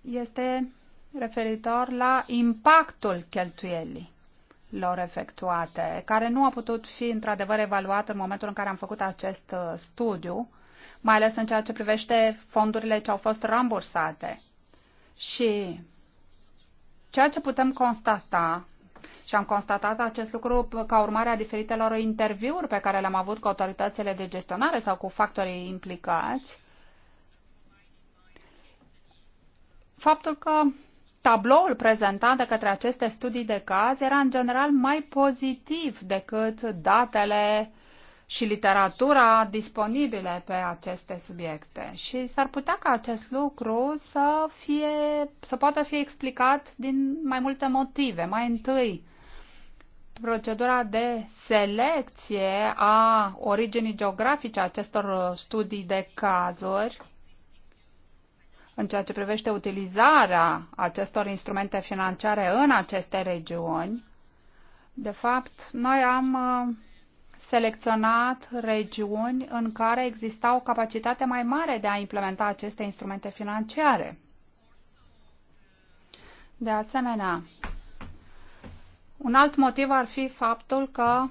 Speaker 4: este referitor la impactul cheltuielii lor efectuate, care nu a putut fi într-adevăr evaluat în momentul în care am făcut acest uh, studiu, mai ales în ceea ce privește fondurile ce au fost rambursate. Și ceea ce putem constata, și am constatat acest lucru ca urmare a diferitelor interviuri pe care le-am avut cu autoritățile de gestionare sau cu factorii implicați, faptul că tabloul prezentat de către aceste studii de caz era în general mai pozitiv decât datele și literatura disponibile pe aceste subiecte. Și s-ar putea ca acest lucru să, fie, să poată fi explicat din mai multe motive. Mai întâi, procedura de selecție a originii geografice a acestor studii de cazuri în ceea ce privește utilizarea acestor instrumente financiare în aceste regiuni, de fapt, noi am uh, selecționat regiuni în care exista o capacitate mai mare de a implementa aceste instrumente financiare. De asemenea, un alt motiv ar fi faptul că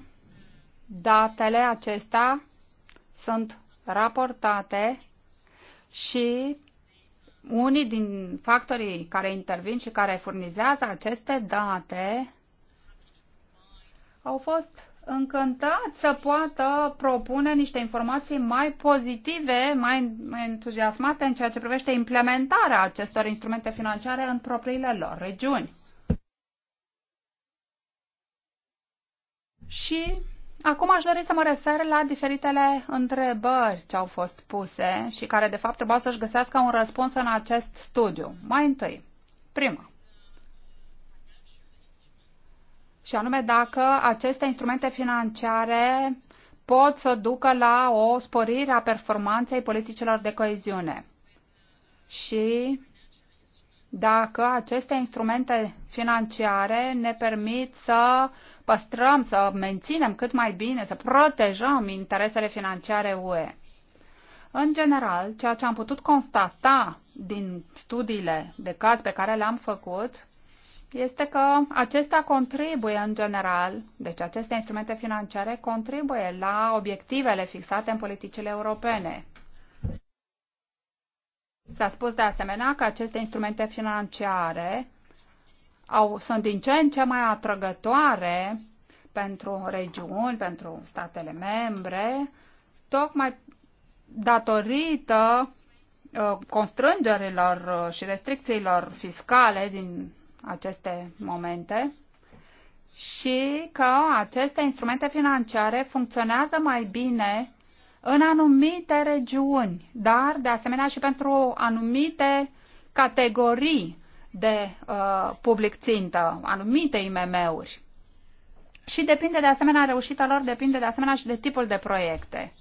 Speaker 4: datele acestea sunt raportate și unii din factorii care intervin și care furnizează aceste date au fost încântați să poată propune niște informații mai pozitive, mai entuziasmate în ceea ce privește implementarea acestor instrumente financiare în propriile lor regiuni. Și Acum aș dori să mă refer la diferitele întrebări ce au fost puse și care, de fapt, trebuie să-și găsească un răspuns în acest studiu. Mai întâi, prima. Și anume dacă aceste instrumente financiare pot să ducă la o sporire a performanței politicilor de coeziune. Și dacă aceste instrumente financiare ne permit să păstrăm, să menținem cât mai bine, să protejăm interesele financiare UE. În general, ceea ce am putut constata din studiile de caz pe care le-am făcut este că acestea contribuie în general, deci aceste instrumente financiare contribuie la obiectivele fixate în politicile europene. S-a spus de asemenea că aceste instrumente financiare au, sunt din ce în ce mai atrăgătoare pentru regiuni, pentru statele membre, tocmai datorită uh, constrângerilor uh, și restricțiilor fiscale din aceste momente și că aceste instrumente financiare funcționează mai bine în anumite regiuni, dar de asemenea și pentru anumite categorii de uh, public țintă, anumite IMM-uri. Și depinde de asemenea, reușita lor depinde de asemenea și de tipul de proiecte.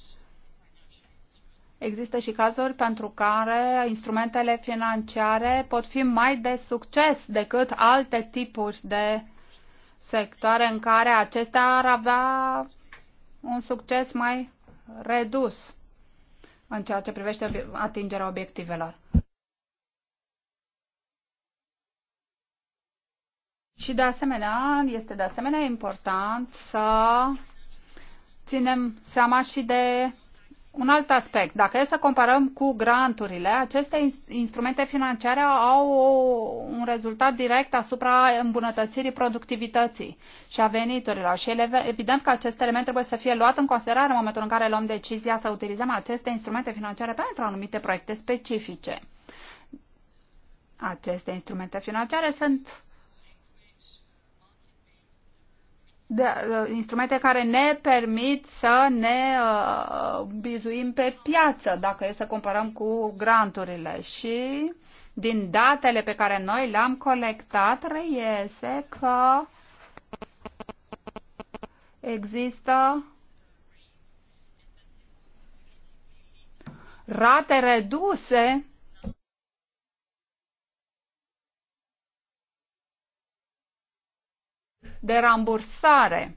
Speaker 4: Există și cazuri pentru care instrumentele financiare pot fi mai de succes decât alte tipuri de sectoare în care acestea ar avea un succes mai redus în ceea ce privește atingerea obiectivelor. Și de asemenea, este de asemenea important să ținem seama și de un alt aspect. Dacă e să comparăm cu granturile, aceste instrumente financiare au un rezultat direct asupra îmbunătățirii productivității și a veniturilor. Și ele, evident că acest element trebuie să fie luat în considerare în momentul în care luăm decizia să utilizăm aceste instrumente financiare pentru anumite proiecte specifice. Aceste instrumente financiare sunt de, uh, instrumente care ne permit să ne uh, bizuim pe piață, dacă e să comparăm cu granturile. Și din datele pe care noi le-am colectat, reiese că există rate reduse de rambursare.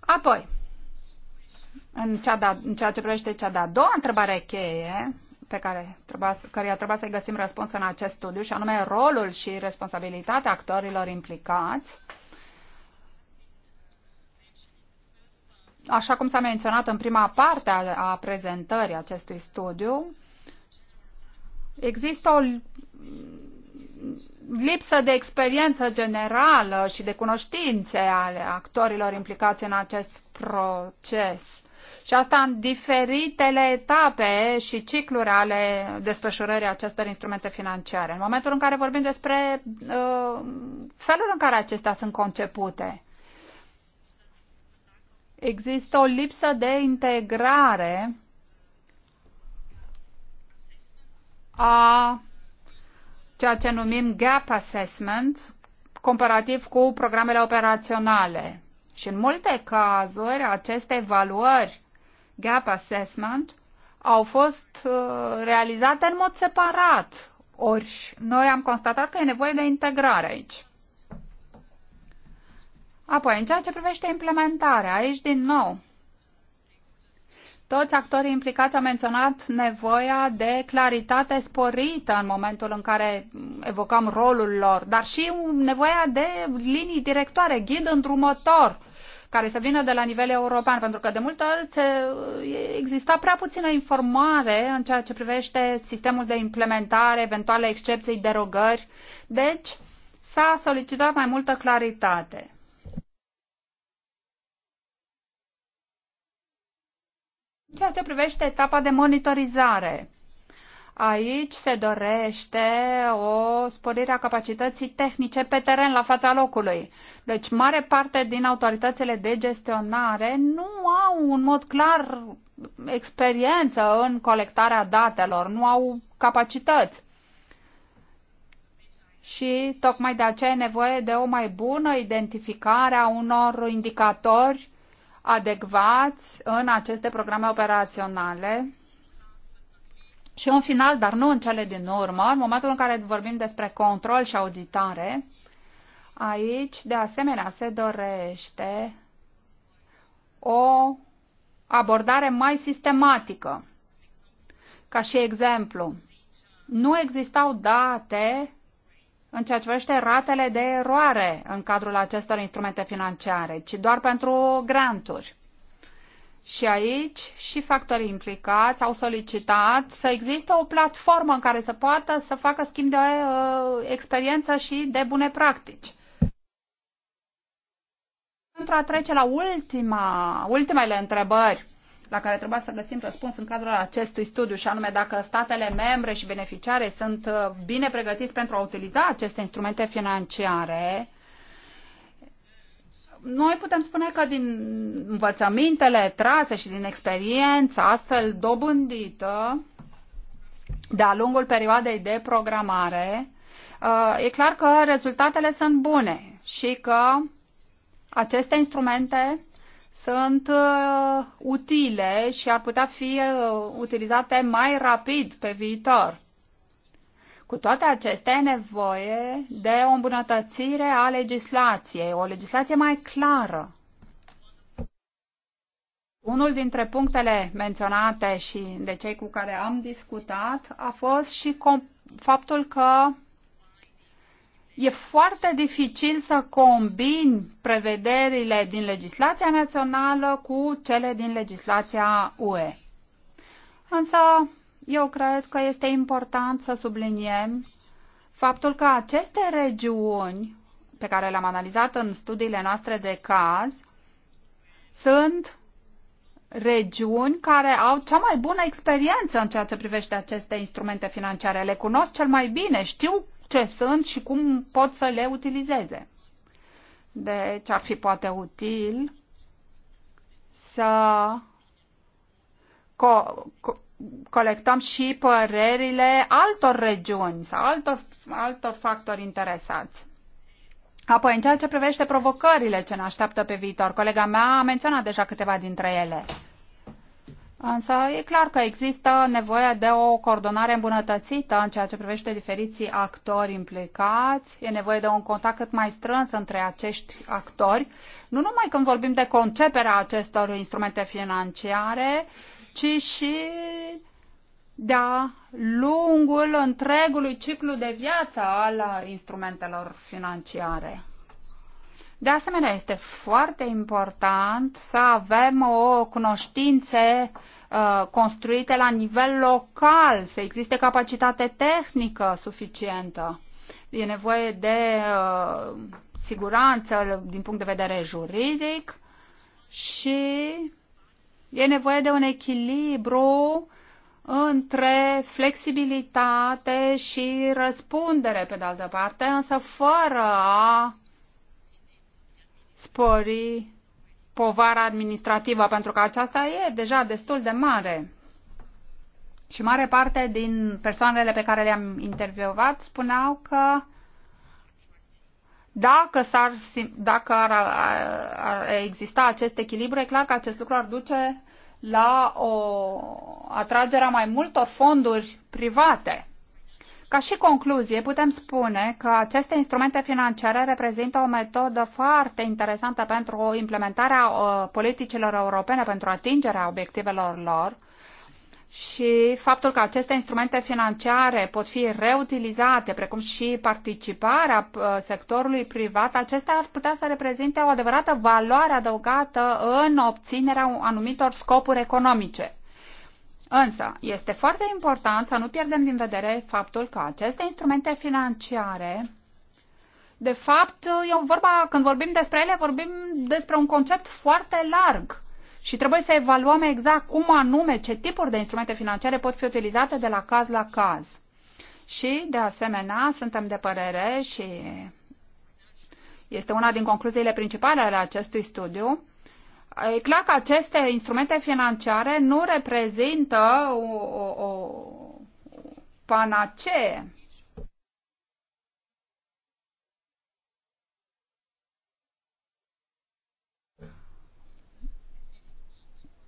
Speaker 4: Apoi, în, cea de, în ceea ce privește cea de-a doua întrebare cheie, pe care trebuia, căreia trebuia să-i găsim răspuns în acest studiu, și anume rolul și responsabilitatea actorilor implicați, uh, Așa cum s-a menționat în prima parte a, a prezentării acestui studiu, există o lipsă de experiență generală și de cunoștințe ale actorilor implicați în acest proces. Și asta în diferitele etape și cicluri ale desfășurării acestor instrumente financiare. În momentul în care vorbim despre uh, felul în care acestea sunt concepute. Există o lipsă de integrare a ceea ce numim gap assessment comparativ cu programele operaționale. Și în multe cazuri aceste evaluări gap assessment au fost uh, realizate în mod separat. Ori noi am constatat că e nevoie de integrare aici. Apoi, în ceea ce privește implementarea, aici din nou, toți actorii implicați au menționat nevoia de claritate sporită în momentul în care evocăm rolul lor, dar și nevoia de linii directoare, ghid îndrumător, care să vină de la nivel european, pentru că de multe ori se, exista prea puțină informare în ceea ce privește sistemul de implementare, eventuale excepții, derogări. Deci, s-a solicitat mai multă claritate. Ceea ce privește etapa de monitorizare, aici se dorește o sporire a capacității tehnice pe teren, la fața locului. Deci, mare parte din autoritățile de gestionare nu au un mod clar experiență în colectarea datelor, nu au capacități. Și tocmai de aceea e nevoie de o mai bună identificare a unor indicatori adecvați în aceste programe operaționale. Și în final, dar nu în cele din urmă, în momentul în care vorbim despre control și auditare, aici, de asemenea, se dorește o abordare mai sistematică. Ca și exemplu, nu existau date în ceea ce privește ratele de eroare în cadrul acestor instrumente financiare, ci doar pentru granturi. Și aici și factorii implicați au solicitat să existe o platformă în care să poată să facă schimb de uh, experiență și de bune practici. Pentru a trece la ultima, ultimele întrebări la care trebuia să găsim răspuns în cadrul acestui studiu, și anume dacă statele membre și beneficiare sunt uh, bine pregătiți pentru a utiliza aceste instrumente financiare, noi putem spune că din învățămintele trase și din experiența astfel dobândită de-a lungul perioadei de programare, uh, e clar că rezultatele sunt bune și că aceste instrumente sunt uh, utile și ar putea fi uh, utilizate mai rapid pe viitor. Cu toate acestea e nevoie de o îmbunătățire a legislației, o legislație mai clară. Unul dintre punctele menționate și de cei cu care am discutat a fost și faptul că E foarte dificil să combini prevederile din legislația națională cu cele din legislația UE. Însă, eu cred că este important să subliniem faptul că aceste regiuni pe care le-am analizat în studiile noastre de caz sunt regiuni care au cea mai bună experiență în ceea ce privește aceste instrumente financiare. Le cunosc cel mai bine, știu ce sunt și cum pot să le utilizeze. Deci ar fi poate util să co- co- colectăm și părerile altor regiuni sau altor, altor factori interesați. Apoi, în ceea ce privește provocările ce ne așteaptă pe viitor, colega mea a menționat deja câteva dintre ele. Însă e clar că există nevoie de o coordonare îmbunătățită în ceea ce privește diferiții actori implicați, e nevoie de un contact cât mai strâns între acești actori, nu numai când vorbim de conceperea acestor instrumente financiare, ci și de-a lungul întregului ciclu de viață al instrumentelor financiare. De asemenea, este foarte important să avem o cunoștințe uh, construite la nivel local, să existe capacitate tehnică suficientă. E nevoie de uh, siguranță din punct de vedere juridic și e nevoie de un echilibru între flexibilitate și răspundere, pe de altă parte, însă fără a spori povara administrativă, pentru că aceasta e deja destul de mare. Și mare parte din persoanele pe care le-am intervievat spuneau că dacă, s-ar, dacă ar, ar, ar exista acest echilibru, e clar că acest lucru ar duce la o atragerea mai multor fonduri private. Ca și concluzie, putem spune că aceste instrumente financiare reprezintă o metodă foarte interesantă pentru implementarea uh, politicilor europene, pentru atingerea obiectivelor lor și faptul că aceste instrumente financiare pot fi reutilizate, precum și participarea uh, sectorului privat, acestea ar putea să reprezinte o adevărată valoare adăugată în obținerea anumitor scopuri economice. Însă, este foarte important să nu pierdem din vedere faptul că aceste instrumente financiare, de fapt, e vorba, când vorbim despre ele, vorbim despre un concept foarte larg și trebuie să evaluăm exact cum anume, ce tipuri de instrumente financiare pot fi utilizate de la caz la caz. Și, de asemenea, suntem de părere și este una din concluziile principale ale acestui studiu, e clar că aceste instrumente financiare nu reprezintă o, o, o panacee.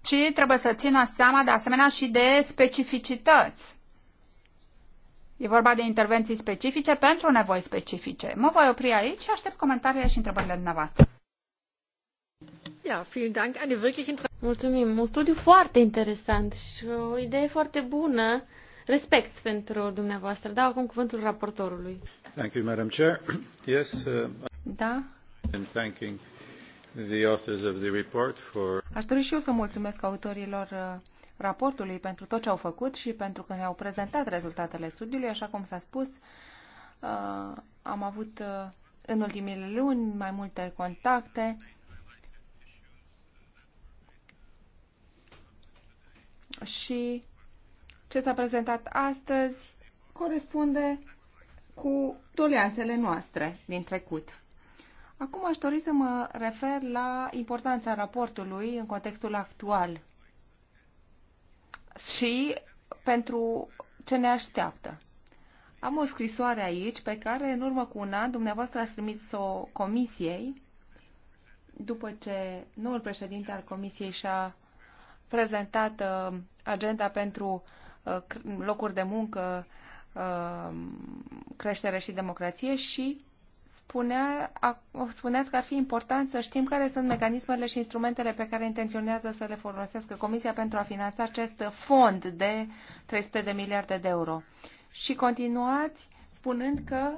Speaker 4: ci trebuie să țină seama de asemenea și de specificități. E vorba de intervenții specifice pentru nevoi specifice. Mă voi opri aici și aștept comentariile și întrebările dumneavoastră.
Speaker 2: Mulțumim. Un studiu foarte interesant și o idee foarte bună. Respect pentru dumneavoastră. Dau acum cuvântul raportorului.
Speaker 1: Thank you, Madam Chair. *clears throat* Yes, uh, da. And thanking the authors of the report for...
Speaker 3: Aș dori și eu să mulțumesc autorilor uh, raportului pentru tot ce au făcut și pentru că ne-au prezentat rezultatele studiului. Așa cum s-a spus, uh, am avut uh, în ultimile luni mai multe contacte și ce s-a prezentat astăzi corespunde cu doleanțele noastre din trecut. Acum aș dori să mă refer la importanța raportului în contextul actual și pentru ce ne așteaptă. Am o scrisoare aici pe care în urmă cu un an dumneavoastră ați trimis-o comisiei după ce noul președinte al comisiei și-a prezentat uh, agenda pentru uh, locuri de muncă, uh, creștere și democrație și spunea, spuneați că ar fi important să știm care sunt mecanismele și instrumentele pe care intenționează să le folosească Comisia pentru a finanța acest fond de 300 de miliarde de euro. Și continuați spunând că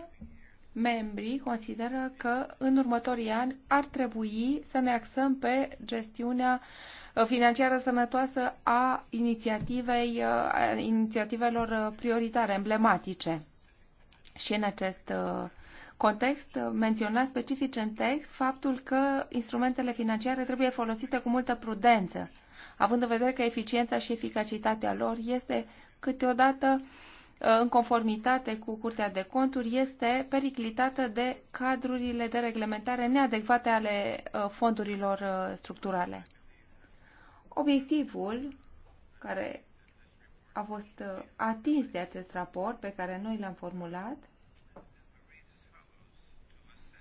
Speaker 3: membrii consideră că în următorii ani ar trebui să ne axăm pe gestiunea uh, financiară sănătoasă a, inițiativei, inițiativelor prioritare, emblematice. Și în acest uh, context uh, menționat specific în text faptul că instrumentele financiare trebuie folosite cu multă prudență, având în vedere că eficiența și eficacitatea lor este câteodată uh, în conformitate cu Curtea de Conturi, este periclitată de cadrurile de reglementare neadecvate ale fondurilor structurale. Obiectivul care a fost uh, atins de acest raport pe care noi l-am formulat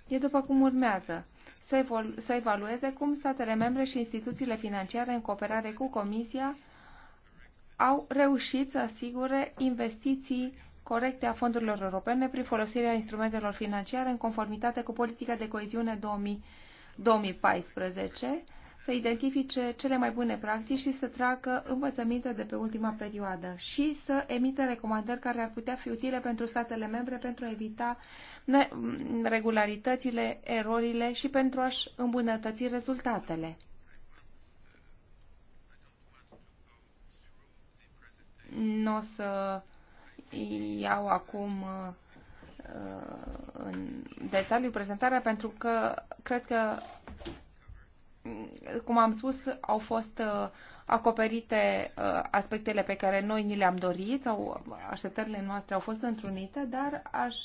Speaker 3: e după cum urmează. Să, să evalueze cum statele membre și instituțiile financiare în cooperare cu Comisia au reușit să asigure investiții corecte a fondurilor europene prin folosirea instrumentelor financiare în conformitate cu politica de coeziune 2000, 2014 să identifice cele mai bune practici și să tracă învățăminte de pe ultima perioadă și să emite recomandări care ar putea fi utile pentru statele membre pentru a evita regularitățile, erorile și pentru a-și îmbunătăți rezultatele. Nu o să iau acum uh, în detaliu prezentarea pentru că cred că cum am spus, au fost uh, acoperite uh, aspectele pe care noi ni le-am dorit sau așteptările noastre au fost întrunite, dar aș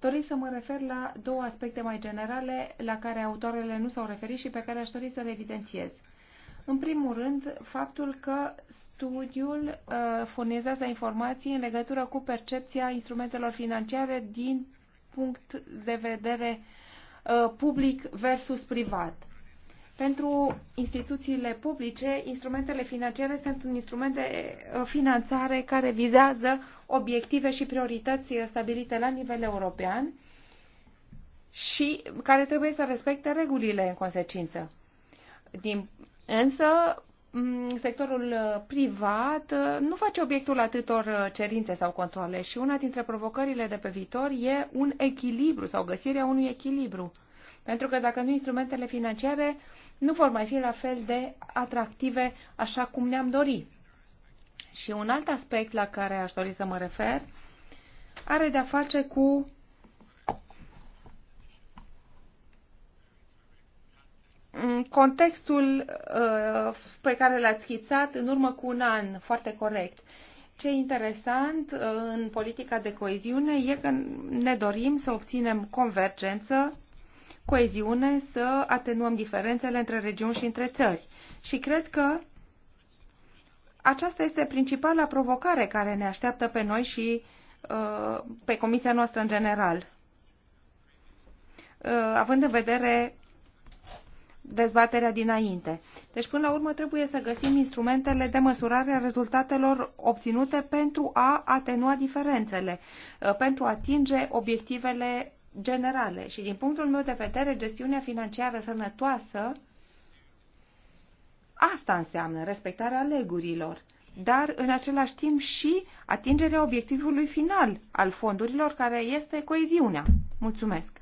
Speaker 3: dori să mă refer la două aspecte mai generale la care autoarele nu s-au referit și pe care aș dori să le evidențiez. În primul rând, faptul că studiul uh, furnizează informații în legătură cu percepția instrumentelor financiare din punct de vedere uh, public versus privat. Pentru instituțiile publice, instrumentele financiare sunt un instrument de uh, finanțare care vizează obiective și priorități uh, stabilite la nivel european și care trebuie să respecte regulile în consecință. Din, însă, sectorul uh, privat nu face obiectul atâtor cerințe sau controle și una dintre provocările de pe viitor e un echilibru sau găsirea unui echilibru pentru că dacă nu, instrumentele financiare nu vor mai fi la fel de atractive așa cum ne-am dorit. Și un alt aspect la care aș dori să mă refer are de-a face cu contextul uh, pe care l-ați schițat în urmă cu un an, foarte corect. Ce interesant uh, în politica de coeziune e că ne dorim să obținem convergență coeziune, să atenuăm diferențele între regiuni și între țări. Și cred că aceasta este principala provocare care ne așteaptă pe noi și uh, pe comisia noastră în general. Uh, având în vedere dezbaterea dinainte. Deci, până la urmă, trebuie să găsim instrumentele de măsurare a rezultatelor obținute pentru a atenua diferențele, uh, pentru a atinge obiectivele generale și din punctul meu de vedere gestiunea financiară sănătoasă asta înseamnă respectarea legurilor, dar în același timp și atingerea obiectivului final al fondurilor care este coeziunea. Mulțumesc!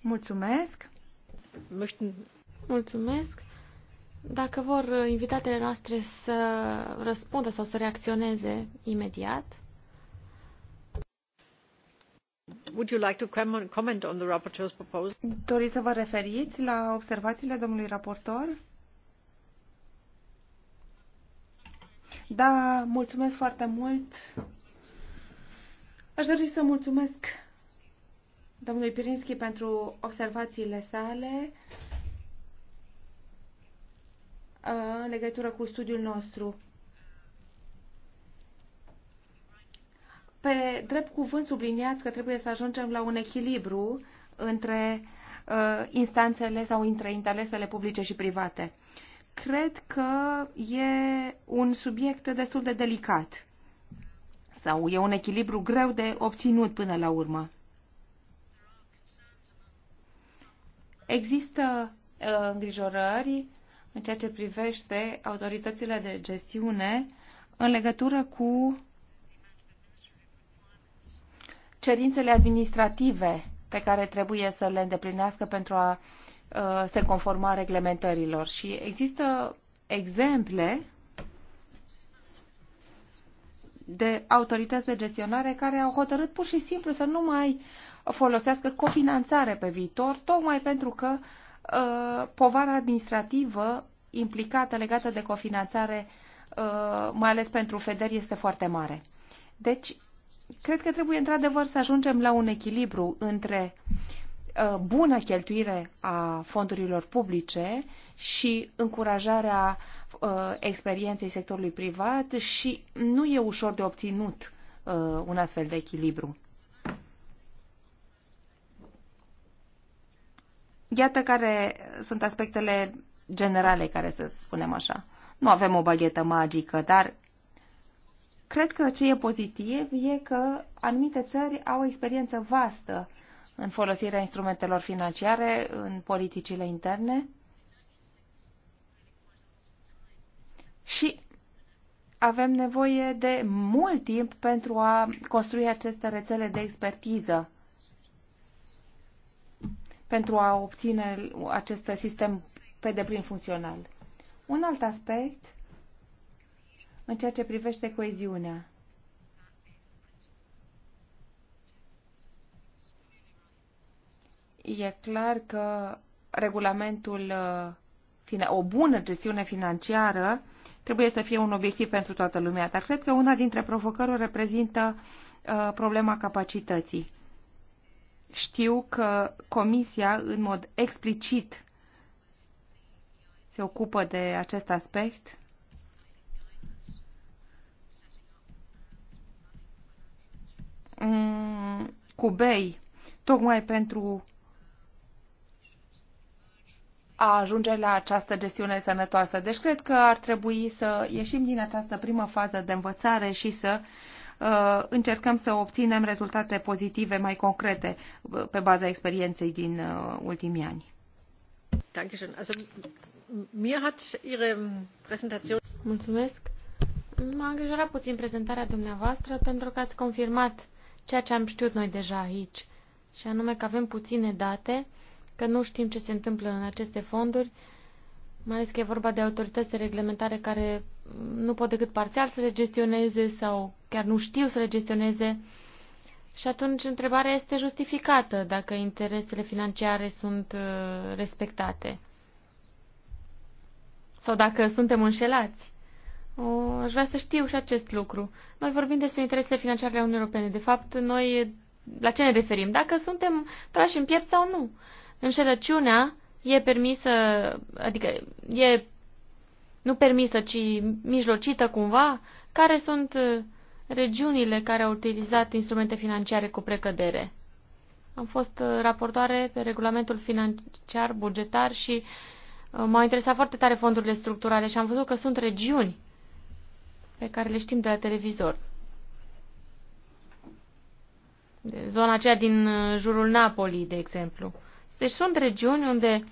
Speaker 3: Mulțumesc! Mulțumesc!
Speaker 2: Dacă vor invitatele noastre să răspundă sau să reacționeze imediat.
Speaker 1: Would you like to comment on the rapporteur's proposal?
Speaker 3: Doriți să vă referiți la observațiile domnului raportor? Da, mulțumesc foarte mult. Aș dori să mulțumesc domnului Pirinski pentru observațiile sale uh, în legătură cu studiul nostru. Pe drept cuvânt subliniați că trebuie să ajungem la un echilibru între uh, instanțele sau între interesele publice și private. Cred că e un subiect destul de delicat sau e un echilibru greu de obținut până la urmă. Există uh, îngrijorări în ceea ce privește autoritățile de gestiune în legătură cu cerințele administrative pe care trebuie să le îndeplinească pentru a ă, se conforma reglementărilor. Și există exemple de autorități de gestionare care au hotărât pur și simplu să nu mai folosească cofinanțare pe viitor, tocmai pentru că uh, povara administrativă implicată legată de cofinanțare, uh, mai ales pentru FEDER, este foarte mare. Deci, Cred că trebuie într-adevăr să ajungem la un echilibru între uh, bună cheltuire a fondurilor publice și încurajarea uh, experienței sectorului privat și nu e ușor de obținut uh, un astfel de echilibru. Iată care sunt aspectele generale, care să spunem așa. Nu avem o baghetă magică, dar Cred că ce e pozitiv e că anumite țări au o experiență vastă în folosirea instrumentelor financiare, în politicile interne și avem nevoie de mult timp pentru a construi aceste rețele de expertiză, pentru a obține acest sistem pe deplin funcțional. Un alt aspect în ceea ce privește coeziunea. E clar că regulamentul, uh, o bună gestiune financiară trebuie să fie un obiectiv pentru toată lumea, dar cred că una dintre provocări reprezintă uh, problema capacității. Știu că Comisia, în mod explicit, se ocupă de acest aspect Mm, cu bei, tocmai pentru a ajunge la această gestiune sănătoasă. Deci cred că ar trebui să ieșim din această primă fază de învățare și să uh, încercăm să obținem rezultate pozitive mai concrete uh, pe baza experienței din uh, ultimii ani.
Speaker 2: Mulțumesc. M-a îngrijorat puțin prezentarea dumneavoastră pentru că ați confirmat ceea ce am știut noi deja aici, și anume că avem puține date, că nu știm ce se întâmplă în aceste fonduri, mai ales că e vorba de autorități de reglementare care nu pot decât parțial să le gestioneze sau chiar nu știu să le gestioneze. Și atunci întrebarea este justificată dacă interesele financiare sunt uh, respectate. Sau dacă suntem înșelați. O, aș vrea să știu și acest lucru. Noi vorbim despre interesele financiare ale Uniunii Europene. De fapt, noi la ce ne referim? Dacă suntem trași în piept sau nu. Înșelăciunea e permisă, adică e nu permisă, ci mijlocită cumva, care sunt uh, regiunile care au utilizat instrumente financiare cu precădere. Am fost uh, raportoare pe regulamentul financiar, bugetar și uh, m-au interesat foarte tare fondurile structurale și am văzut că sunt regiuni pe care le știm de la televizor. Zona aceea din uh, jurul Napoli, de exemplu. Deci sunt regiuni unde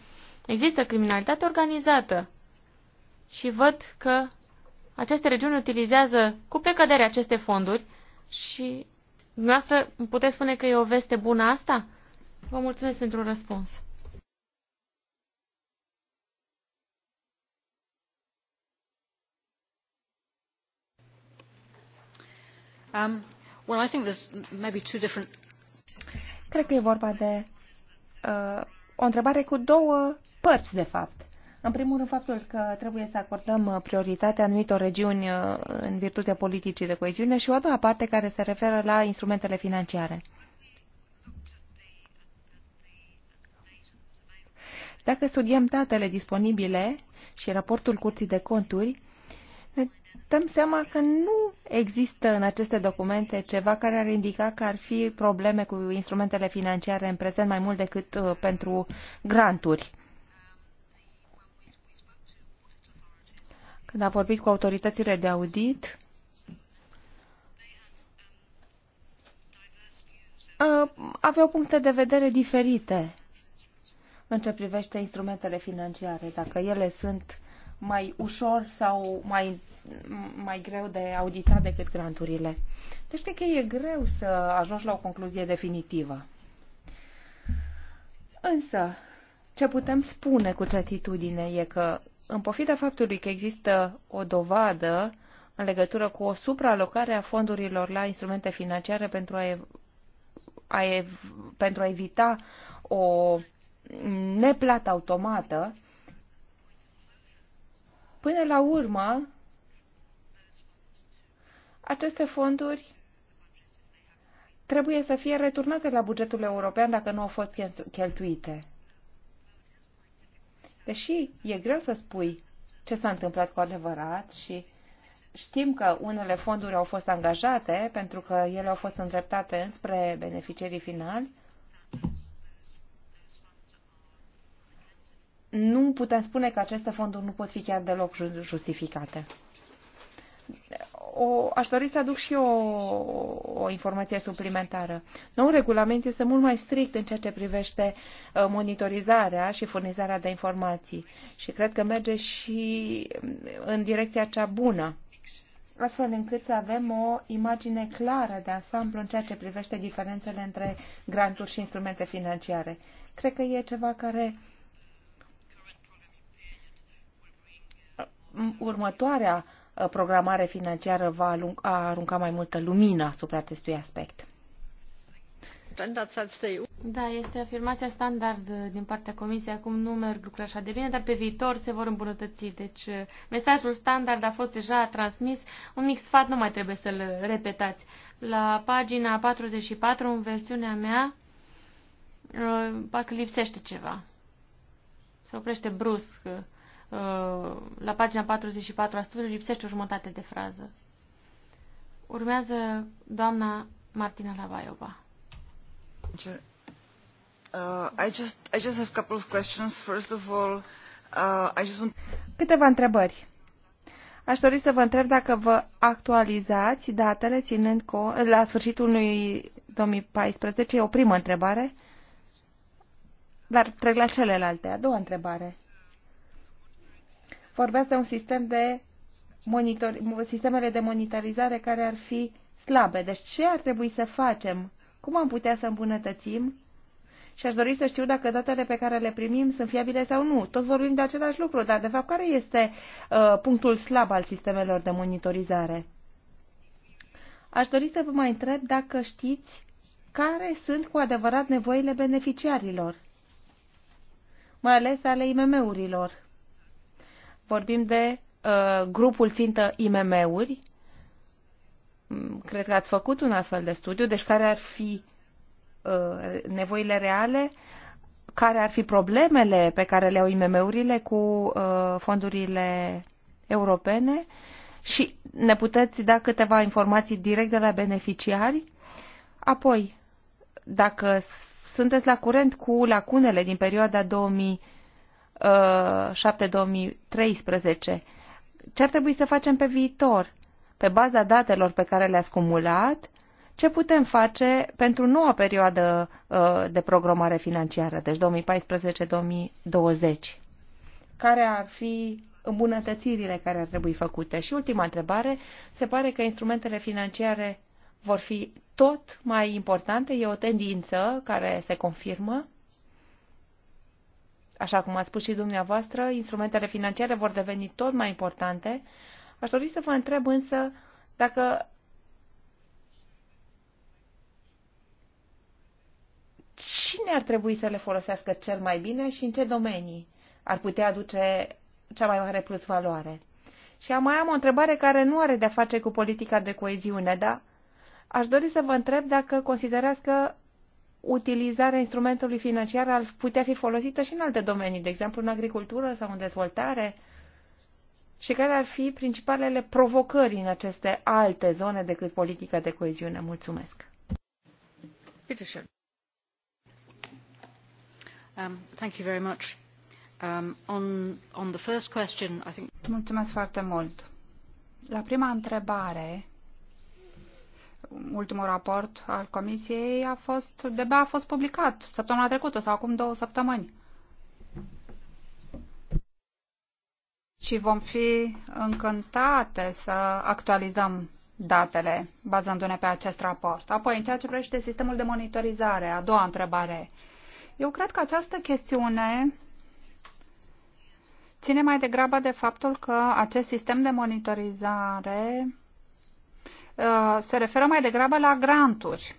Speaker 2: există criminalitate organizată și văd că aceste regiuni utilizează cu precădere aceste fonduri și dumneavoastră puteți spune că e o veste bună asta? Vă mulțumesc pentru răspuns.
Speaker 1: Um,
Speaker 3: Cred că e vorba de uh, o întrebare cu două părți, de fapt. În primul rând, faptul că trebuie să acordăm uh, prioritatea anumitor regiuni uh, în virtutea politicii de coeziune și o a doua parte care se referă la instrumentele financiare. Dacă studiem datele disponibile și raportul Curții de Conturi, dăm seama că nu există în aceste documente ceva care ar indica că ar fi probleme cu instrumentele financiare în prezent mai mult decât uh, pentru granturi. Când am vorbit cu autoritățile de audit, uh, aveau puncte de vedere diferite în ce privește instrumentele financiare, dacă ele sunt mai ușor sau mai mai greu de auditat decât granturile. Deci cred că e greu să ajungi la o concluzie definitivă. Însă, ce putem spune cu certitudine e că, în pofida faptului că există o dovadă în legătură cu o supraalocare a fondurilor la instrumente financiare pentru a, ev- a ev- pentru a evita o neplată automată, până la urmă, aceste fonduri trebuie să fie returnate la bugetul european dacă nu au fost cheltuite. Deși e greu să spui ce s-a întâmplat cu adevărat și știm că unele fonduri au fost angajate pentru că ele au fost îndreptate înspre beneficierii finali, nu putem spune că aceste fonduri nu pot fi chiar deloc justificate o, aș dori să aduc și eu o, o informație suplimentară. Nou regulament este mult mai strict în ceea ce privește uh, monitorizarea și furnizarea de informații și cred că merge și mm, în direcția cea bună astfel încât să avem o imagine clară de ansamblu în ceea ce privește diferențele între granturi și instrumente financiare. Cred că e ceva care mm, următoarea Uh, programare financiară va arunca mai multă lumină asupra acestui aspect.
Speaker 2: Da, este afirmația standard din partea Comisiei. Acum nu merg lucrurile așa de bine, dar pe viitor se vor îmbunătăți. Deci uh, mesajul standard a fost deja transmis. Un mic sfat nu mai trebuie să-l repetați. La pagina 44, în versiunea mea, uh, parcă lipsește ceva. Se oprește brusc Uh, la pagina 44 a studiului lipsește o jumătate de frază. Urmează doamna Martina Lavaiova.
Speaker 4: Uh, I just, I just have a couple of questions. First of all, uh, I just want...
Speaker 3: Câteva întrebări. Aș dori să vă întreb dacă vă actualizați datele ținând cu, la sfârșitul lui 2014. E o primă întrebare. Dar trec la celelalte. A doua întrebare vorbeați de un sistem de monitor, sistemele de monitorizare care ar fi slabe. Deci ce ar trebui să facem? Cum am putea să îmbunătățim? Și aș dori să știu dacă datele pe care le primim sunt fiabile sau nu. Tot vorbim de același lucru, dar de fapt care este uh, punctul slab al sistemelor de monitorizare? Aș dori să vă mai întreb dacă știți care sunt cu adevărat nevoile beneficiarilor, mai ales ale IMM-urilor vorbim de uh, grupul țintă IMM-uri. Mm, cred că ați făcut un astfel de studiu, deci care ar fi uh, nevoile reale, care ar fi problemele pe care le au IMM-urile cu uh, fondurile europene și ne puteți da câteva informații direct de la beneficiari. Apoi, dacă sunteți la curent cu lacunele din perioada 2000 2007-2013. Uh, ce ar trebui să facem pe viitor? Pe baza datelor pe care le-ați cumulat, ce putem face pentru noua perioadă uh, de programare financiară, deci 2014-2020? Care ar fi îmbunătățirile care ar trebui făcute? Și ultima întrebare, se pare că instrumentele financiare vor fi tot mai importante, e o tendință care se confirmă. Așa cum ați spus și dumneavoastră, instrumentele financiare vor deveni tot mai importante. Aș dori să vă întreb însă dacă cine ar trebui să le folosească cel mai bine și în ce domenii ar putea aduce cea mai mare plus valoare. Și am mai am o întrebare care nu are de-a face cu politica de coeziune, dar aș dori să vă întreb dacă considerați că utilizarea instrumentului financiar ar putea fi folosită și în alte domenii, de exemplu în agricultură sau în dezvoltare? Și care ar fi principalele provocări în aceste alte zone decât politica de coeziune? Mulțumesc!
Speaker 1: Um, thank you very much. Um, on,
Speaker 4: on the first question, I think... Mulțumesc foarte mult! La prima întrebare, ultimul raport al Comisiei a fost, de a fost publicat săptămâna trecută sau acum două săptămâni. Și vom fi încântate să actualizăm datele bazându-ne pe acest raport. Apoi, în ceea ce privește sistemul de monitorizare, a doua întrebare. Eu cred că această chestiune ține mai degrabă de faptul că acest sistem de monitorizare Uh, se referă mai degrabă la granturi.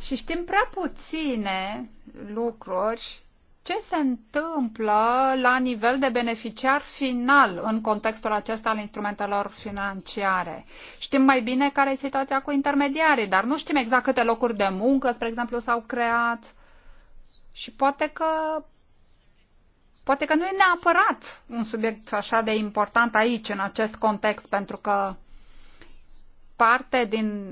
Speaker 4: Și știm prea puține lucruri ce se întâmplă la nivel de beneficiar final în contextul acesta al instrumentelor financiare. Știm mai bine care e situația cu intermediarii, dar nu știm exact câte locuri de muncă, spre exemplu, s-au creat. Și poate că Poate că nu e neapărat un subiect așa de important aici, în acest context, pentru că parte din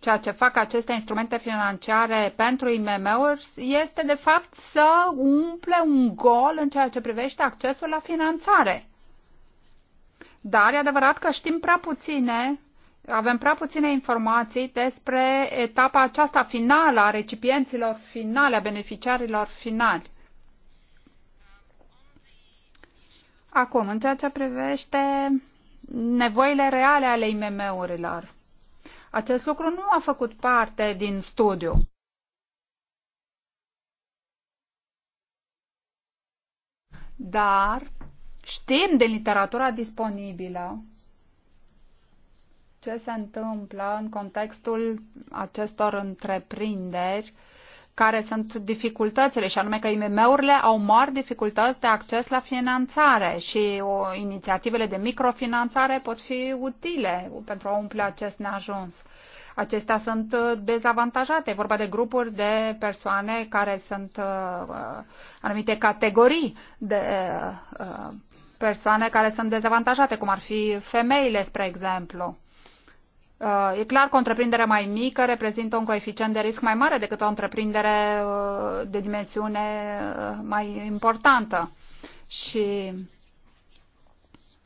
Speaker 4: ceea ce fac aceste instrumente financiare pentru IMM-uri este, de fapt, să umple un gol în ceea ce privește accesul la finanțare. Dar e adevărat că știm prea puține, avem prea puține informații despre etapa aceasta finală a recipienților finale, a beneficiarilor finali. Acum, în ceea ce privește nevoile reale ale IMM-urilor, acest lucru nu a făcut parte din studiu. Dar știm din literatura disponibilă ce se întâmplă în contextul acestor întreprinderi uh, care sunt dificultățile, și anume că IMM-urile au mari dificultăți de acces la finanțare și o, inițiativele de microfinanțare pot fi utile pentru a umple acest neajuns. Acestea sunt uh, dezavantajate. E vorba de grupuri de persoane care sunt uh, uh anumite categorii de uh, uh, persoane care sunt dezavantajate, cum ar fi femeile, spre exemplu. Uh, e clar că o întreprindere mai mică reprezintă un coeficient de risc mai mare decât o întreprindere uh, de dimensiune uh, mai importantă. Și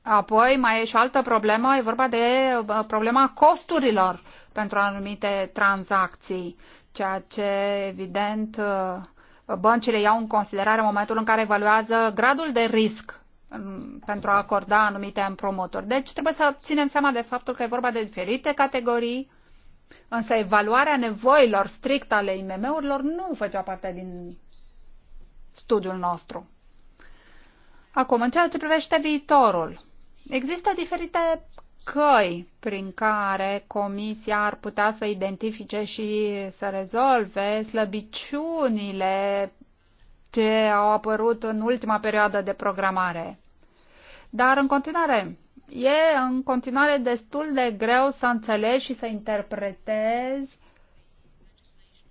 Speaker 4: apoi mai e și o altă problemă, e vorba de problema costurilor pentru anumite tranzacții, ceea ce evident băncile iau în considerare în momentul în care evaluează gradul de risc pentru a acorda anumite împrumuturi. Deci trebuie să ținem seama de faptul că e vorba de diferite categorii, însă evaluarea nevoilor strict ale IMM-urilor nu făcea parte din studiul nostru. Acum, în ceea ce privește viitorul, există diferite căi prin care Comisia ar putea să identifice și să rezolve slăbiciunile ce au apărut în ultima perioadă de programare. Dar în continuare, e în continuare destul de greu să înțelegi și să interpretezi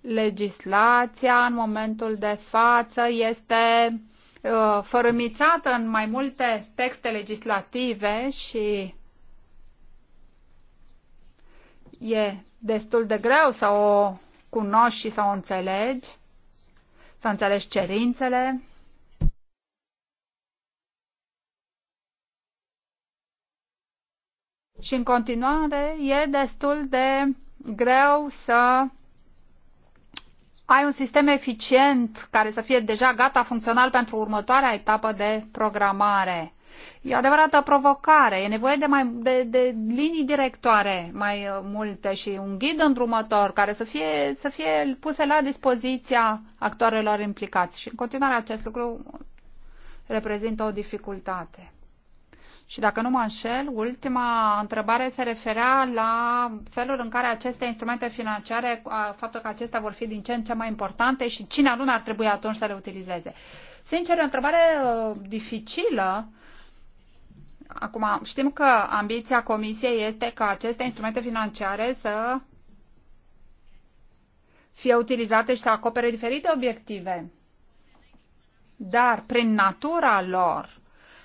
Speaker 4: legislația în momentul de față este uh, fărâmițată în mai multe texte legislative și e destul de greu să o cunoști și să o înțelegi, să înțelegi cerințele. Și în continuare e destul de greu să ai un sistem eficient care să fie deja gata funcțional pentru următoarea etapă de programare. E o adevărată provocare, e nevoie de, mai, de, de linii directoare mai uh, multe și un ghid îndrumător care să fie, să fie puse la dispoziția actorilor implicați. Și în continuare acest lucru reprezintă o dificultate. Și dacă nu mă înșel, ultima întrebare se referea la felul în care aceste instrumente financiare, faptul că acestea vor fi din ce în ce mai importante și cine anume ar trebui atunci să le utilizeze. Sincer, o întrebare uh, dificilă. Acum, știm că ambiția Comisiei este ca aceste instrumente financiare să fie utilizate și să acopere diferite obiective. Dar, prin natura lor,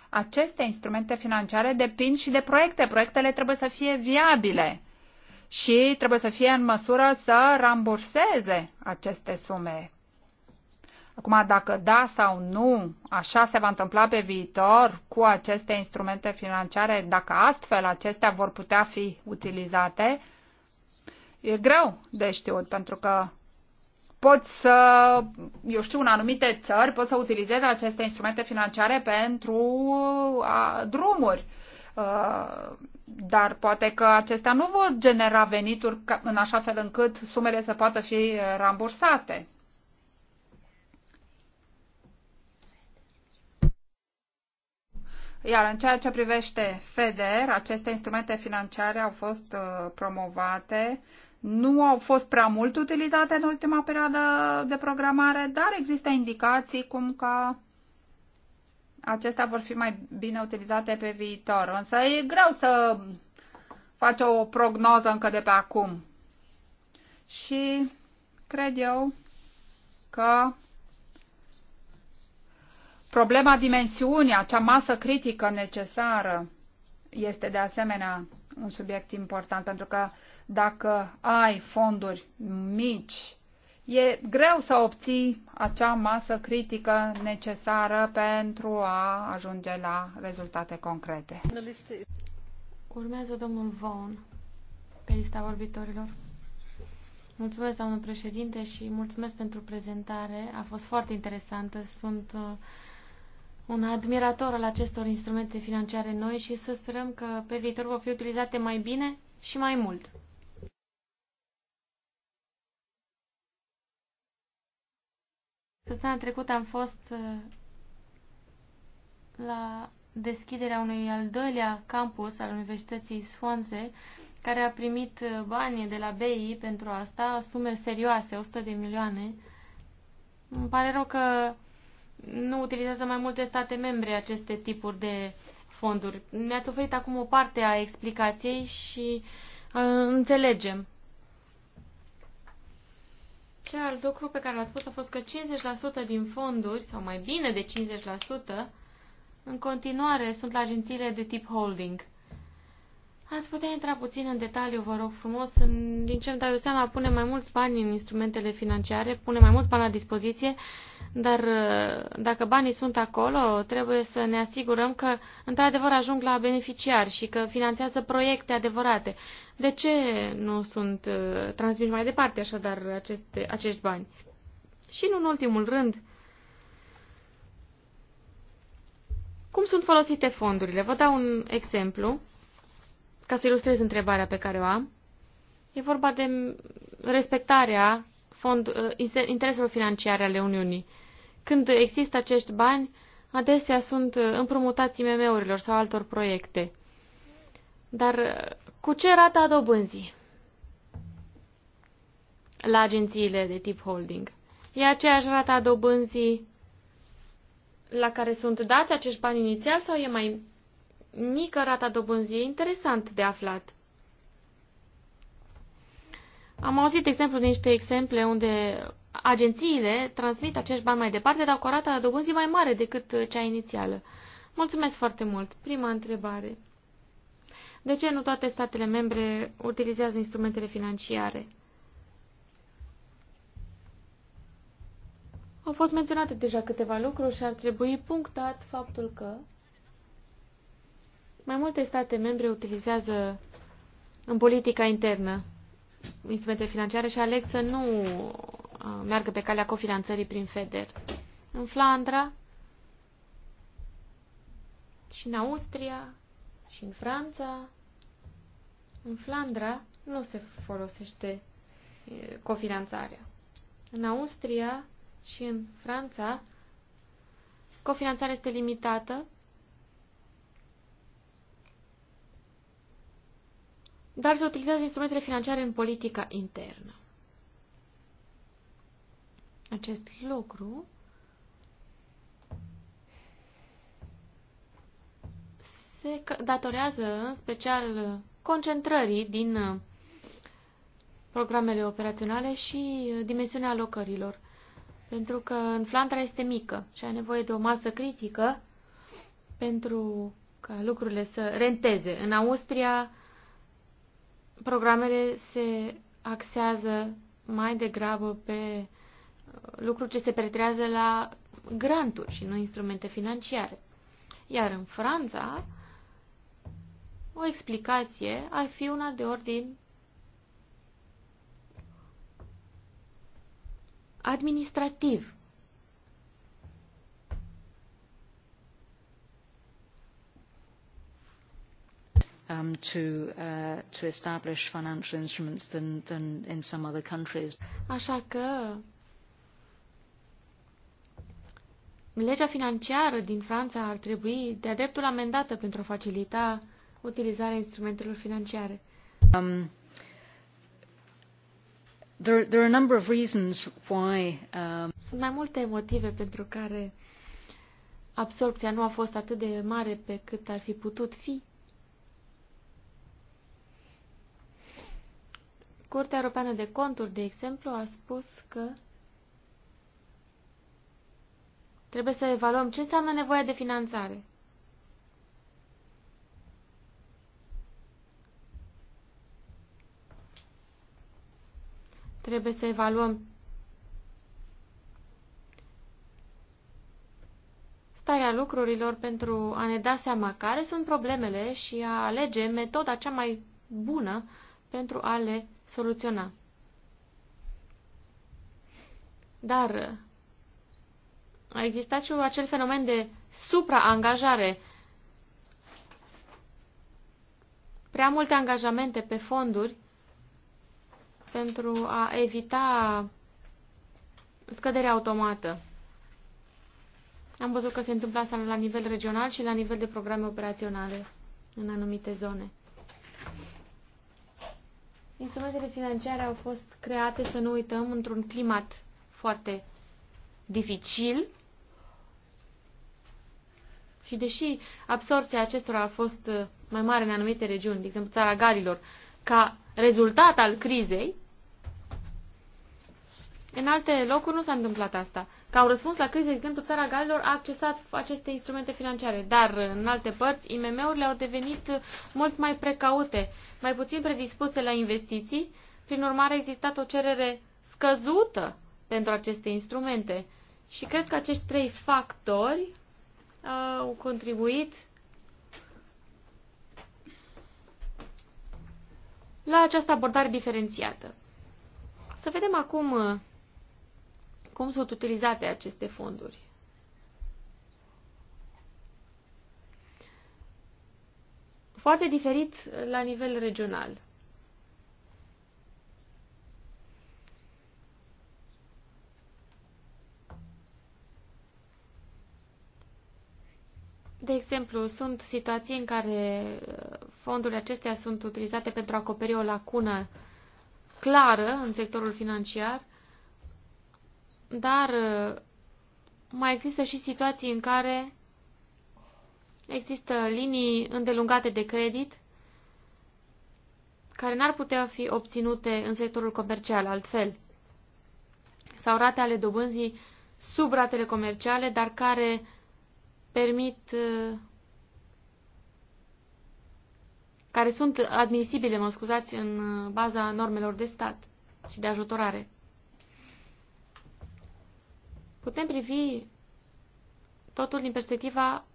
Speaker 4: aceste instrumente financiare depind și de proiecte. Proiectele trebuie să fie viabile și trebuie să fie în măsură să ramburseze aceste sume. Acum, dacă da sau nu, așa se va întâmpla pe viitor cu aceste instrumente financiare, dacă astfel acestea vor putea fi utilizate, e greu de știut, pentru că poți să, eu știu, în anumite țări poți să utilizezi aceste instrumente financiare pentru a, drumuri. dar poate că acestea nu vor genera venituri în așa fel încât sumele să poată fi rambursate. Iar în ceea ce privește FEDER, aceste instrumente financiare au fost uh, promovate nu au fost prea mult utilizate în ultima perioadă de programare, dar există indicații cum că acestea vor fi mai bine utilizate pe viitor. Însă e greu să faci o prognoză încă de pe acum. Și cred eu că problema dimensiunii, acea masă critică necesară, este de asemenea un subiect important, pentru că dacă ai fonduri mici, e greu să obții acea masă critică necesară pentru a ajunge la rezultate concrete.
Speaker 2: Urmează domnul Vaughan pe lista vorbitorilor. Mulțumesc, domnul președinte, și mulțumesc pentru prezentare. A fost foarte interesantă. Sunt uh, un admirator al acestor instrumente financiare noi și să sperăm că pe viitor vor fi utilizate mai bine și mai mult. Săptămâna trecută am fost uh, la deschiderea unui al doilea campus al Universității Swansea, care a primit uh, bani de la BI pentru asta, sume serioase, 100 de milioane. Îmi pare rău că nu utilizează mai multe state membre aceste tipuri de fonduri. Mi-ați oferit acum o parte a explicației și uh, înțelegem. Celălalt lucru pe care l a spus a fost că 50% din fonduri, sau mai bine de 50%, în continuare sunt la agențiile de tip holding. Ați putea intra puțin în detaliu, vă rog frumos. În, din ce îmi dau eu seama, pune mai mulți bani în instrumentele financiare, pune mai mulți bani la dispoziție, dar uh, dacă banii sunt acolo, trebuie să ne asigurăm că într-adevăr ajung la beneficiari și că finanțează proiecte adevărate. De ce nu sunt uh, transmiși mai departe așadar aceste, acești bani? Și în ultimul rând, cum sunt folosite fondurile? Vă dau un exemplu ca să ilustrez întrebarea pe care o am, e vorba de respectarea fond, uh, intereselor financiare ale Uniunii. Când există acești bani, adesea sunt uh, împrumutați IMM-urilor sau altor proiecte. Dar uh, cu ce rata dobânzii la agențiile de tip holding? E aceeași rata dobânzii la care sunt dați acești bani inițial sau e mai mică rata dobânzii, interesant de aflat. Am auzit exemplu de niște exemple unde agențiile transmit acești bani mai departe, dar cu o rată dobânzii mai mare decât cea inițială. Mulțumesc foarte mult. Prima întrebare. De ce nu toate statele membre utilizează instrumentele financiare? Au fost menționate deja câteva lucruri și ar trebui punctat faptul că mai multe state membre utilizează în politica internă instrumente financiare și aleg să nu uh, meargă pe calea cofinanțării prin FEDER. În Flandra și în Austria și în Franța, în Flandra nu se folosește cofinanțarea. În Austria și în Franța cofinanțarea este limitată dar se utilizează instrumentele financiare în politica internă. Acest lucru se datorează în special concentrării din uh, programele operaționale și uh, dimensiunea locărilor. Pentru că în Flandra este mică și ai nevoie de o masă critică pentru ca lucrurile să renteze. În Austria programele se axează mai degrabă pe uh, lucruri ce se pretrează la granturi și nu instrumente financiare. Iar în Franța, o explicație ar fi una de ordin administrativ.
Speaker 1: um, to, uh, to establish financial instruments than, than in some other countries.
Speaker 2: Așa că legea financiară din Franța ar trebui de-a dreptul amendată pentru a facilita utilizarea instrumentelor financiare. Um, there, there are a number of reasons why, um... Sunt mai multe motive pentru care absorpția nu a fost atât de mare pe cât ar fi putut fi. Curtea Europeană de Conturi, de exemplu, a spus că trebuie să evaluăm ce înseamnă nevoia de finanțare. Trebuie să evaluăm starea lucrurilor pentru a ne da seama care sunt problemele și a alege metoda cea mai bună pentru a le soluționa. Dar a existat și acel fenomen de supraangajare. Prea multe angajamente pe fonduri pentru a evita scăderea automată. Am văzut că se întâmplă asta la nivel regional și la nivel de programe operaționale în anumite zone. Instrumentele financiare au fost create, să nu uităm, într-un climat foarte dificil și deși absorpția acestora a fost uh, mai mare în anumite regiuni, de exemplu țara Galilor, ca rezultat al crizei, în alte locuri nu s-a întâmplat asta. Ca un răspuns la criză, de exemplu, țara Galilor a accesat aceste instrumente financiare, dar în alte părți IMM-urile au devenit mult mai precaute, mai puțin predispuse la investiții, prin urmare a existat o cerere scăzută pentru aceste instrumente. Și cred că acești trei factori uh, au contribuit la această abordare diferențiată. Să vedem acum uh, cum sunt utilizate aceste fonduri. Foarte diferit la nivel regional. De exemplu, sunt situații în care uh, fondurile acestea sunt utilizate pentru a acoperi o lacună clară în sectorul financiar dar uh, mai există și situații în care există linii îndelungate de credit care n-ar putea fi obținute în sectorul comercial altfel, sau rate ale dobânzii sub ratele comerciale, dar care permit, uh, care sunt admisibile, mă scuzați, în baza normelor de stat și de ajutorare putem privi totul din perspectiva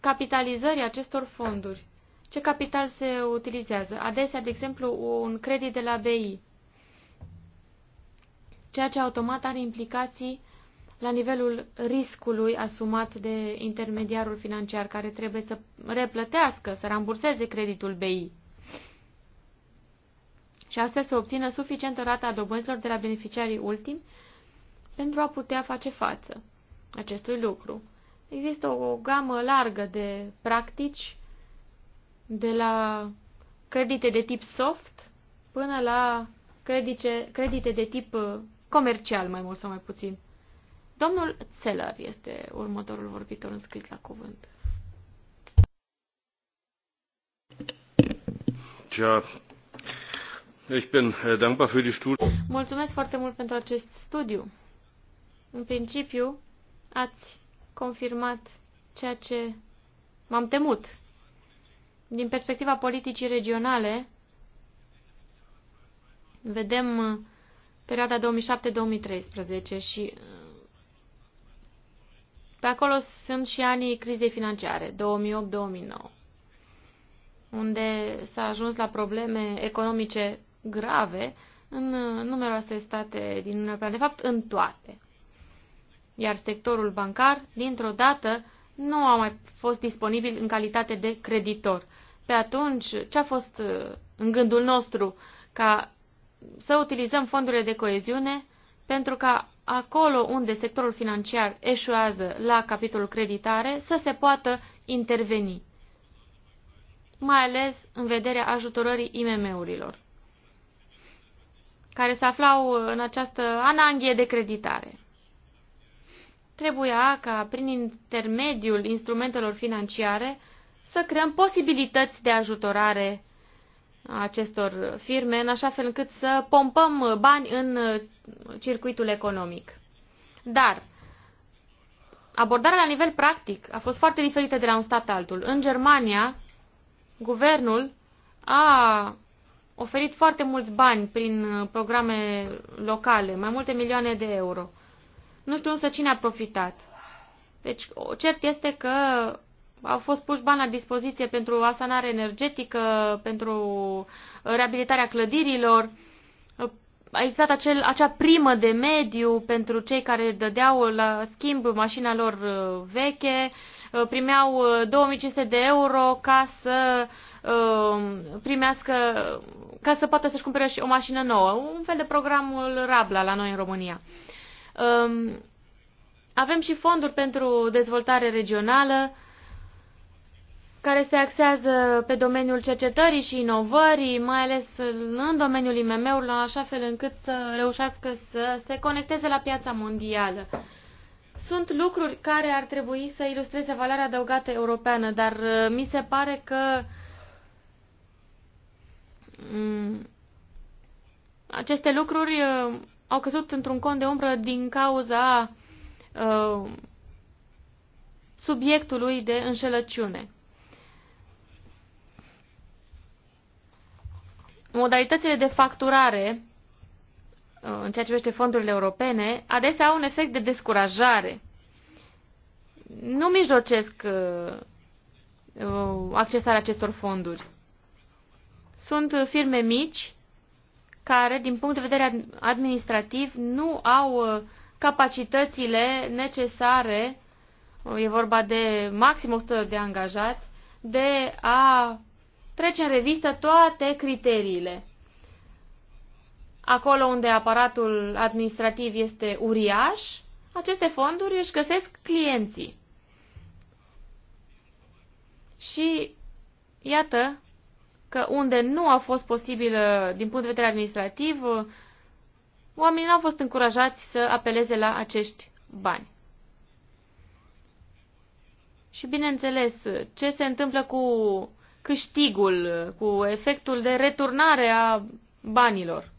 Speaker 2: capitalizării acestor fonduri. Ce capital se utilizează? Adesea, de exemplu, un credit de la BI, ceea ce automat are implicații la nivelul riscului asumat de intermediarul financiar care trebuie să replătească, să ramburseze creditul BI. Și astfel să obțină suficientă rata a dobânzilor de la beneficiarii ultimi pentru a putea face față acestui lucru. Există o, gamă largă de practici, de la credite de tip soft până la
Speaker 4: credite,
Speaker 2: credite de tip uh, comercial, mai mult sau mai puțin. Domnul Țelăr este următorul vorbitor înscris la cuvânt.
Speaker 1: Ja, ich bin uh, dankbar für die
Speaker 2: Studie. Mulțumesc foarte mult pentru acest studiu. În principiu, ați confirmat ceea ce m-am temut. Din perspectiva politicii regionale, vedem uh, perioada 2007-2013 și uh, pe acolo sunt și anii crizei financiare, 2008-2009, unde s-a ajuns la probleme economice grave în uh, numeroase state din Uniunea Europeană, de fapt în toate iar sectorul bancar, dintr-o dată, nu a mai fost disponibil în calitate de creditor. Pe atunci, ce a fost uh, în gândul nostru ca să utilizăm fondurile de coeziune pentru ca acolo unde sectorul financiar eșuează la capitolul creditare să se poată interveni, mai ales în vederea ajutorării IMM-urilor, care se aflau în această ananghie de creditare trebuia ca prin intermediul instrumentelor financiare să creăm posibilități de ajutorare a acestor firme, în așa fel încât să pompăm bani în uh, circuitul economic. Dar abordarea la nivel practic a fost foarte diferită de la un stat altul. În Germania, guvernul a oferit foarte mulți bani prin uh, programe locale, mai multe milioane de euro. Nu știu însă cine a profitat. Deci, cert este că au fost puși bani la dispoziție pentru asanare energetică, pentru reabilitarea clădirilor. A existat acel, acea primă de mediu pentru cei care dădeau la schimb mașina lor uh, veche, uh, primeau 2500 uh, de euro ca să um, primească, ca să poată să-și cumpere și o mașină nouă. Un fel de programul Rabla la noi în România. Uh, Um, avem și fondul pentru dezvoltare regională, care se axează pe domeniul cercetării și inovării, mai ales în domeniul IMM-urilor, în așa fel încât să reușească să se conecteze la piața mondială. Sunt lucruri care ar trebui să ilustreze valoarea adăugată europeană, dar uh, mi se pare că mm, aceste lucruri uh, au căzut într-un cont de umbră din cauza uh, subiectului de înșelăciune. Modalitățile de facturare uh, în ceea ce privește fondurile europene adesea au un efect de descurajare. Nu mijlocesc uh, uh accesarea acestor fonduri. Sunt firme mici care, din punct de vedere administrativ, nu au uh, capacitățile necesare, uh, e vorba de maxim 100 de angajați, de a trece în revistă toate criteriile. Acolo unde aparatul administrativ este uriaș, aceste fonduri își găsesc clienții. Și, iată, că unde nu a fost posibil uh, din punct de vedere administrativ, uh, oamenii nu au fost încurajați să apeleze la acești bani. Și bineînțeles, ce se întâmplă cu câștigul, uh, cu efectul de returnare a banilor?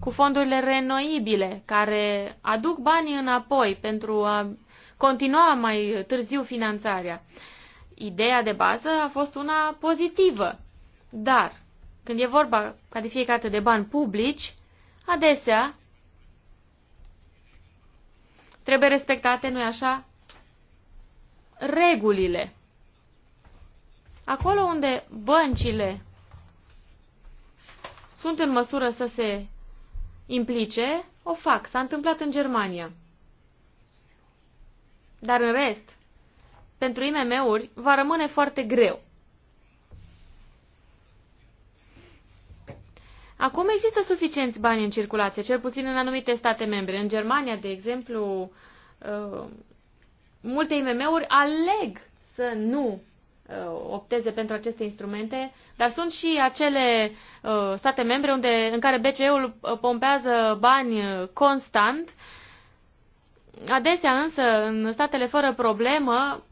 Speaker 2: Cu fondurile renoibile, care aduc banii înapoi pentru a continua mai târziu finanțarea. Ideea de bază a fost una pozitivă, dar când e vorba ca de fiecare dată de bani publici, adesea trebuie respectate, nu așa, regulile. Acolo unde băncile sunt în măsură să se implice, o fac. S-a întâmplat în Germania. Dar în rest, pentru IMM-uri va rămâne foarte greu. Acum există suficienți bani în circulație, cel puțin în anumite state membre. În Germania, de exemplu, uh, multe IMM-uri aleg să nu uh, opteze pentru aceste instrumente, dar sunt și acele uh, state membre unde, în care BCE-ul pompează bani constant Adesea însă, în statele fără problemă,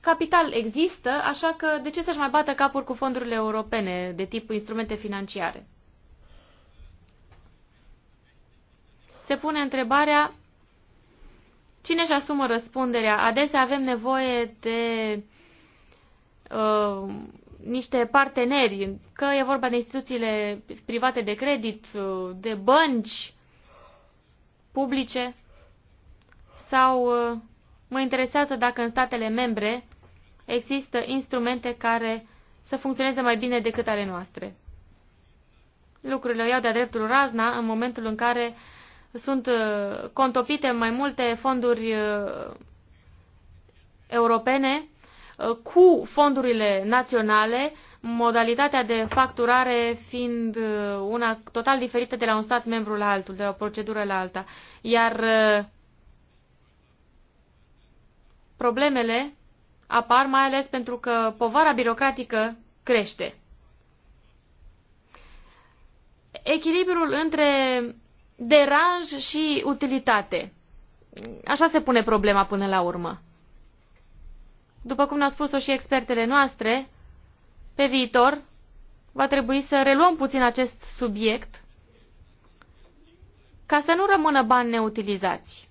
Speaker 2: capital există, așa că de ce să-și mai bată capuri cu fondurile europene de tip instrumente financiare? Se pune întrebarea cine își asumă răspunderea. Adesea avem nevoie de uh, niște parteneri, că e vorba de instituțiile private de credit, uh, de bănci publice sau uh, mă interesează dacă în statele membre există instrumente care să funcționeze mai bine decât ale noastre. Lucrurile iau de-a dreptul razna în momentul în care sunt uh, contopite mai multe fonduri uh, europene cu fondurile naționale, modalitatea de facturare fiind una total diferită de la un stat membru la altul, de la o procedură la alta. Iar problemele apar mai ales pentru că povara birocratică crește. Echilibrul între deranj și utilitate. Așa se pune problema până la urmă. După cum ne-au spus-o și expertele noastre, pe viitor va trebui să reluăm puțin acest subiect ca să nu rămână bani neutilizați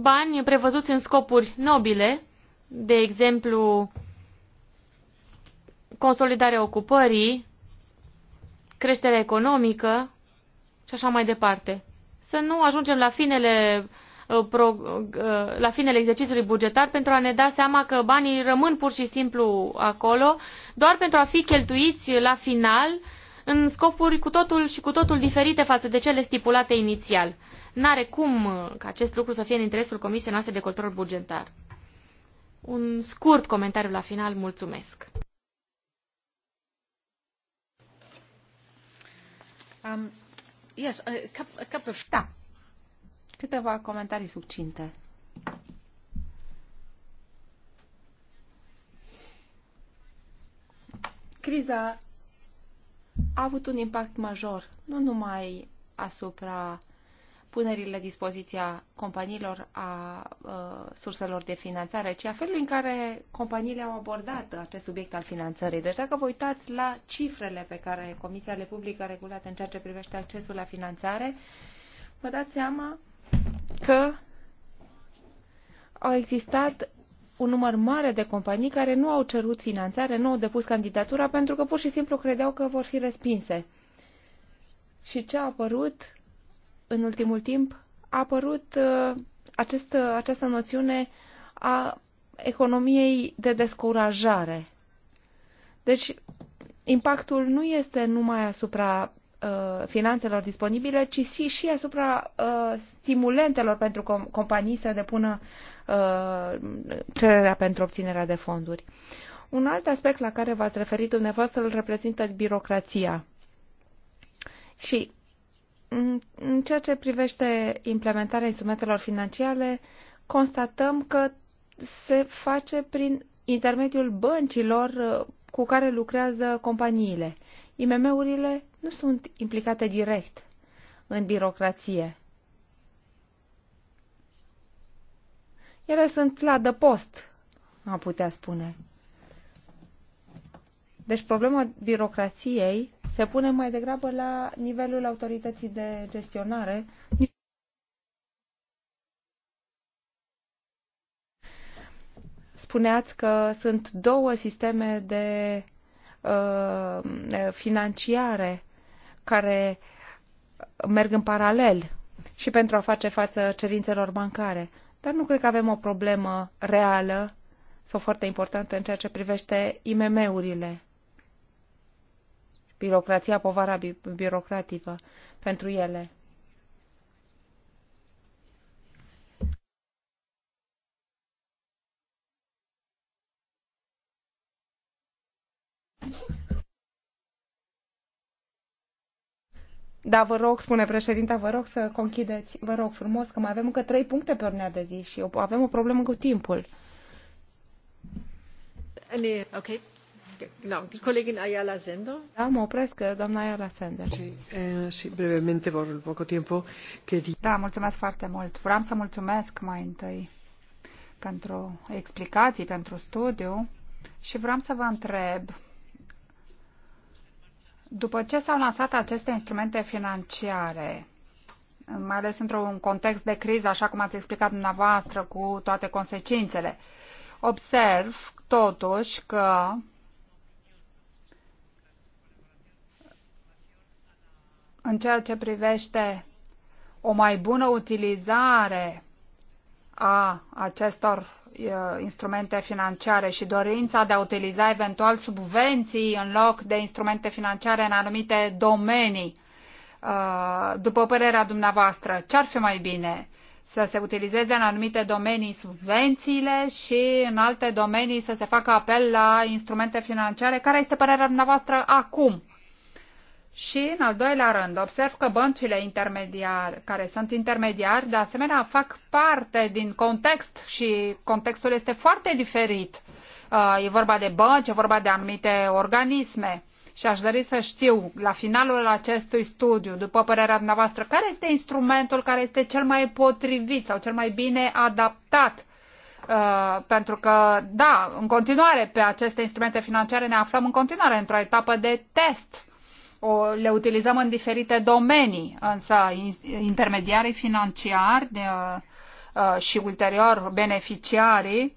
Speaker 2: bani prevăzuți în scopuri nobile, de exemplu consolidarea ocupării, creșterea economică și așa mai departe. Să nu ajungem la finele, uh, uh, la finele exercițiului bugetar pentru a ne da seama că banii rămân pur și simplu acolo, doar pentru a fi cheltuiți la final în scopuri cu totul și cu totul diferite față de cele stipulate inițial nu are cum uh, ca acest lucru să fie în interesul Comisiei noastre de control bugetar. Un scurt comentariu la final, mulțumesc.
Speaker 3: Um, yes, a a couple of... Da. Câteva comentarii succinte. Criza a avut un impact major, nu numai asupra punerii la dispoziția companiilor a uh, surselor de finanțare, ci a felului în care companiile au abordat acest subiect al finanțării. Deci dacă vă uitați la cifrele pe care Comisia le publică regulată în ceea ce privește accesul la finanțare, vă dați seama că au existat un număr mare de companii care nu au cerut finanțare, nu au depus candidatura pentru că pur și simplu credeau că vor fi respinse. Și ce a apărut în ultimul timp a apărut uh, acest, uh, această noțiune a economiei de descurajare. Deci, impactul nu este numai asupra uh, finanțelor disponibile, ci și, și asupra uh, stimulentelor pentru com- companii să depună uh, cererea pentru obținerea de fonduri. Un alt aspect la care v-ați referit dumneavoastră îl reprezintă birocrația. Și în ceea ce privește implementarea instrumentelor financiare, constatăm că se face prin intermediul băncilor uh, cu care lucrează companiile. IMM-urile nu sunt implicate direct în birocrație. Ele sunt la dăpost, am putea spune. Deci problema birocrației se pune mai degrabă la nivelul autorității de gestionare. Spuneați că sunt două sisteme de uh, financiare care merg în paralel și pentru a face față cerințelor bancare. Dar nu cred că avem o problemă reală sau foarte importantă în ceea ce privește IMM-urile birocrația, povara bi birocratică pentru ele. Da, vă rog, spune președinta, vă rog să conchideți, vă rog frumos, că mai avem încă trei puncte pe ordinea de zi și avem o problemă cu timpul.
Speaker 1: Okay colegin Ayala
Speaker 4: da, mă opresc, doamna Ayala Sender. Și, eh, brevemente, vor poco tiempo, Da, mulțumesc foarte mult. Vreau să mulțumesc mai întâi pentru explicații, pentru studiu și vreau să vă întreb, după ce s-au lansat aceste instrumente financiare, mai ales într-un context de criză, așa cum ați explicat dumneavoastră, cu toate consecințele, observ totuși că în ceea ce privește o mai bună utilizare a acestor instrumente financiare și dorința de a utiliza eventual subvenții în loc de instrumente financiare în anumite domenii. După părerea dumneavoastră, ce ar fi mai bine? Să se utilizeze în anumite domenii subvențiile și în alte domenii să se facă apel la instrumente financiare? Care este părerea dumneavoastră acum? Și, în al doilea rând, observ că băncile intermediare, care sunt intermediari, de asemenea, fac parte din context și contextul este foarte diferit. Uh, e vorba de bănci, e vorba de anumite organisme. Și aș dori să știu, la finalul acestui studiu, după părerea dumneavoastră, care este instrumentul care este cel mai potrivit sau cel mai bine adaptat Uh, pentru că, da, în continuare, pe aceste instrumente financiare ne aflăm în continuare într-o etapă de test o, le utilizăm în diferite domenii, însă intermediarii financiari de, uh, uh, și ulterior beneficiarii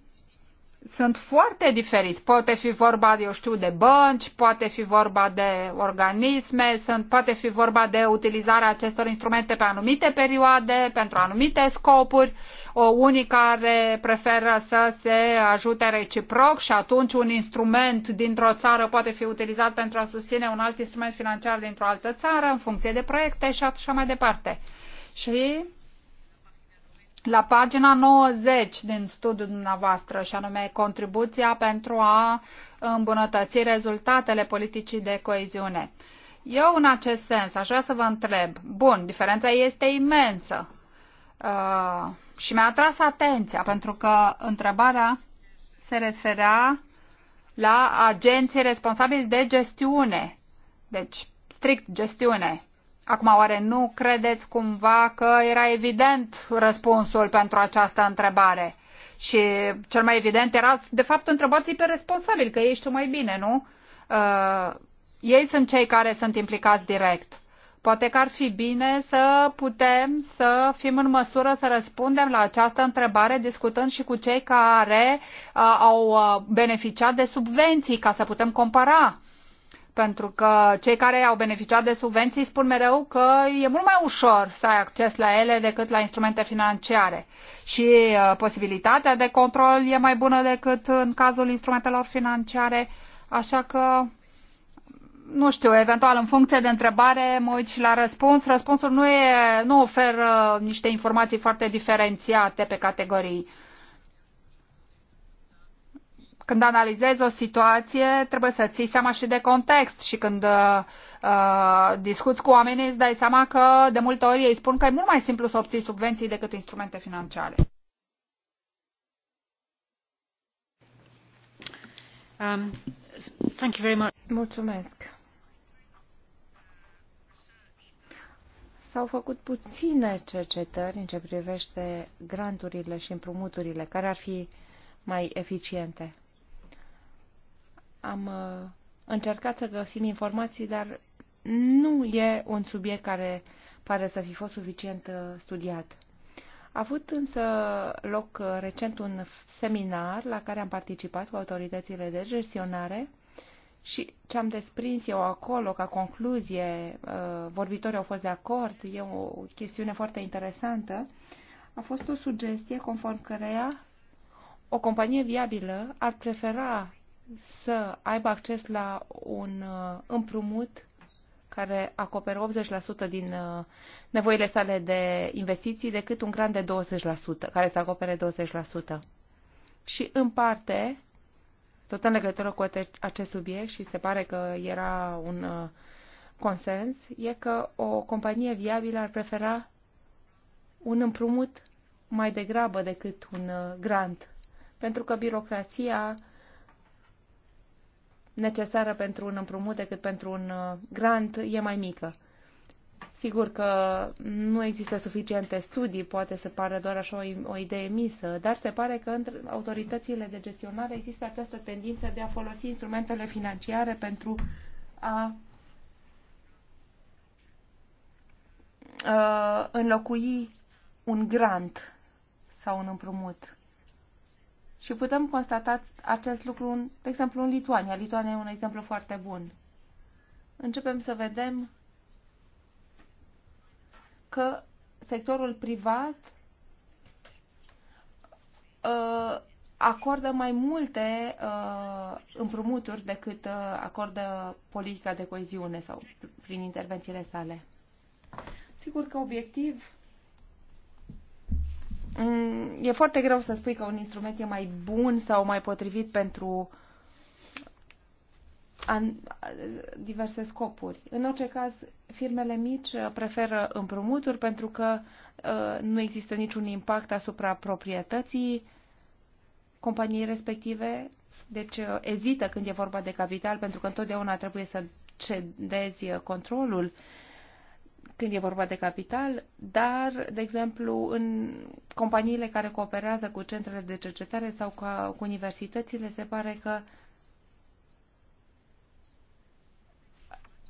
Speaker 4: sunt foarte diferiți. Poate fi vorba, eu știu, de bănci, poate fi vorba de organisme, sunt, poate fi vorba de utilizarea acestor instrumente pe anumite perioade, pentru anumite scopuri, o, unii care preferă să se ajute reciproc și atunci un instrument dintr-o țară poate fi utilizat pentru a susține un alt instrument financiar dintr-o altă țară în funcție de proiecte și așa mai departe. Și la pagina 90 din studiul dumneavoastră, și anume contribuția pentru a îmbunătăți rezultatele politicii de coeziune. Eu, în acest sens, aș vrea să vă întreb, bun, diferența este imensă uh, și mi-a atras atenția, pentru că întrebarea se referea la agenții responsabili de gestiune, deci strict gestiune, Acum, oare nu credeți cumva că era evident răspunsul pentru această întrebare? Și cel mai evident era, de fapt, întrebați pe responsabil, că ei știu mai bine, nu? Uh, ei sunt cei care sunt implicați direct. Poate că ar fi bine să putem să fim în măsură să răspundem la această întrebare discutând și cu cei care uh, au uh, beneficiat de subvenții ca să putem compara pentru că cei care au beneficiat de subvenții spun mereu că e mult mai ușor să ai acces la ele decât la instrumente financiare. Și uh, posibilitatea de control e mai bună decât în cazul instrumentelor financiare. Așa că nu știu, eventual în funcție de întrebare mă uit și la răspuns. Răspunsul nu, e, nu oferă niște informații foarte diferențiate pe categorii. Când analizezi o situație, trebuie să ții seama și de context și când uh, uh, discuți cu oamenii, îți dai seama că de multe ori ei spun că e mult mai simplu să obții subvenții decât instrumente financiare. Um, thank you
Speaker 1: very much.
Speaker 3: Mulțumesc. S-au făcut puține cercetări în ce privește granturile și împrumuturile, care ar fi mai eficiente am uh, încercat să găsim informații, dar nu e un subiect care pare să fi fost suficient uh, studiat. A avut însă loc uh, recent un seminar la care am participat cu autoritățile de gestionare și ce am desprins eu acolo ca concluzie, vorbitorii au fost de acord, e o chestiune foarte interesantă, a fost o sugestie conform căreia o companie viabilă ar prefera să aibă acces la un uh, împrumut care acoperă 80% din uh, nevoile sale de investiții, decât un grant de 20%, care să acopere 20%. Și în parte, tot în legătură cu acest subiect, și se pare că era un uh, consens, e că o companie viabilă ar prefera un împrumut mai degrabă decât un grant, pentru că birocrația necesară pentru un împrumut decât pentru un uh, grant e mai mică. Sigur că nu există suficiente studii, poate să pară doar așa o, o idee misă, dar se pare că între autoritățile de gestionare există această tendință de a folosi instrumentele financiare pentru a uh, înlocui un grant sau un împrumut. Și putem constata acest lucru, în, de exemplu, în Lituania. Lituania e un exemplu foarte bun. Începem să vedem că sectorul privat uh, acordă mai multe uh, împrumuturi decât uh, acordă politica de coeziune sau prin intervențiile sale. Sigur că obiectiv Mm, e foarte greu să spui că un instrument e mai bun sau mai potrivit pentru an, diverse scopuri. În orice caz, firmele mici uh, preferă împrumuturi pentru că uh, nu există niciun impact asupra proprietății companiei respective, deci uh, ezită când e vorba de capital pentru că întotdeauna trebuie să cedezi uh, controlul uh, când e vorba de capital, dar, de exemplu, în companiile care cooperează cu centrele de cercetare sau cu, cu universitățile, se pare că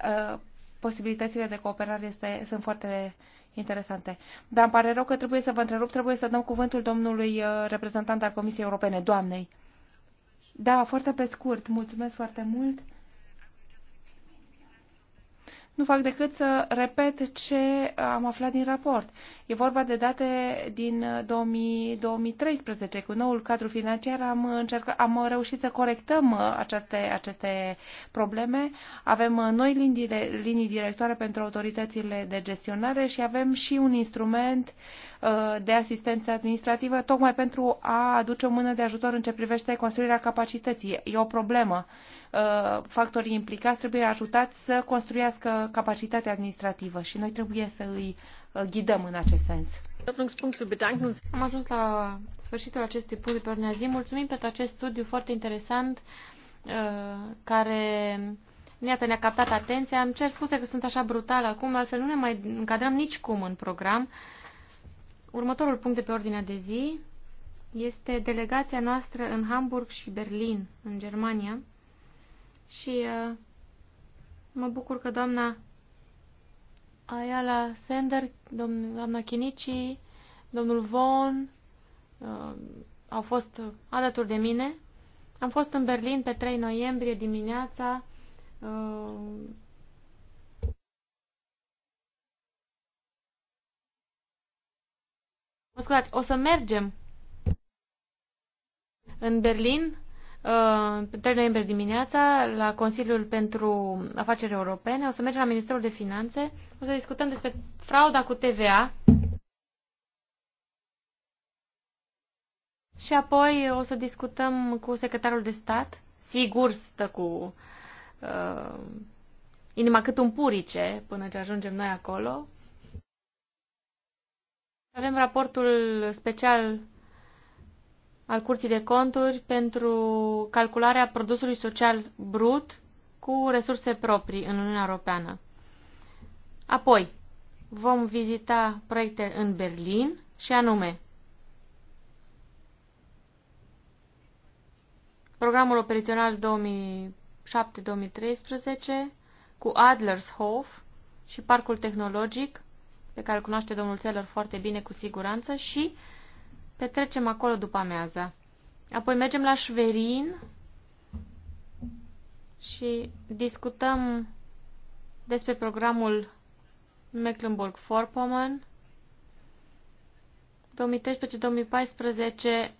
Speaker 3: ă, posibilitățile de cooperare este, sunt foarte interesante. Dar îmi pare rău că trebuie să vă întrerup, trebuie să dăm cuvântul domnului ă, reprezentant al Comisiei Europene, doamnei. Da, foarte pe scurt, mulțumesc foarte mult nu fac decât să repet ce am aflat din raport. E vorba de date din 2013. Uh, Cu noul cadru financiar am, încercat, am reușit să corectăm uh, aceste, aceste probleme. Avem uh, noi linii, de, linii directoare pentru autoritățile de gestionare și avem și un instrument de asistență administrativă tocmai pentru a aduce o mână de ajutor în ce privește construirea capacității. E o problemă. Uh, factorii implicați trebuie ajutați să construiască capacitatea administrativă și noi trebuie să îi uh, ghidăm în acest sens.
Speaker 2: Am ajuns la sfârșitul acestui punct de ordine zi. Mulțumim pentru acest studiu foarte interesant uh, care Iată, ne-a captat atenția. Îmi cer scuze că sunt așa brutal acum, altfel nu ne mai încadrăm nici cum în program. Următorul punct de pe ordinea de zi este delegația noastră în Hamburg și Berlin, în Germania, și uh, mă bucur că doamna Ayala Sender, doamna Chinici, domnul Von uh, au fost alături de mine. Am fost în Berlin pe 3 noiembrie dimineața. Uh, Mă scuzați, o să mergem în Berlin 3 uh, noiembrie dimineața la Consiliul pentru Afaceri Europene. O să mergem la Ministerul de Finanțe. O să discutăm despre frauda cu TVA. Și apoi o să discutăm cu secretarul de stat. Sigur stă cu uh, inima cât un purice până ce ajungem noi acolo. Avem raportul special al Curții de Conturi pentru calcularea produsului social brut cu resurse proprii în Uniunea Europeană. Apoi, vom vizita proiecte în Berlin și anume programul operațional 2007-2013 cu Adlershof și Parcul Tehnologic, pe care îl cunoaște domnul Țelor foarte bine cu siguranță, și uh, Petrecem acolo după amiază. Apoi mergem la Șverin și discutăm despre programul Mecklenburg-Vorpommern 2013-2014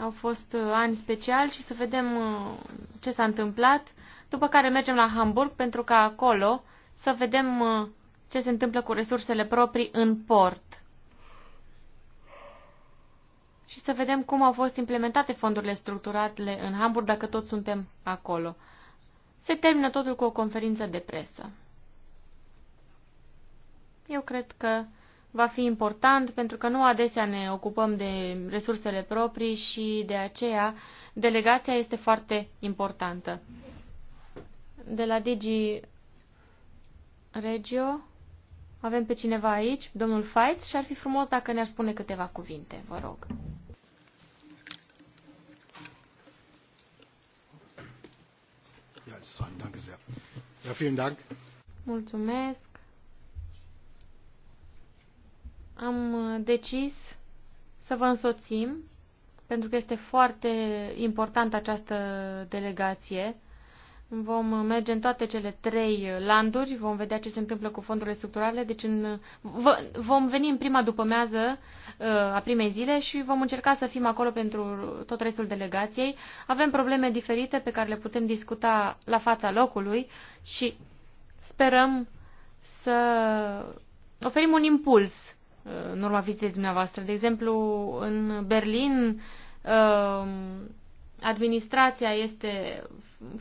Speaker 2: au fost uh, ani speciali și să vedem uh, ce s-a întâmplat, după care mergem la Hamburg pentru ca acolo să vedem uh, ce se întâmplă cu resursele proprii în port și să vedem cum au fost implementate fondurile structurale în Hamburg, dacă toți suntem acolo. Se termină totul cu o conferință de presă. Eu cred că va fi important pentru că nu adesea ne ocupăm de resursele proprii și de aceea delegația este foarte importantă. De la Digi Regio avem pe cineva aici, domnul Faiț, și ar fi frumos dacă ne-ar spune câteva cuvinte, vă rog.
Speaker 3: Vettstein. Danke sehr. Ja, vielen Dank.
Speaker 2: Mulțumesc. Am uh, decis să vă însoțim, pentru că este foarte importantă această delegație. Vom uh, merge în toate cele trei uh, landuri, vom vedea ce se întâmplă cu fondurile structurale, deci în, uh, vom veni în prima dupămează a primei zile și vom încerca să fim acolo pentru tot restul delegației. Avem probleme diferite pe care le putem discuta la fața locului și sperăm să oferim un impuls în urma vizitei dumneavoastră. De exemplu, în Berlin administrația este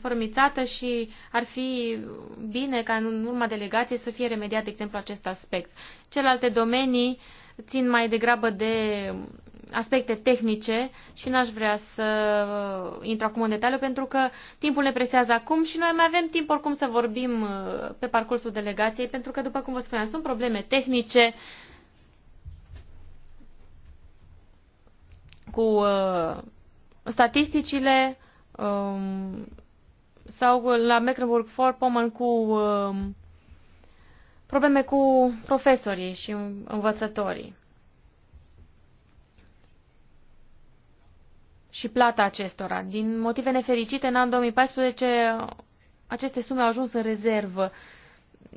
Speaker 2: formițată și ar fi bine ca în urma delegației să fie remediat, de exemplu, acest aspect. Celelalte domenii țin mai degrabă de aspecte tehnice și n-aș vrea să intru acum în detaliu pentru că timpul ne presează acum și noi mai avem timp oricum să vorbim uh, pe parcursul delegației pentru că, după cum vă spuneam, sunt probleme tehnice cu uh, statisticile um, sau la Mecklenburg-Vorpommern cu um, probleme cu profesorii și învățătorii. și plata acestora. Din motive nefericite, în anul 2014 aceste sume au ajuns în rezervă.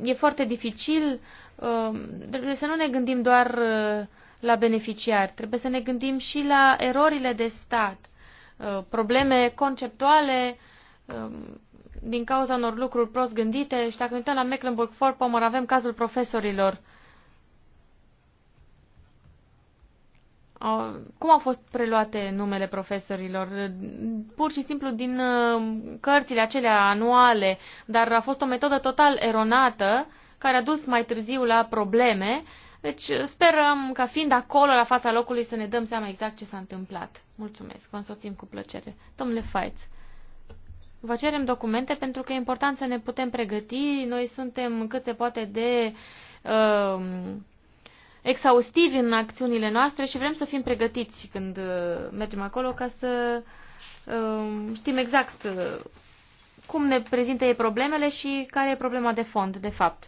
Speaker 2: E foarte dificil, um, trebuie să nu ne gândim doar uh, la beneficiari, trebuie să ne gândim și la erorile de stat. Uh, probleme conceptuale um, din cauza unor lucruri prost gândite și dacă uităm la Mecklenburg-Vorpommern avem cazul profesorilor. Cum au fost preluate numele profesorilor? Pur și simplu din uh, cărțile acelea anuale, dar a fost o metodă total eronată care a dus mai târziu la probleme deci uh, sperăm ca fiind acolo, la fața locului, să ne dăm seama exact ce s-a întâmplat. Mulțumesc, vă însoțim cu plăcere. Domnule Faiț, vă cerem documente pentru că e important să ne putem pregăti. Noi suntem cât se poate de uh, exhaustivi în acțiunile noastre și vrem să fim pregătiți când uh, mergem acolo ca să uh, știm exact uh, cum ne prezintă ei problemele și care e problema de fond, de fapt.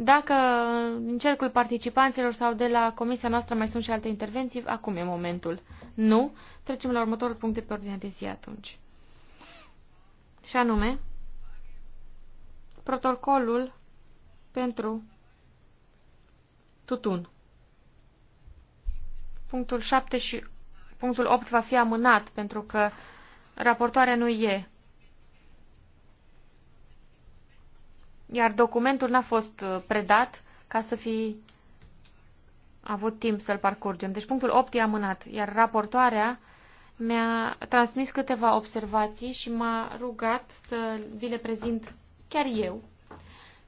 Speaker 2: Dacă în cercul participanților sau de la comisia noastră mai sunt și alte intervenții, acum e momentul. Nu? Trecem la următorul punct de pe ordinea de zi atunci. Și anume, protocolul pentru tutun. Punctul 7 și punctul 8 va fi amânat pentru că raportoarea nu e iar documentul n-a fost uh, predat ca să fi avut timp să-l parcurgem. Deci punctul 8 e amânat, iar raportoarea mi-a transmis câteva observații și m-a rugat să vi le prezint chiar eu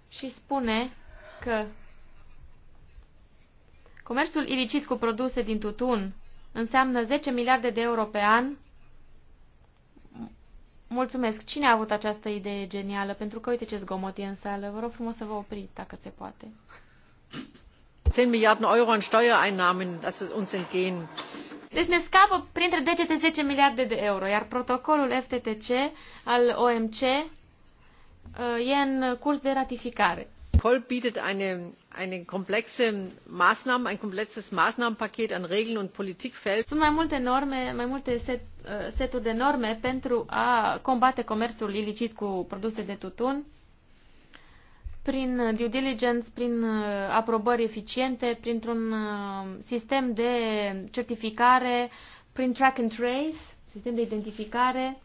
Speaker 2: și spune că comerțul ilicit cu produse din tutun înseamnă 10 miliarde de euro pe an Mulțumesc. Cine a avut această idee genială? Pentru că uite ce zgomot e în sală. Vă rog frumos să vă opriți, dacă se poate.
Speaker 1: 10 miliarde euro în Steuereinnahmen, das uns entgehen.
Speaker 2: Deci ne scapă printre degete 10 miliarde de euro, iar protocolul FTTC al OMC uh, e în curs de ratificare. Kohl bietet
Speaker 1: eine eine ein komplexes Maßnahmenpaket an Regeln und Politik
Speaker 2: Sunt mai multe norme, mai multe uh, seturi de norme pentru a combate comerțul ilicit cu produse de tutun prin due diligence, prin uh, aprobări eficiente, printr-un uh, sistem de certificare, prin track and trace, sistem de identificare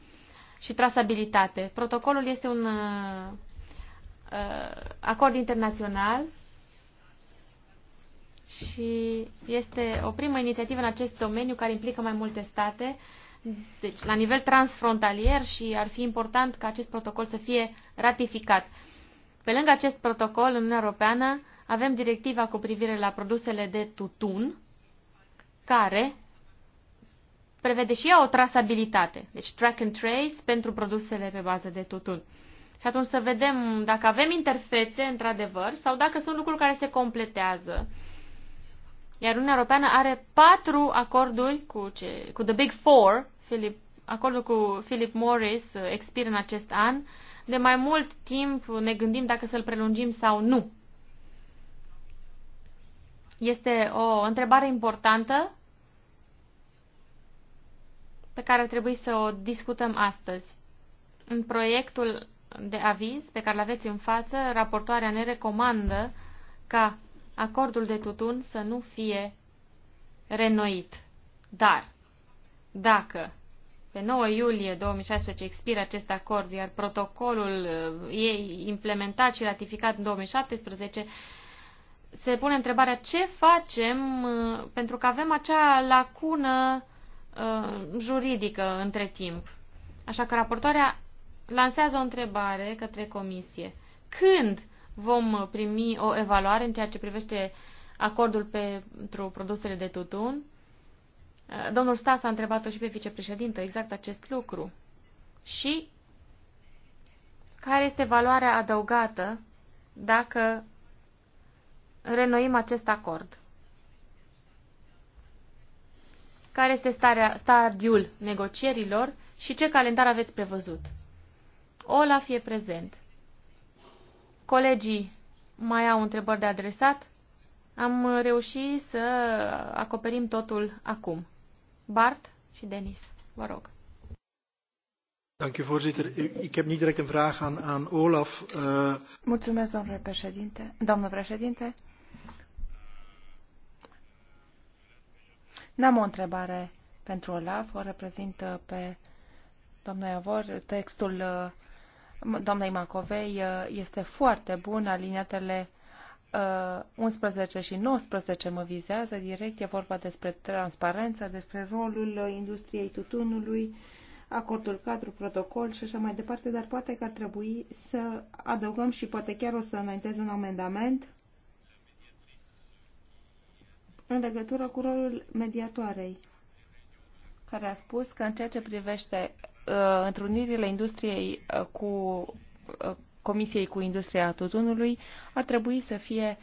Speaker 2: și trasabilitate. Protocolul este un acord internațional și este o primă inițiativă în acest domeniu care implică mai multe state, deci la nivel transfrontalier și ar fi important ca acest protocol să fie ratificat. Pe lângă acest protocol, în Uniunea Europeană avem directiva cu privire la produsele de tutun, care prevede și ea o trasabilitate, deci track and trace pentru produsele pe bază de tutun. Și atunci să vedem dacă avem interfețe, într-adevăr, sau dacă sunt lucruri care se completează iar Uniunea Europeană are patru acorduri cu, ce, cu The Big Four, Philip, acordul cu Philip Morris uh, expiră în acest an. De mai mult timp ne gândim dacă să-l prelungim sau nu. Este o întrebare importantă pe care ar trebui să o discutăm astăzi. În proiectul de aviz pe care l aveți în față, raportoarea ne recomandă ca acordul de tutun să nu fie renoit. Dar, dacă pe 9 iulie 2016 expiră acest acord, iar protocolul uh, e implementat și ratificat în 2017, se pune întrebarea ce facem uh, pentru că avem acea lacună uh, juridică între timp. Așa că raportoarea lansează o întrebare către comisie. Când vom primi o evaluare în ceea ce privește acordul pentru produsele de tutun. Uh, domnul Stas a întrebat-o și pe vicepreședintă exact acest lucru. Și care este valoarea adăugată dacă renoim acest acord? Care este starea, stadiul negocierilor și ce calendar aveți prevăzut? Olaf e prezent. Colegii mai au întrebări de adresat? Am reușit să acoperim totul acum.
Speaker 3: Bart și Denis, vă rog.
Speaker 2: Dank u, voorzitter.
Speaker 1: Ik heb niet direct een vraag aan, aan Olaf. Uh...
Speaker 3: Mulțumesc, domnule președinte. Domnule președinte, n-am o întrebare pentru Olaf. O reprezintă pe domnul Iovor. Textul uh, doamnei Macovei uh, este foarte bună. Aliniatele 11 uh, și 19 mă vizează direct. E vorba despre transparență, despre rolul uh, industriei tutunului, acordul cadru, protocol și așa mai departe, dar poate că ar trebui să adăugăm și poate chiar o să înaintez un amendament în legătură cu rolul mediatoarei care a spus că în ceea ce privește uh, întrunirile industriei uh, cu uh, Comisiei cu Industria Tutunului, ar trebui să fie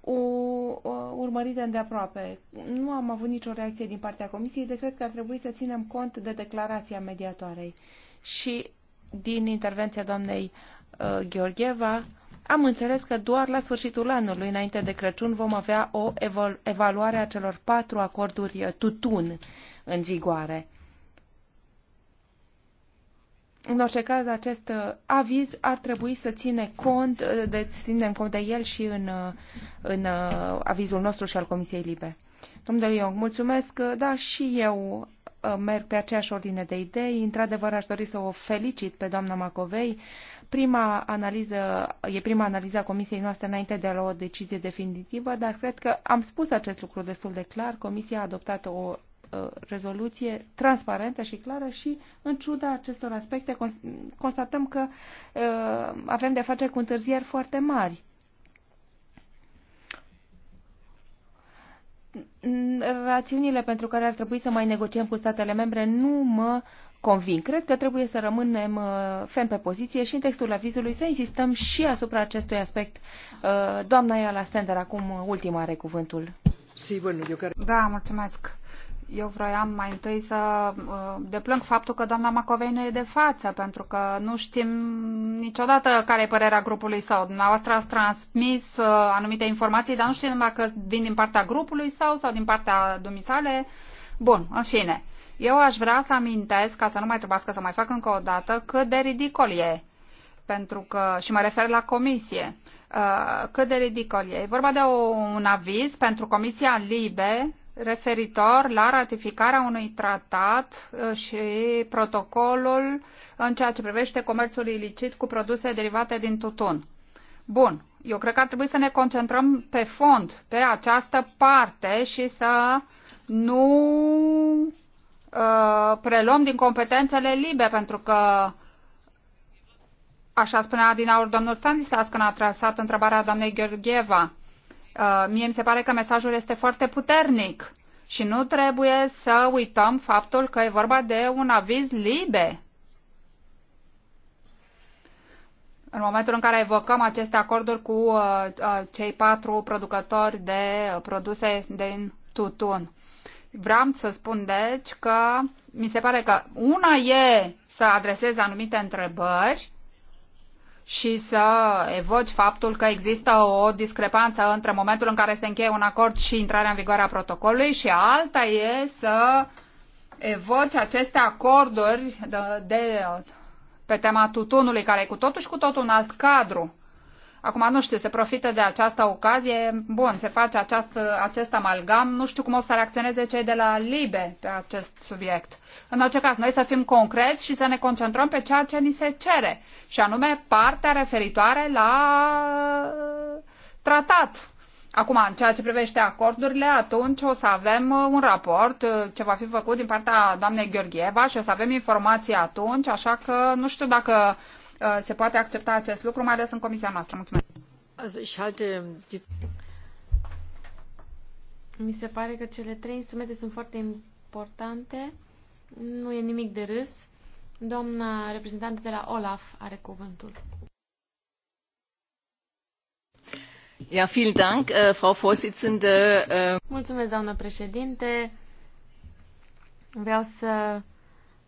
Speaker 3: o, o, uh, urmărite îndeaproape. Nu am avut nicio reacție din partea Comisiei, de cred că ar trebui să ținem cont de declarația mediatoarei. Și din intervenția doamnei uh, Gheorgheva, am înțeles că doar la sfârșitul anului, înainte de Crăciun, vom avea o evaluare a celor patru acorduri uh, tutun în vigoare. În orice caz, acest uh, aviz ar trebui să ține cont, uh, de, ținem cont de el și în, uh, în avizul nostru și al Comisiei Libe. Domnule Iong, mulțumesc. Da, și eu merg pe aceeași ordine de idei. Într-adevăr, aș dori să o felicit pe doamna Macovei. Prima analiză, e prima analiză a comisiei noastre înainte de a lua o decizie definitivă, dar cred că am spus acest lucru destul de clar. Comisia a adoptat o Uh, rezoluție transparentă și clară și, în ciuda acestor aspecte, constatăm că uh, avem de face cu întârzieri foarte mari. Rațiunile pentru care ar trebui să mai negociem cu statele membre nu mă convin. Cred că trebuie să rămânem uh, ferm pe poziție și în textul avizului să insistăm și asupra acestui aspect. Doamna Iala
Speaker 4: Sender, acum ultima are cuvântul. Da, mulțumesc eu vroiam mai întâi să uh, deplâng faptul că doamna Macovei nu e de față, pentru că nu știm niciodată care e părerea grupului sau Dumneavoastră ați transmis uh, anumite informații, dar nu știm dacă vin din partea grupului sau sau din partea dumisale. Bun, în fine. Eu aș vrea să amintesc, ca să nu mai trebuiască să mai fac încă o dată, cât de ridicol e pentru că, și mă refer la comisie, uh, cât de ridicol e. E vorba de o, un aviz pentru Comisia Libe referitor la ratificarea unui tratat uh, și protocolul în ceea ce privește comerțul ilicit cu produse derivate din tutun. Bun, eu cred că ar trebui să ne concentrăm pe fond, pe această parte și să nu uh, preluăm din competențele libe, pentru că Așa spunea din aur domnul Stanislas când a trasat întrebarea doamnei Gheorgheva. Uh, mie mi se pare că mesajul este foarte puternic și nu trebuie să uităm faptul că e vorba de un aviz libe. În momentul în care evocăm aceste acorduri cu uh, uh, cei patru producători de produse din tutun. Vreau să spun, deci, că mi se pare că una e să adresez anumite întrebări și să evoci faptul că există o discrepanță între momentul în care se încheie un acord și intrarea în vigoare a protocolului și alta e să evoci aceste acorduri de, de, pe tema tutunului, care e cu totul și cu totul un alt cadru. Acum, nu știu, se profită de această ocazie, bun, se face aceast, acest amalgam, nu știu cum o să reacționeze cei de la LIBE pe acest subiect. În orice caz, noi să fim concreți și să ne concentrăm pe ceea ce ni se cere, și anume partea referitoare la tratat. Acum, în ceea ce privește acordurile, atunci o să avem uh, un raport uh, ce va fi făcut din partea doamnei Gheorgheva și o să avem informații atunci, așa că nu știu dacă Uh, se poate accepta acest lucru, mai ales în comisia noastră. Mulțumesc. Also, ich halte Mi se pare că cele trei instrumente sunt foarte
Speaker 2: importante. Nu e nimic de râs. Doamna reprezentantă de la OLAF are cuvântul. Ja, vielen Dank, äh, Frau Vorsitzende. Äh... Mulțumesc, doamnă președinte. Vreau să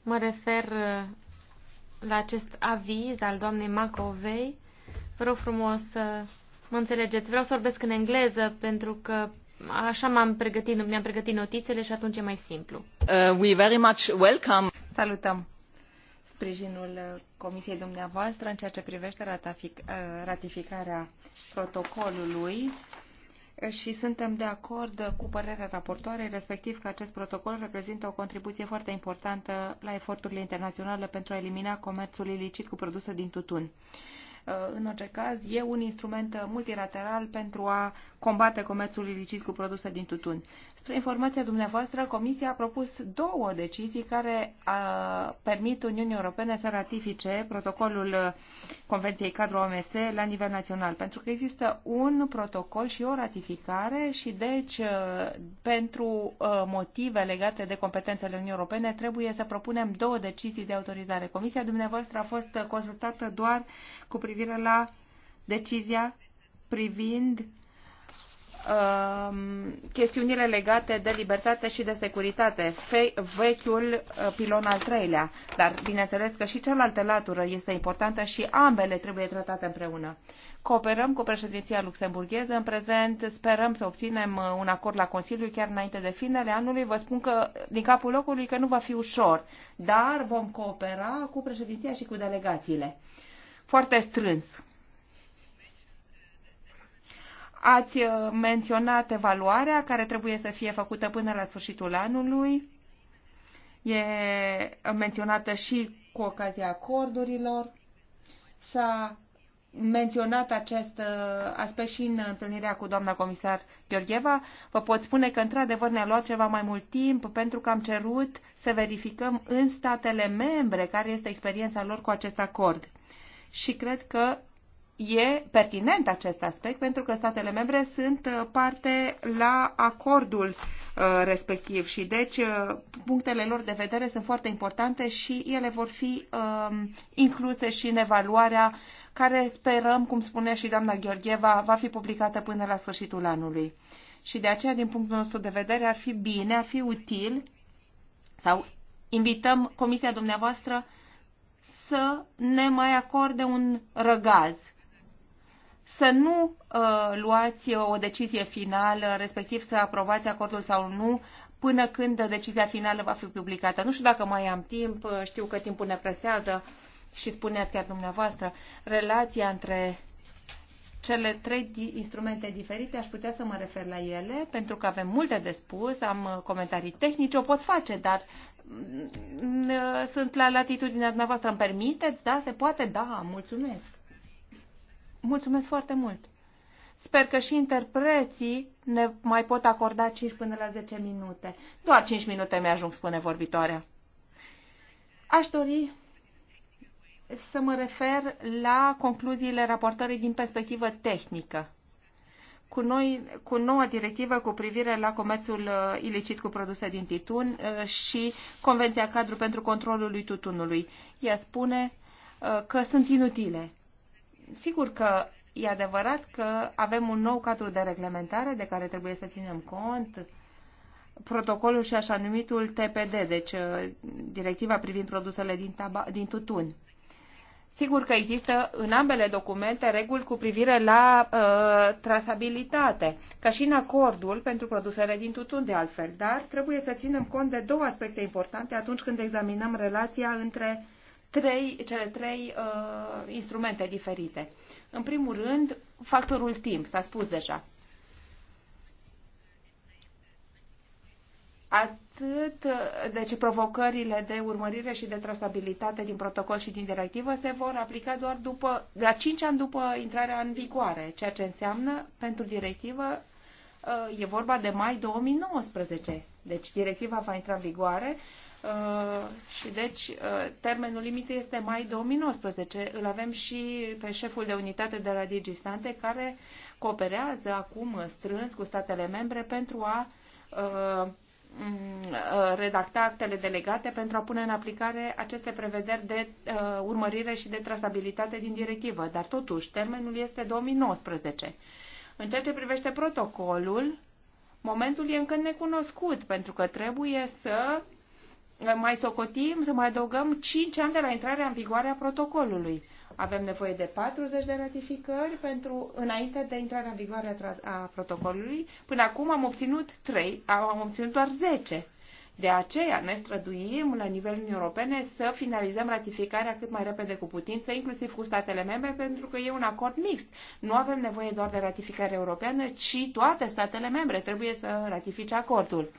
Speaker 2: mă refer la acest aviz al doamnei Macovei. Vă rog frumos să mă înțelegeți. Vreau să vorbesc în engleză pentru că așa m-am pregătit, mi-am pregătit notițele și atunci e mai simplu.
Speaker 3: Uh, we very much welcome. Salutăm sprijinul Comisiei dumneavoastră în ceea ce privește uh, ratificarea protocolului și suntem de acord cu părerea raportoarei, respectiv că acest protocol reprezintă o contribuție foarte importantă la eforturile internaționale pentru a elimina comerțul ilicit cu produse din tutun. Uh, Uh, în orice caz, e un instrument uh, multilateral pentru a combate comerțul ilicit cu produse din tutun. Spre informația dumneavoastră, Comisia a propus două decizii care a, uh, permit Uniunii Europene să ratifice protocolul Convenției Cadru OMS la nivel național, pentru că există un protocol și o ratificare și deci pentru motive legate de competențele Uniunii Europene trebuie să propunem două decizii de autorizare. Comisia dumneavoastră a fost consultată doar cu privire la decizia privind uh, chestiunile legate de libertate și de securitate, Fe vechiul uh, pilon al treilea. Dar, bineînțeles că și cealaltă latură este importantă și ambele trebuie tratate împreună. Cooperăm cu președinția luxemburgheză în prezent, sperăm să obținem uh, un acord la Consiliu chiar înainte de finele anului. Vă spun că din capul locului că nu va fi ușor, dar vom coopera cu președinția și cu delegațiile foarte strâns. Ați uh, menționat evaluarea care trebuie să fie făcută până la sfârșitul anului. E menționată și cu ocazia acordurilor. S-a menționat acest uh, aspect și în întâlnirea cu doamna comisar Gheorgheva. Vă pot spune că, într-adevăr, ne-a luat ceva mai mult timp pentru că am cerut să verificăm în statele membre care este experiența lor cu acest acord și cred că e pertinent acest aspect pentru că statele membre sunt uh, parte la acordul uh, respectiv și deci uh, punctele lor de vedere sunt foarte importante și ele vor fi um, incluse și în evaluarea care sperăm, cum spune și doamna Gheorgheva, va fi publicată până la sfârșitul anului. Și de aceea, din punctul nostru de vedere, ar fi bine, ar fi util sau invităm comisia dumneavoastră să ne mai acorde un răgaz, să nu uh, luați o decizie finală, respectiv să aprobați acordul sau nu, până când decizia finală va fi publicată. Nu știu dacă mai am timp, uh, știu că timpul ne presează și spuneați chiar dumneavoastră, relația între cele trei instrumente diferite, aș putea să mă refer la ele, pentru că avem multe de spus, am uh, comentarii tehnice, o pot face, dar sunt la latitudinea dumneavoastră. Îmi permiteți? Da? Se poate? Da, mulțumesc. Mulțumesc foarte mult. Sper că și interpreții ne mai pot acorda 5 până la 10 minute. Doar 5 minute mi-ajung, spune vorbitoarea. Aș dori să mă refer la concluziile raportării din perspectivă tehnică cu, noi, cu noua directivă cu privire la comerțul uh, ilicit cu produse din titun uh, și Convenția Cadru pentru Controlul lui Tutunului. Ea spune uh, că sunt inutile. Sigur că e adevărat că avem un nou cadru de reglementare de care trebuie să ținem cont, protocolul și așa numitul TPD, deci directiva privind produsele din, taba- din tutun. Sigur că există în ambele documente reguli cu privire la uh, trasabilitate, ca și în acordul pentru produsele din tutun de altfel, dar trebuie să ținem cont de două aspecte importante atunci când examinăm relația între trei, cele trei uh, instrumente diferite. În primul rând, factorul timp, s-a spus deja. A atât, deci provocările de urmărire și de trasabilitate din protocol și din directivă se vor aplica doar după, la 5 ani după intrarea în vigoare, ceea ce înseamnă pentru directivă e vorba de mai 2019. Deci directiva va intra în vigoare uh, și deci uh, termenul limit este mai 2019. Îl avem și pe șeful de unitate de la Digistante care cooperează acum strâns cu statele membre pentru a uh, Mm, uh, redacta actele delegate pentru a pune în aplicare aceste prevederi de uh, urmărire și de trasabilitate din directivă, dar totuși termenul este 2019. În ceea ce privește protocolul, momentul e încă necunoscut, pentru că trebuie să uh, mai socotim, să mai adăugăm 5 ani de la intrarea în vigoare a protocolului. Avem nevoie de 40 de ratificări pentru înainte de intrarea în vigoare a, a protocolului. Până acum am obținut 3, am obținut doar 10. De aceea ne străduim la nivelul Uniunii Europene să finalizăm ratificarea cât mai repede cu putință, inclusiv cu statele membre, pentru că e un acord mixt. Nu avem nevoie doar de ratificare europeană, ci toate statele membre trebuie să ratifice acordul.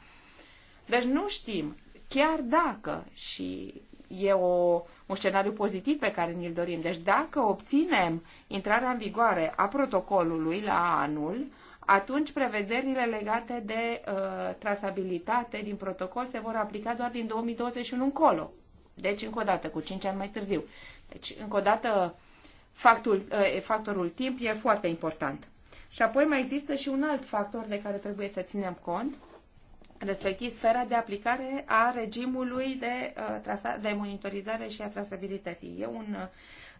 Speaker 3: Deci nu știm, chiar dacă, și e o un scenariu pozitiv pe care ni-l dorim. Deci dacă obținem intrarea în vigoare a protocolului la anul, atunci prevederile legate de uh, trasabilitate din protocol se vor aplica doar din 2021 încolo. Deci, încă o dată, cu 5 ani mai târziu. Deci, încă o dată, factul, uh, factorul timp e foarte important. Și apoi mai există și un alt factor de care trebuie să ținem cont, respectiv sfera de aplicare a regimului de, uh, de monitorizare și a trasabilității. E un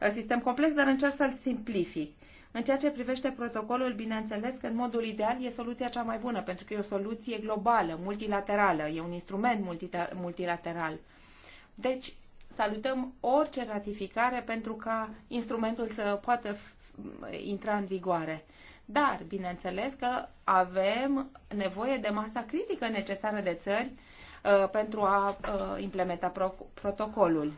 Speaker 3: uh, sistem complex, dar încerc să-l simplific. În ceea ce privește protocolul, bineînțeles că în modul ideal e soluția cea mai bună, pentru că e o soluție globală, multilaterală, e un instrument multilateral. Deci, salutăm orice ratificare pentru ca instrumentul să poată intra în vigoare. Dar, bineînțeles că avem nevoie de masa critică necesară de țări uh, pentru a uh, implementa protocolul.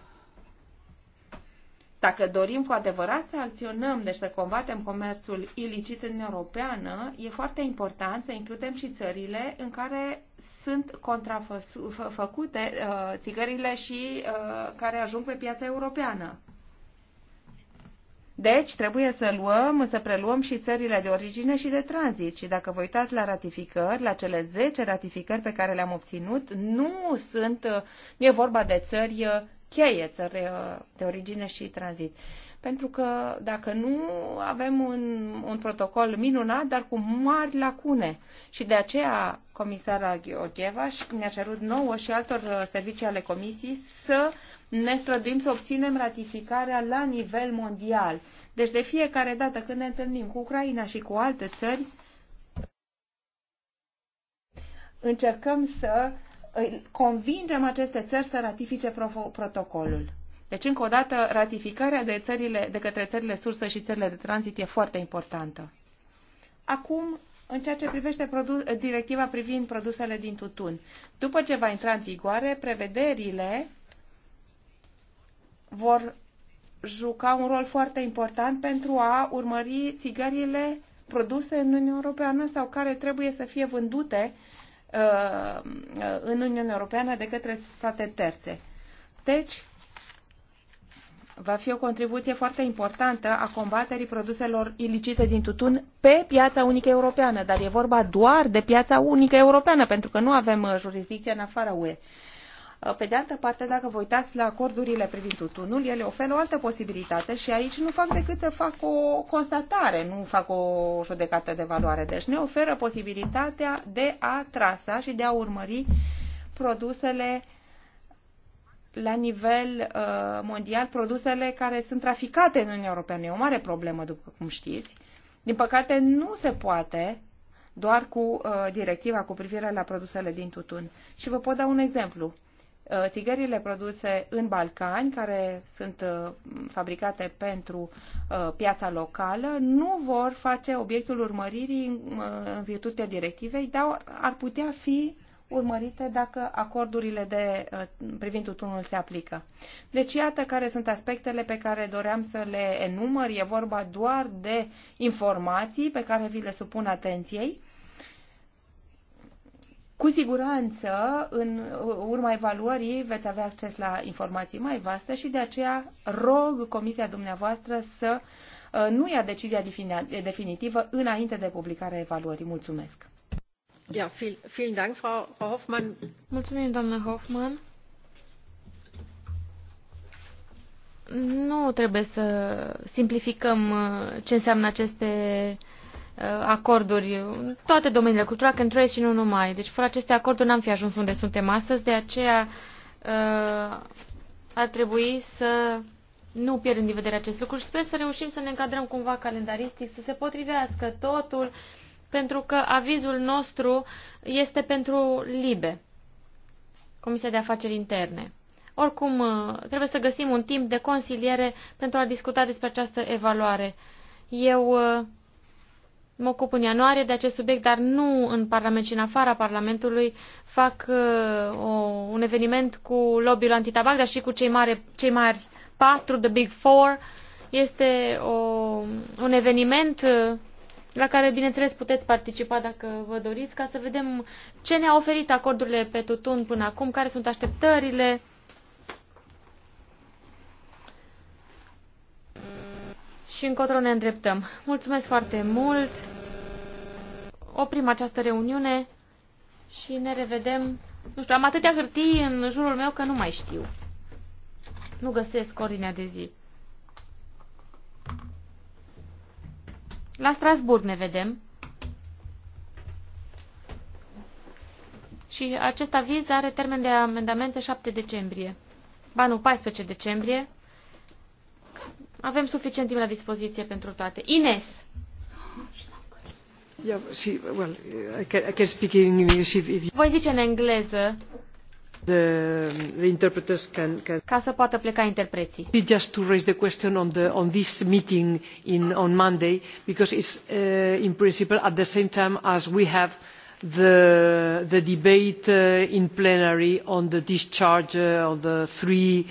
Speaker 3: Dacă dorim cu adevărat să acționăm, deci să combatem comerțul ilicit în Europeană, e foarte important să includem și țările în care sunt contrafăcute uh, țigările și care ajung pe piața europeană. Deci, trebuie să luăm, să preluăm și țările de origine și de tranzit. Și dacă vă uitați la ratificări, la cele 10 ratificări pe care le-am obținut, nu sunt, e vorba de țări uh, cheie, țări uh, de origine și tranzit. Pentru că dacă nu, avem un, un protocol minunat, dar cu mari lacune. Și de aceea comisara Gheorgheva mi a cerut nouă și altor uh, servicii ale comisiei să uh, ne străduim să obținem ratificarea la nivel mondial. Deci de fiecare dată când ne întâlnim cu Ucraina și cu alte țări, încercăm să convingem aceste țări să ratifice protocolul. Deci, încă o dată, ratificarea de, țările, de către țările sursă și țările de tranzit e foarte importantă. Acum, în ceea ce privește directiva privind produsele din tutun, după ce va intra în vigoare, prevederile vor juca un rol foarte important pentru a urmări țigările produse în Uniunea Europeană sau care trebuie să fie vândute uh, în Uniunea Europeană de către state terțe. Deci, va fi o contribuție foarte importantă a combaterii produselor ilicite din tutun pe piața unică europeană, dar e vorba doar de piața unică europeană, pentru că nu avem uh, jurisdicție în afara UE. Uh, pe de altă parte, dacă vă uitați la acordurile privind tutunul, ele oferă o altă posibilitate și aici nu fac decât să fac o constatare, nu fac o judecată de valoare. Deci ne oferă posibilitatea de a trasa și de a urmări produsele la nivel uh, mondial, produsele care sunt traficate în Uniunea Europeană. E o mare problemă, după cum știți. Din păcate, nu se poate doar cu uh, directiva cu privire la produsele din tutun. Și vă pot da un exemplu. Uh, tigările produse în Balcani, care sunt uh, fabricate pentru uh, piața locală, nu vor face obiectul urmăririi în virtutea directivei, dar ar putea fi urmărite dacă acordurile de privind tutunul se aplică. Deci iată care sunt aspectele pe care doream să le enumăr. E vorba doar de informații pe care vi le supun atenției cu siguranță, în urma evaluării, veți avea acces la informații mai vaste și de aceea rog Comisia dumneavoastră să uh, nu ia decizia definitivă înainte de publicarea evaluării. Mulțumesc!
Speaker 1: Ja, viel, vielen Dank, Frau, Frau Hoffmann. Mulțumim, doamnă Hoffmann.
Speaker 2: Nu trebuie să simplificăm uh, ce înseamnă aceste uh, Uh, acorduri în toate domeniile, cultura, când trăiesc și nu numai. Deci fără aceste acorduri n-am fi ajuns unde suntem astăzi, de aceea uh, ar trebui să nu pierdem din vedere acest lucru și sper să reușim să ne încadrăm cumva calendaristic, să se potrivească totul, pentru că avizul nostru este pentru LIBE, Comisia de Afaceri Interne. Oricum, uh, trebuie să găsim un timp de consiliere pentru a discuta despre această evaluare. Eu Mă ocup în ianuarie de acest subiect, dar nu în Parlament, ci în afara Parlamentului. Fac uh, o, un eveniment cu lobby-ul antitabac, dar și cu cei, mare, cei mari patru, The Big Four. Este o, un eveniment uh, la care, bineînțeles, puteți participa dacă vă doriți, ca să vedem ce ne-a oferit acordurile pe tutun până acum, care sunt așteptările și încotro ne îndreptăm. Mulțumesc foarte mult! Oprim această reuniune și ne revedem. Nu știu, am atâtea hârtii în jurul meu că nu mai știu. Nu găsesc ordinea de zi. La Strasburg ne vedem. Și acest aviz are termen de amendamente 7 decembrie. Ba nu, 14 decembrie. Avem suficient timp la dispoziție pentru toate. Ines! Voi zice în engleză
Speaker 1: The, the interpreters can, can... ca să poată pleca interpreții. Just to raise the question on, the, on this meeting in, on Monday, because it's uh, in principle at the same time as we have the, the debate uh, in plenary on the discharge uh, of the three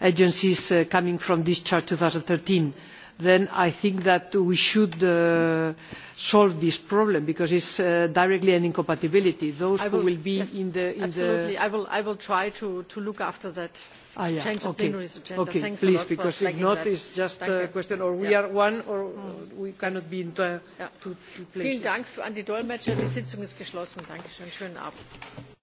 Speaker 1: agencies uh, coming from discharge two thousand and thirteen then i think that we should uh, solve this problem because it is uh, directly an incompatibility. those who will be in the. absolutely I, will, i will try to, to look after that ah, change of the plenary's agenda. Okay. please because if not it is just a question or we are one or mm. we cannot be in two, places.